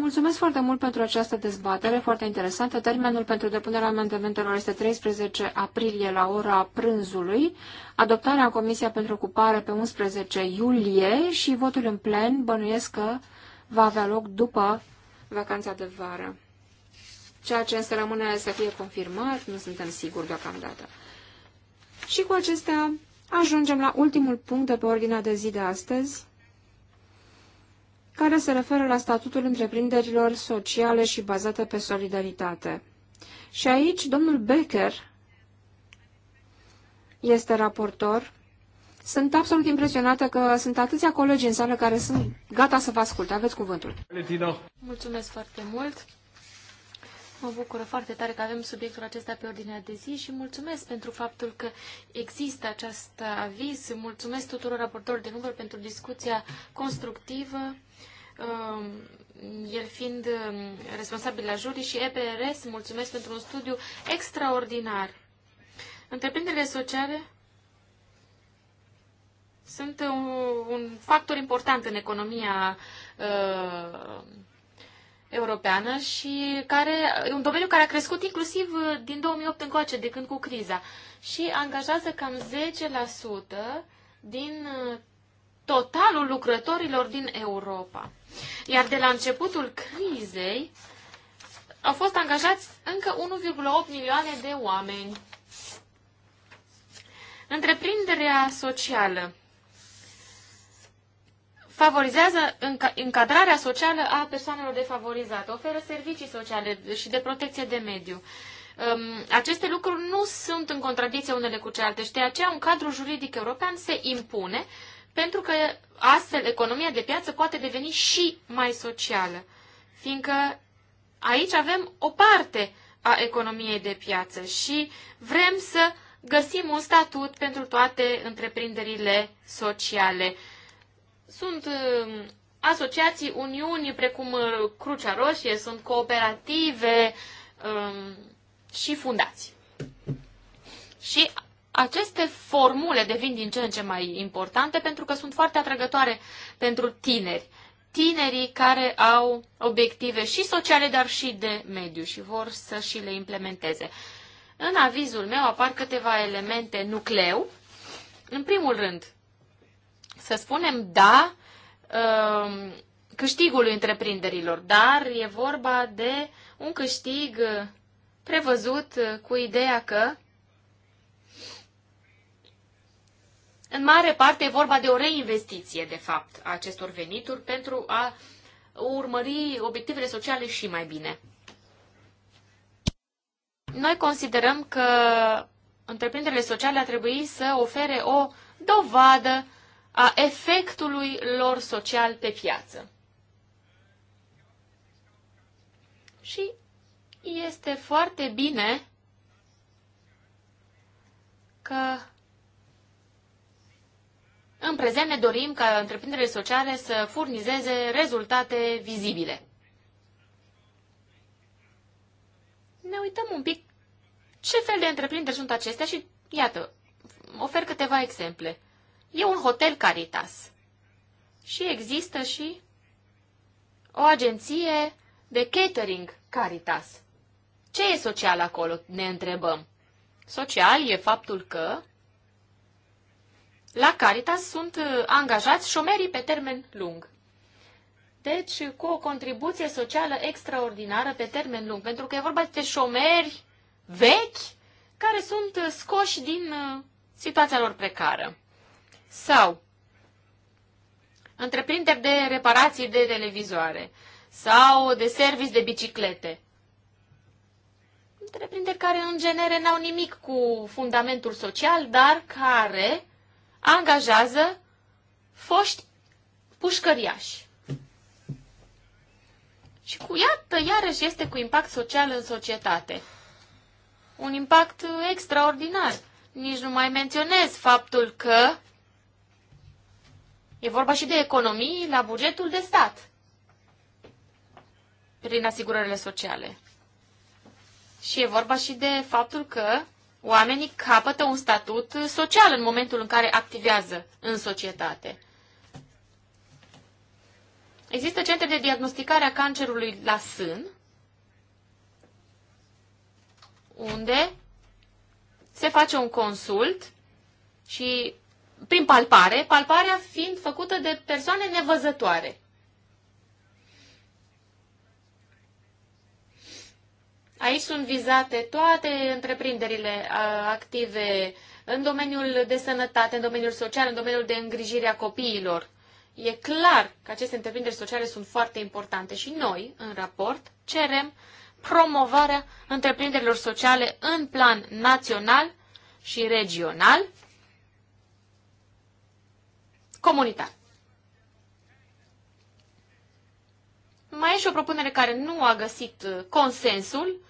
Speaker 2: Mulțumesc foarte mult pentru această dezbatere foarte interesantă. Termenul pentru depunerea amendamentelor este 13 aprilie la ora prânzului, adoptarea în Comisia pentru Ocupare pe 11 iulie și votul în plen bănuiesc că va avea loc după vacanța de vară ceea ce însă rămâne să fie confirmat, nu suntem siguri deocamdată. Și cu acestea ajungem la ultimul punct de pe ordinea de zi de astăzi, care se referă la statutul întreprinderilor sociale și bazate pe solidaritate. Și aici domnul Becker este raportor. Sunt absolut impresionată că sunt atâția colegi în sală care sunt gata să vă asculte. Aveți cuvântul.
Speaker 3: Mulțumesc foarte mult. Mă bucură foarte tare că avem subiectul acesta pe ordinea de zi și mulțumesc pentru faptul că există acest aviz. Mulțumesc tuturor raportorilor de număr pentru discuția constructivă, um, el fiind um, responsabil la jurii și EPRS. Mulțumesc pentru un studiu extraordinar. Întreprinderile sociale sunt un, uh, un factor important în economia uh, europeană și care, un domeniu care a crescut inclusiv uh, din 2008 încoace, de când cu criza, și angajează cam 10% din uh, totalul lucrătorilor din Europa. Iar de la începutul crizei au fost angajați încă 1,8 milioane de oameni. Întreprinderea socială favorizează încadrarea socială a persoanelor defavorizate, oferă servicii sociale și de protecție de mediu. Um, aceste lucruri nu sunt în contradicție unele cu celelalte și de aceea un cadru juridic european se impune pentru că astfel economia de piață poate deveni și mai socială, fiindcă aici avem o parte a economiei de piață și vrem să găsim un statut pentru toate întreprinderile sociale sunt uh, asociații, uniuni, precum uh, Crucea Roșie, sunt cooperative um, și fundații. Și aceste formule devin din ce în ce mai importante pentru că sunt foarte atrăgătoare pentru tineri. Tinerii care au obiective și sociale, dar și de mediu și vor să și le implementeze. În avizul meu apar câteva elemente nucleu. În primul rând, să spunem da um, câștigului întreprinderilor, dar e vorba de un câștig uh, prevăzut uh, cu ideea că în mare parte e vorba de o reinvestiție, de fapt, a acestor venituri pentru a urmări obiectivele sociale și mai bine. Noi considerăm că întreprinderile sociale ar trebui să ofere o dovadă a efectului lor social pe piață. Și este foarte bine că în prezent ne dorim ca întreprinderile sociale să furnizeze rezultate vizibile. Ne uităm un pic ce fel de întreprinderi sunt acestea și, iată, ofer câteva exemple. E un hotel Caritas. Și există și o agenție de catering Caritas. Ce e social acolo, ne întrebăm. Social e faptul că la Caritas sunt uh, angajați șomerii pe termen lung. Deci, cu o contribuție socială extraordinară pe termen lung, pentru că e vorba de șomeri vechi care sunt uh, scoși din uh, situația lor precară sau întreprinderi de reparații de televizoare sau de servici de biciclete. Întreprinderi care în genere n-au nimic cu fundamentul social, dar care angajează foști pușcăriași. Și cu iată, iarăși este cu impact social în societate. Un impact extraordinar. Nici nu mai menționez faptul că E vorba și de economii la bugetul de stat prin asigurările sociale. Și e vorba și de faptul că oamenii capătă un statut social în momentul în care activează în societate. Există centre de diagnosticare a cancerului la sân, unde se face un consult și prin palpare, palparea fiind făcută de persoane nevăzătoare. Aici sunt vizate toate întreprinderile active în domeniul de sănătate, în domeniul social, în domeniul de îngrijire a copiilor. E clar că aceste întreprinderi sociale sunt foarte importante și noi, în raport, cerem promovarea întreprinderilor sociale în plan național și regional comunitar. Mai e și o propunere care nu a găsit uh, consensul,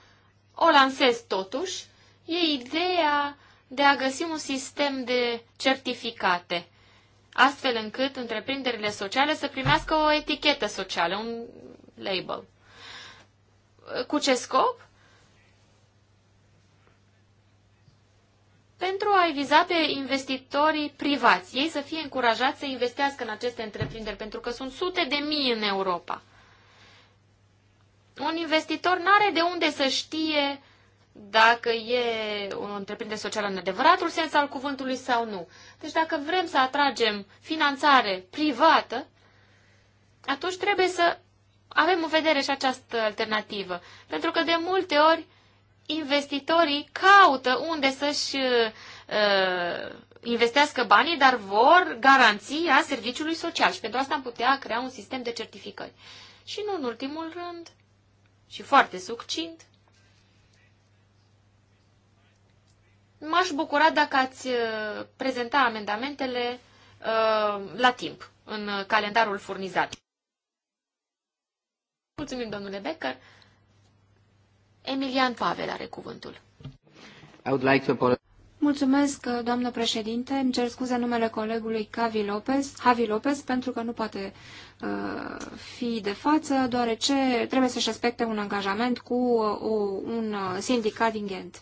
Speaker 3: o lansez totuși, e ideea de a găsi un sistem de certificate, astfel încât întreprinderile sociale să primească o etichetă socială, un label. Cu ce scop? pentru a-i viza pe investitorii privați. Ei să fie încurajați să investească în aceste întreprinderi, pentru că sunt sute de mii în Europa. Un investitor nu are de unde să știe dacă e o întreprindere socială în adevăratul sens al cuvântului sau nu. Deci dacă vrem să atragem finanțare privată, atunci trebuie să avem în vedere și această alternativă. Pentru că de multe ori investitorii caută unde să-și uh, investească banii, dar vor garanția serviciului social și pentru asta am putea crea un sistem de certificări. Și nu în ultimul rând, și foarte succint, m-aș bucura dacă ați uh, prezenta amendamentele uh, la timp, în calendarul furnizat. Mulțumim, domnule Becker. Emilian Pavel are cuvântul.
Speaker 2: I would like to Mulțumesc, doamnă președinte. Îmi cer scuze numele colegului Javi Lopez, Javi Lopez pentru că nu poate uh, fi de față, deoarece trebuie să-și respecte un angajament cu uh, un uh, sindicat din Ghent.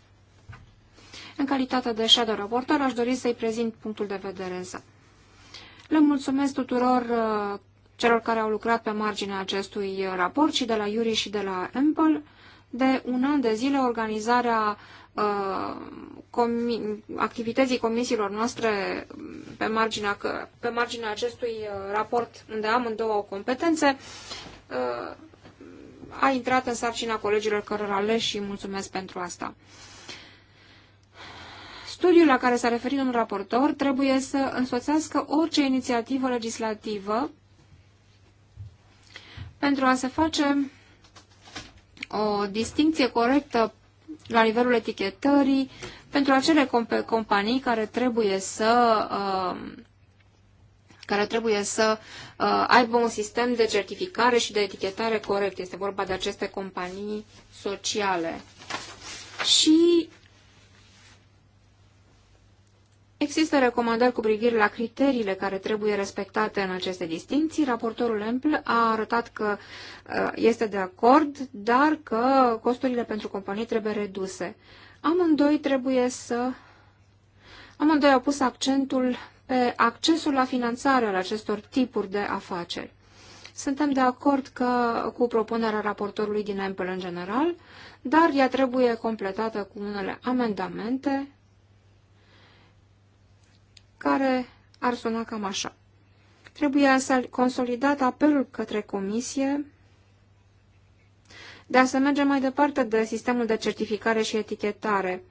Speaker 2: În calitate de shadow reporter, aș dori să-i prezint punctul de vedere însă. Le mulțumesc tuturor uh, celor care au lucrat pe marginea acestui uh, raport și de la Iuri și de la Ample de un an de zile organizarea uh, comi activității comisiilor noastre pe marginea, că, pe marginea acestui uh, raport unde am în două competențe uh, a intrat în sarcina colegilor cărora le și mulțumesc pentru asta. Studiul la care s-a referit un raportor trebuie să însoțească orice inițiativă legislativă pentru a se face o distinție corectă la nivelul etichetării pentru acele comp companii care trebuie să uh, care trebuie să uh, aibă un sistem de certificare și de etichetare corect. Este vorba de aceste companii sociale. Și Există recomandări cu privire la criteriile care trebuie respectate în aceste distinții. Raportorul Empl a arătat că uh, este de acord, dar că costurile pentru companii trebuie reduse. Amândoi trebuie să... Amândoi au pus accentul pe accesul la finanțare al acestor tipuri de afaceri. Suntem de acord că, cu propunerea raportorului din Empel în general, dar ea trebuie completată cu unele amendamente care ar suna cam așa. Trebuie să consolidat apelul către comisie de a se merge mai departe de sistemul de certificare și etichetare,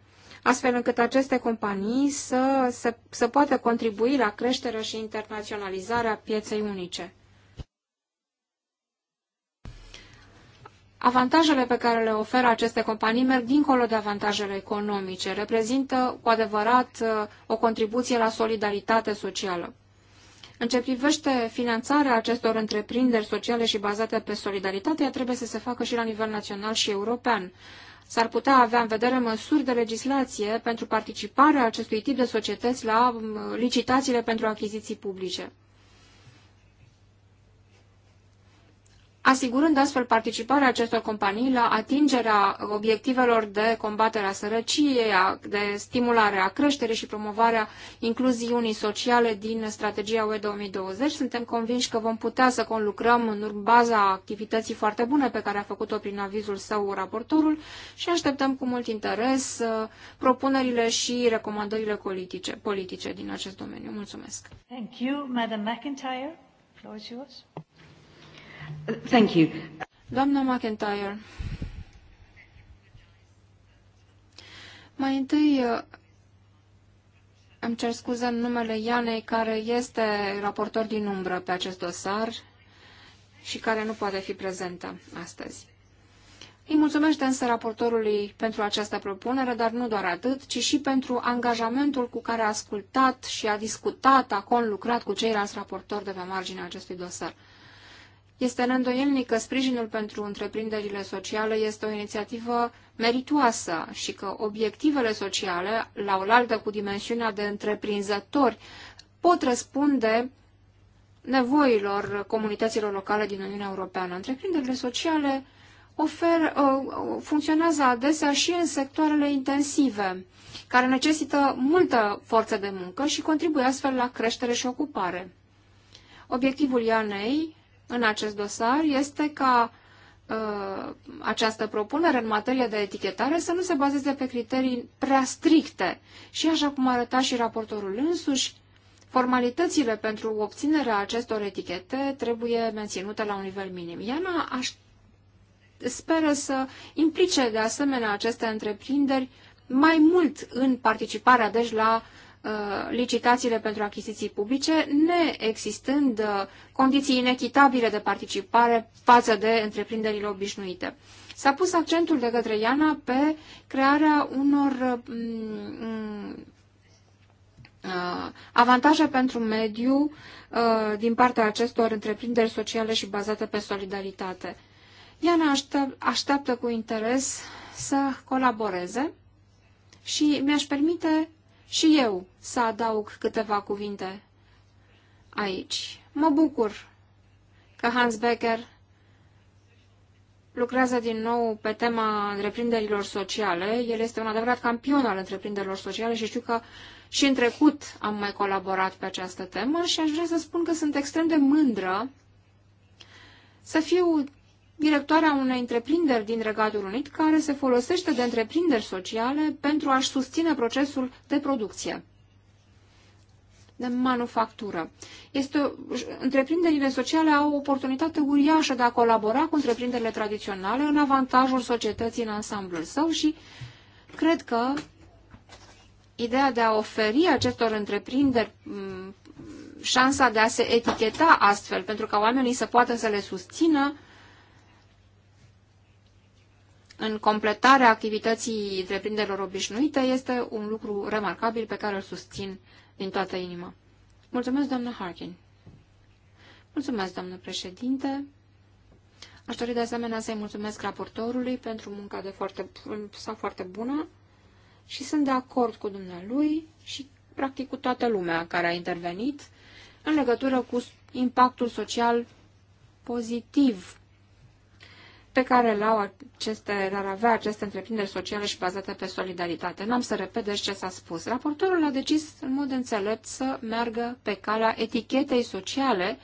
Speaker 2: astfel încât aceste companii să, să, să poată contribui la creșterea și internaționalizarea pieței unice. Avantajele pe care le oferă aceste companii merg dincolo de avantajele economice, reprezintă cu adevărat uh, o contribuție la solidaritate socială. În ce privește finanțarea acestor întreprinderi sociale și bazate pe solidaritate, ea trebuie să se facă și la nivel național și european. S-ar putea avea în vedere măsuri de legislație pentru participarea acestui tip de societăți la uh, licitațiile pentru achiziții publice. asigurând astfel participarea acestor companii la atingerea obiectivelor de combatere a sărăciei, de stimulare a creșterii și promovarea incluziunii sociale din strategia UE 2020. Suntem convinși că vom putea să conlucrăm în baza activității foarte bune pe care a făcut-o prin avizul său raportorul și așteptăm cu mult interes uh, propunerile și recomandările politice, politice din acest domeniu. Mulțumesc!
Speaker 1: Thank you, Madam McIntyre.
Speaker 2: Floor is yours. Thank Doamna McIntyre, mai întâi uh, îmi cer scuze în numele Ianei, care este raportor din umbră pe acest dosar și care nu poate fi prezentă astăzi. Îi mulțumește însă raportorului pentru această propunere, dar nu doar atât, ci și pentru angajamentul cu care a ascultat și a discutat, a conlucrat cu ceilalți raportori de pe marginea acestui dosar. Este neîndoielnic că sprijinul pentru întreprinderile sociale este o inițiativă meritoasă și că obiectivele sociale, la oaltă cu dimensiunea de întreprinzători, pot răspunde nevoilor comunităților locale din Uniunea Europeană. Întreprinderile sociale ofer, ă, funcționează adesea și în sectoarele intensive, care necesită multă forță de muncă și contribuie astfel la creștere și ocupare. Obiectivul IANEI în acest dosar este ca uh, această propunere în materie de etichetare să nu se bazeze pe criterii prea stricte și, așa cum arăta și raportorul însuși, formalitățile pentru obținerea acestor etichete trebuie menținute la un nivel minim. Iana aș speră să implice de asemenea aceste întreprinderi mai mult în participarea, deci, la uh, Uh, licitațiile pentru achiziții publice, neexistând uh, condiții inechitabile de participare față de întreprinderile obișnuite. S-a pus accentul de către Iana pe crearea unor uh, mm, avantaje pentru mediu din partea acestor întreprinderi sociale și bazate pe solidaritate. Iana așteaptă cu interes să colaboreze și mi-aș permite și eu să adaug câteva cuvinte aici. Mă bucur că Hans Becker lucrează din nou pe tema întreprinderilor sociale. El este un adevărat campion al întreprinderilor sociale și știu că și în trecut am mai colaborat pe această temă și aș vrea să spun că sunt extrem de mândră să fiu directoarea unei întreprinderi din Regatul Unit care se folosește de întreprinderi sociale pentru a-și susține procesul de producție, de manufactură. Este, întreprinderile sociale au o oportunitate uriașă de a colabora cu întreprinderile tradiționale în avantajul societății în ansamblul său și cred că ideea de a oferi acestor întreprinderi mm, șansa de a se eticheta astfel, pentru ca oamenii să poată să le susțină, în completarea activității întreprinderilor obișnuite este un lucru remarcabil pe care îl susțin din toată inima. Mulțumesc, doamnă Harkin. Mulțumesc, doamnă președinte. Aș dori de asemenea să-i mulțumesc raportorului pentru munca de foarte, sau foarte bună și sunt de acord cu dumnealui și practic cu toată lumea care a intervenit în legătură cu impactul social pozitiv pe care le au aceste, l-ar avea aceste întreprinderi sociale și bazate pe solidaritate. N-am să repede deci ce s-a spus. Raportorul a decis în mod înțelept să meargă pe calea etichetei sociale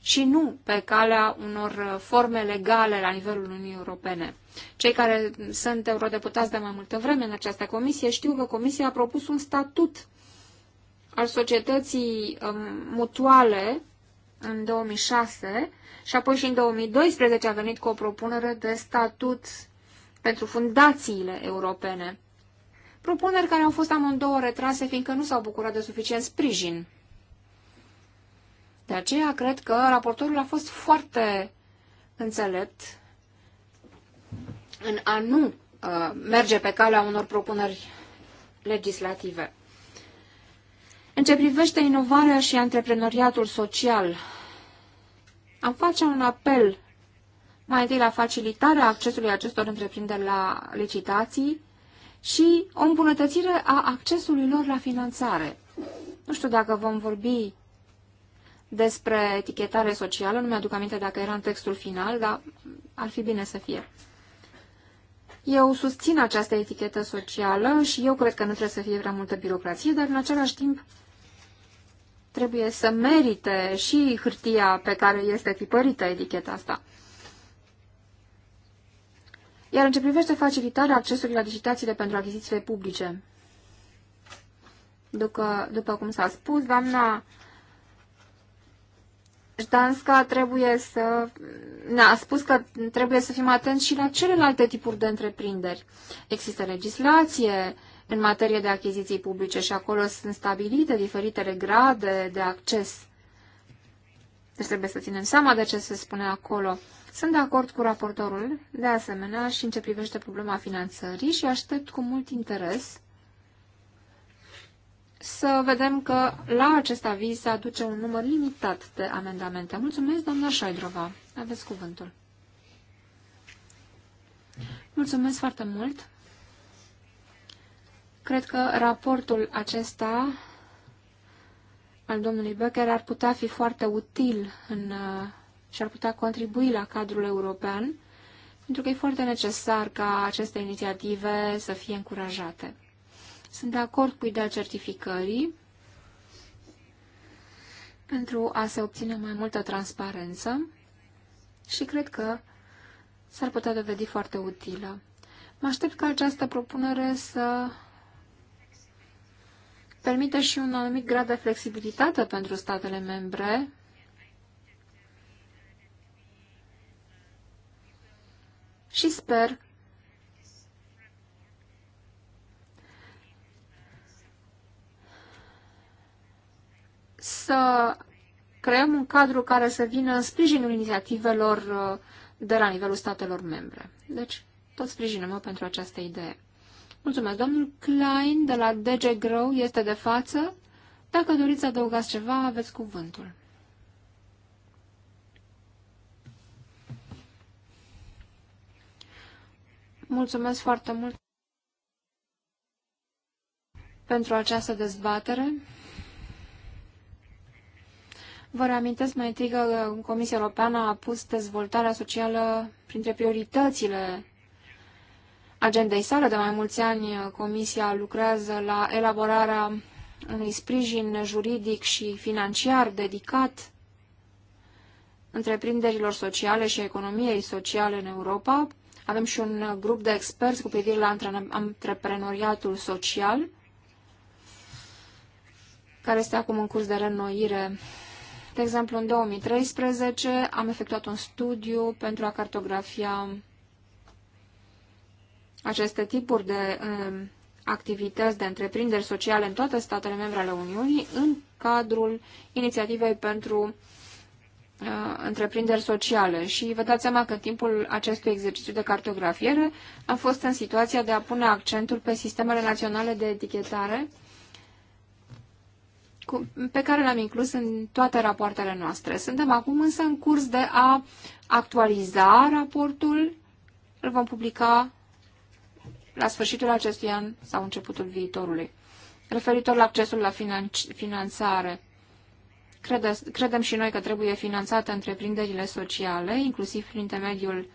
Speaker 2: și nu pe calea unor forme legale la nivelul Uniunii Europene. Cei care sunt eurodeputați de mai multă vreme în această comisie știu că comisia a propus un statut al societății um, mutuale în 2006 și apoi și în 2012 a venit cu o propunere de statut pentru fundațiile europene. Propuneri care au fost amândouă retrase, fiindcă nu s-au bucurat de suficient sprijin. De aceea cred că raportorul a fost foarte înțelept în a nu uh, merge pe calea unor propuneri legislative. În ce privește inovarea și antreprenoriatul social, am face un apel mai întâi la facilitarea accesului acestor întreprinderi la licitații și o îmbunătățire a accesului lor la finanțare. Nu știu dacă vom vorbi despre etichetare socială, nu mi-aduc aminte dacă era în textul final, dar ar fi bine să fie. Eu susțin această etichetă socială și eu cred că nu trebuie să fie prea multă birocrație, dar în același timp trebuie să merite și hârtia pe care este tipărită eticheta asta. Iar în ce privește facilitarea accesului la licitațiile pentru achizițiile publice, după, după cum s-a spus, doamna Ștanska trebuie să ne-a spus că trebuie să fim atenți și la celelalte tipuri de întreprinderi. Există legislație în materie de achiziții publice și acolo sunt stabilite diferitele grade de acces. Deci trebuie să ținem seama de ce se spune acolo. Sunt de acord cu raportorul, de asemenea, și în ce privește problema finanțării și aștept cu mult interes să vedem că la acest aviz se aduce un număr limitat de amendamente. Mulțumesc, doamna Șaidrova. Aveți cuvântul. Mulțumesc foarte mult. Cred că raportul acesta al domnului Becker ar putea fi foarte util în, uh, și ar putea contribui la cadrul european, pentru că e foarte necesar ca aceste inițiative să fie încurajate. Sunt de acord cu ideea certificării pentru a se obține mai multă transparență și cred că s-ar putea dovedi foarte utilă. Mă aștept ca această propunere să permite și un anumit grad de flexibilitate pentru statele membre și sper să creăm un cadru care să vină în sprijinul inițiativelor uh, de la nivelul statelor membre. Deci, tot sprijinăm pentru această idee. Mulțumesc. Domnul Klein de la DG Grow este de față. Dacă doriți să adăugați ceva, aveți cuvântul. Mulțumesc foarte mult pentru această dezbatere. Vă reamintesc mai întâi că Comisia Europeană a pus dezvoltarea socială printre prioritățile agendei sale. De mai mulți ani, uh, Comisia lucrează la elaborarea unui sprijin juridic și financiar dedicat întreprinderilor sociale și economiei sociale în Europa. Avem și un uh, grup de experți cu privire la antreprenoriatul social, care este acum în curs de reînnoire. De exemplu, în 2013 am efectuat un studiu pentru a cartografia aceste tipuri de um, activități de întreprinderi sociale în toate statele membre ale Uniunii în cadrul inițiativei pentru uh, întreprinderi sociale. Și vă dați seama că în timpul acestui exercițiu de cartografiere am fost în situația de a pune accentul pe sistemele naționale de etichetare pe care l-am inclus în toate rapoartele noastre. Suntem acum însă în curs de a actualiza raportul. Îl vom publica la sfârșitul acestui an sau începutul viitorului. Referitor la accesul la finanțare, crede, credem și noi că trebuie finanțate întreprinderile sociale, inclusiv prin intermediul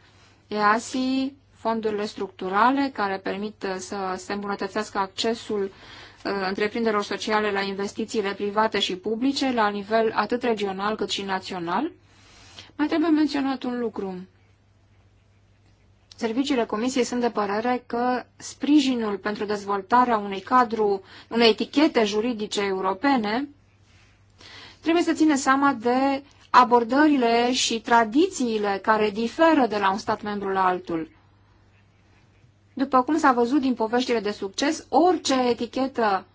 Speaker 2: EASI, fondurile structurale care permit uh, să se îmbunătățească accesul uh, întreprinderilor sociale la investițiile private și publice, la nivel atât regional cât și național. Mai trebuie menționat un lucru. Serviciile Comisiei sunt de părere că sprijinul pentru dezvoltarea unui cadru, unei etichete juridice europene trebuie să ține seama de abordările și tradițiile care diferă de la un stat membru la altul. După cum s-a văzut din poveștile de succes, orice etichetă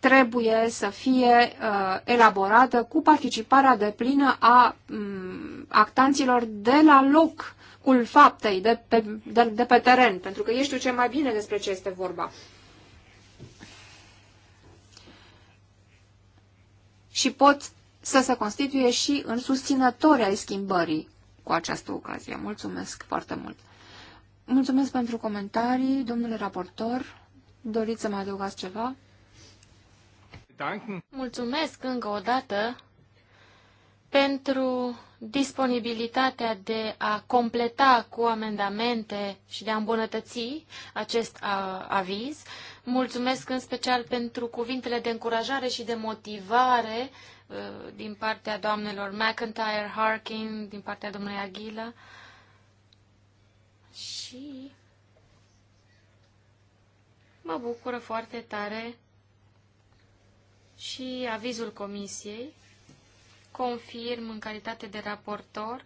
Speaker 2: trebuie să fie uh, elaborată cu participarea deplină a um, actanților de la locul faptei, de pe, de, de pe teren, pentru că ei știu ce mai bine despre ce este vorba. Și pot să se constituie și în susținători ai schimbării cu această ocazie. Mulțumesc foarte mult! Mulțumesc pentru comentarii, domnule raportor.
Speaker 3: Doriți să mai adăugați ceva? Mulțumesc încă o dată pentru disponibilitatea de a completa cu amendamente și de a îmbunătăți acest aviz. Mulțumesc în special pentru cuvintele de încurajare și de motivare uh, din partea doamnelor McIntyre, Harkin, din partea domnului Aghila. Și mă bucură foarte tare și avizul comisiei. Confirm în calitate de raportor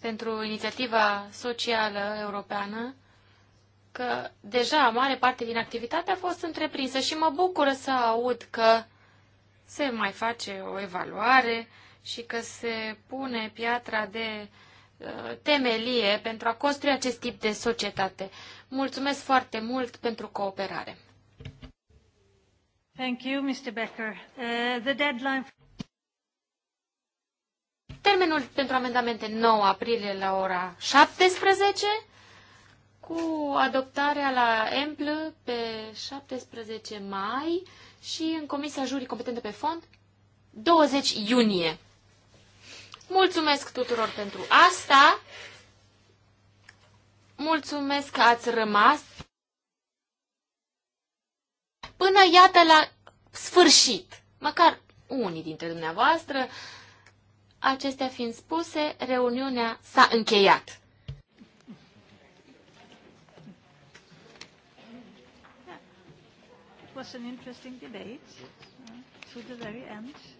Speaker 3: pentru inițiativa socială europeană că deja mare parte din activitate a fost întreprinsă și mă bucură să aud că se mai face o evaluare și că se pune piatra de Uh, temelie pentru a construi acest tip de societate. Mulțumesc foarte mult pentru cooperare. Thank you, Mr. Becker. Uh, the deadline... Termenul pentru amendamente 9 aprilie la ora 17 cu adoptarea la EMPL pe 17 mai și în Comisia Jurii Competente pe Fond 20 iunie. Mulțumesc tuturor pentru asta. Mulțumesc că ați rămas până, iată, la sfârșit. Măcar unii dintre dumneavoastră. Acestea fiind spuse, reuniunea s-a încheiat.
Speaker 1: It was an interesting debate uh, to the very end.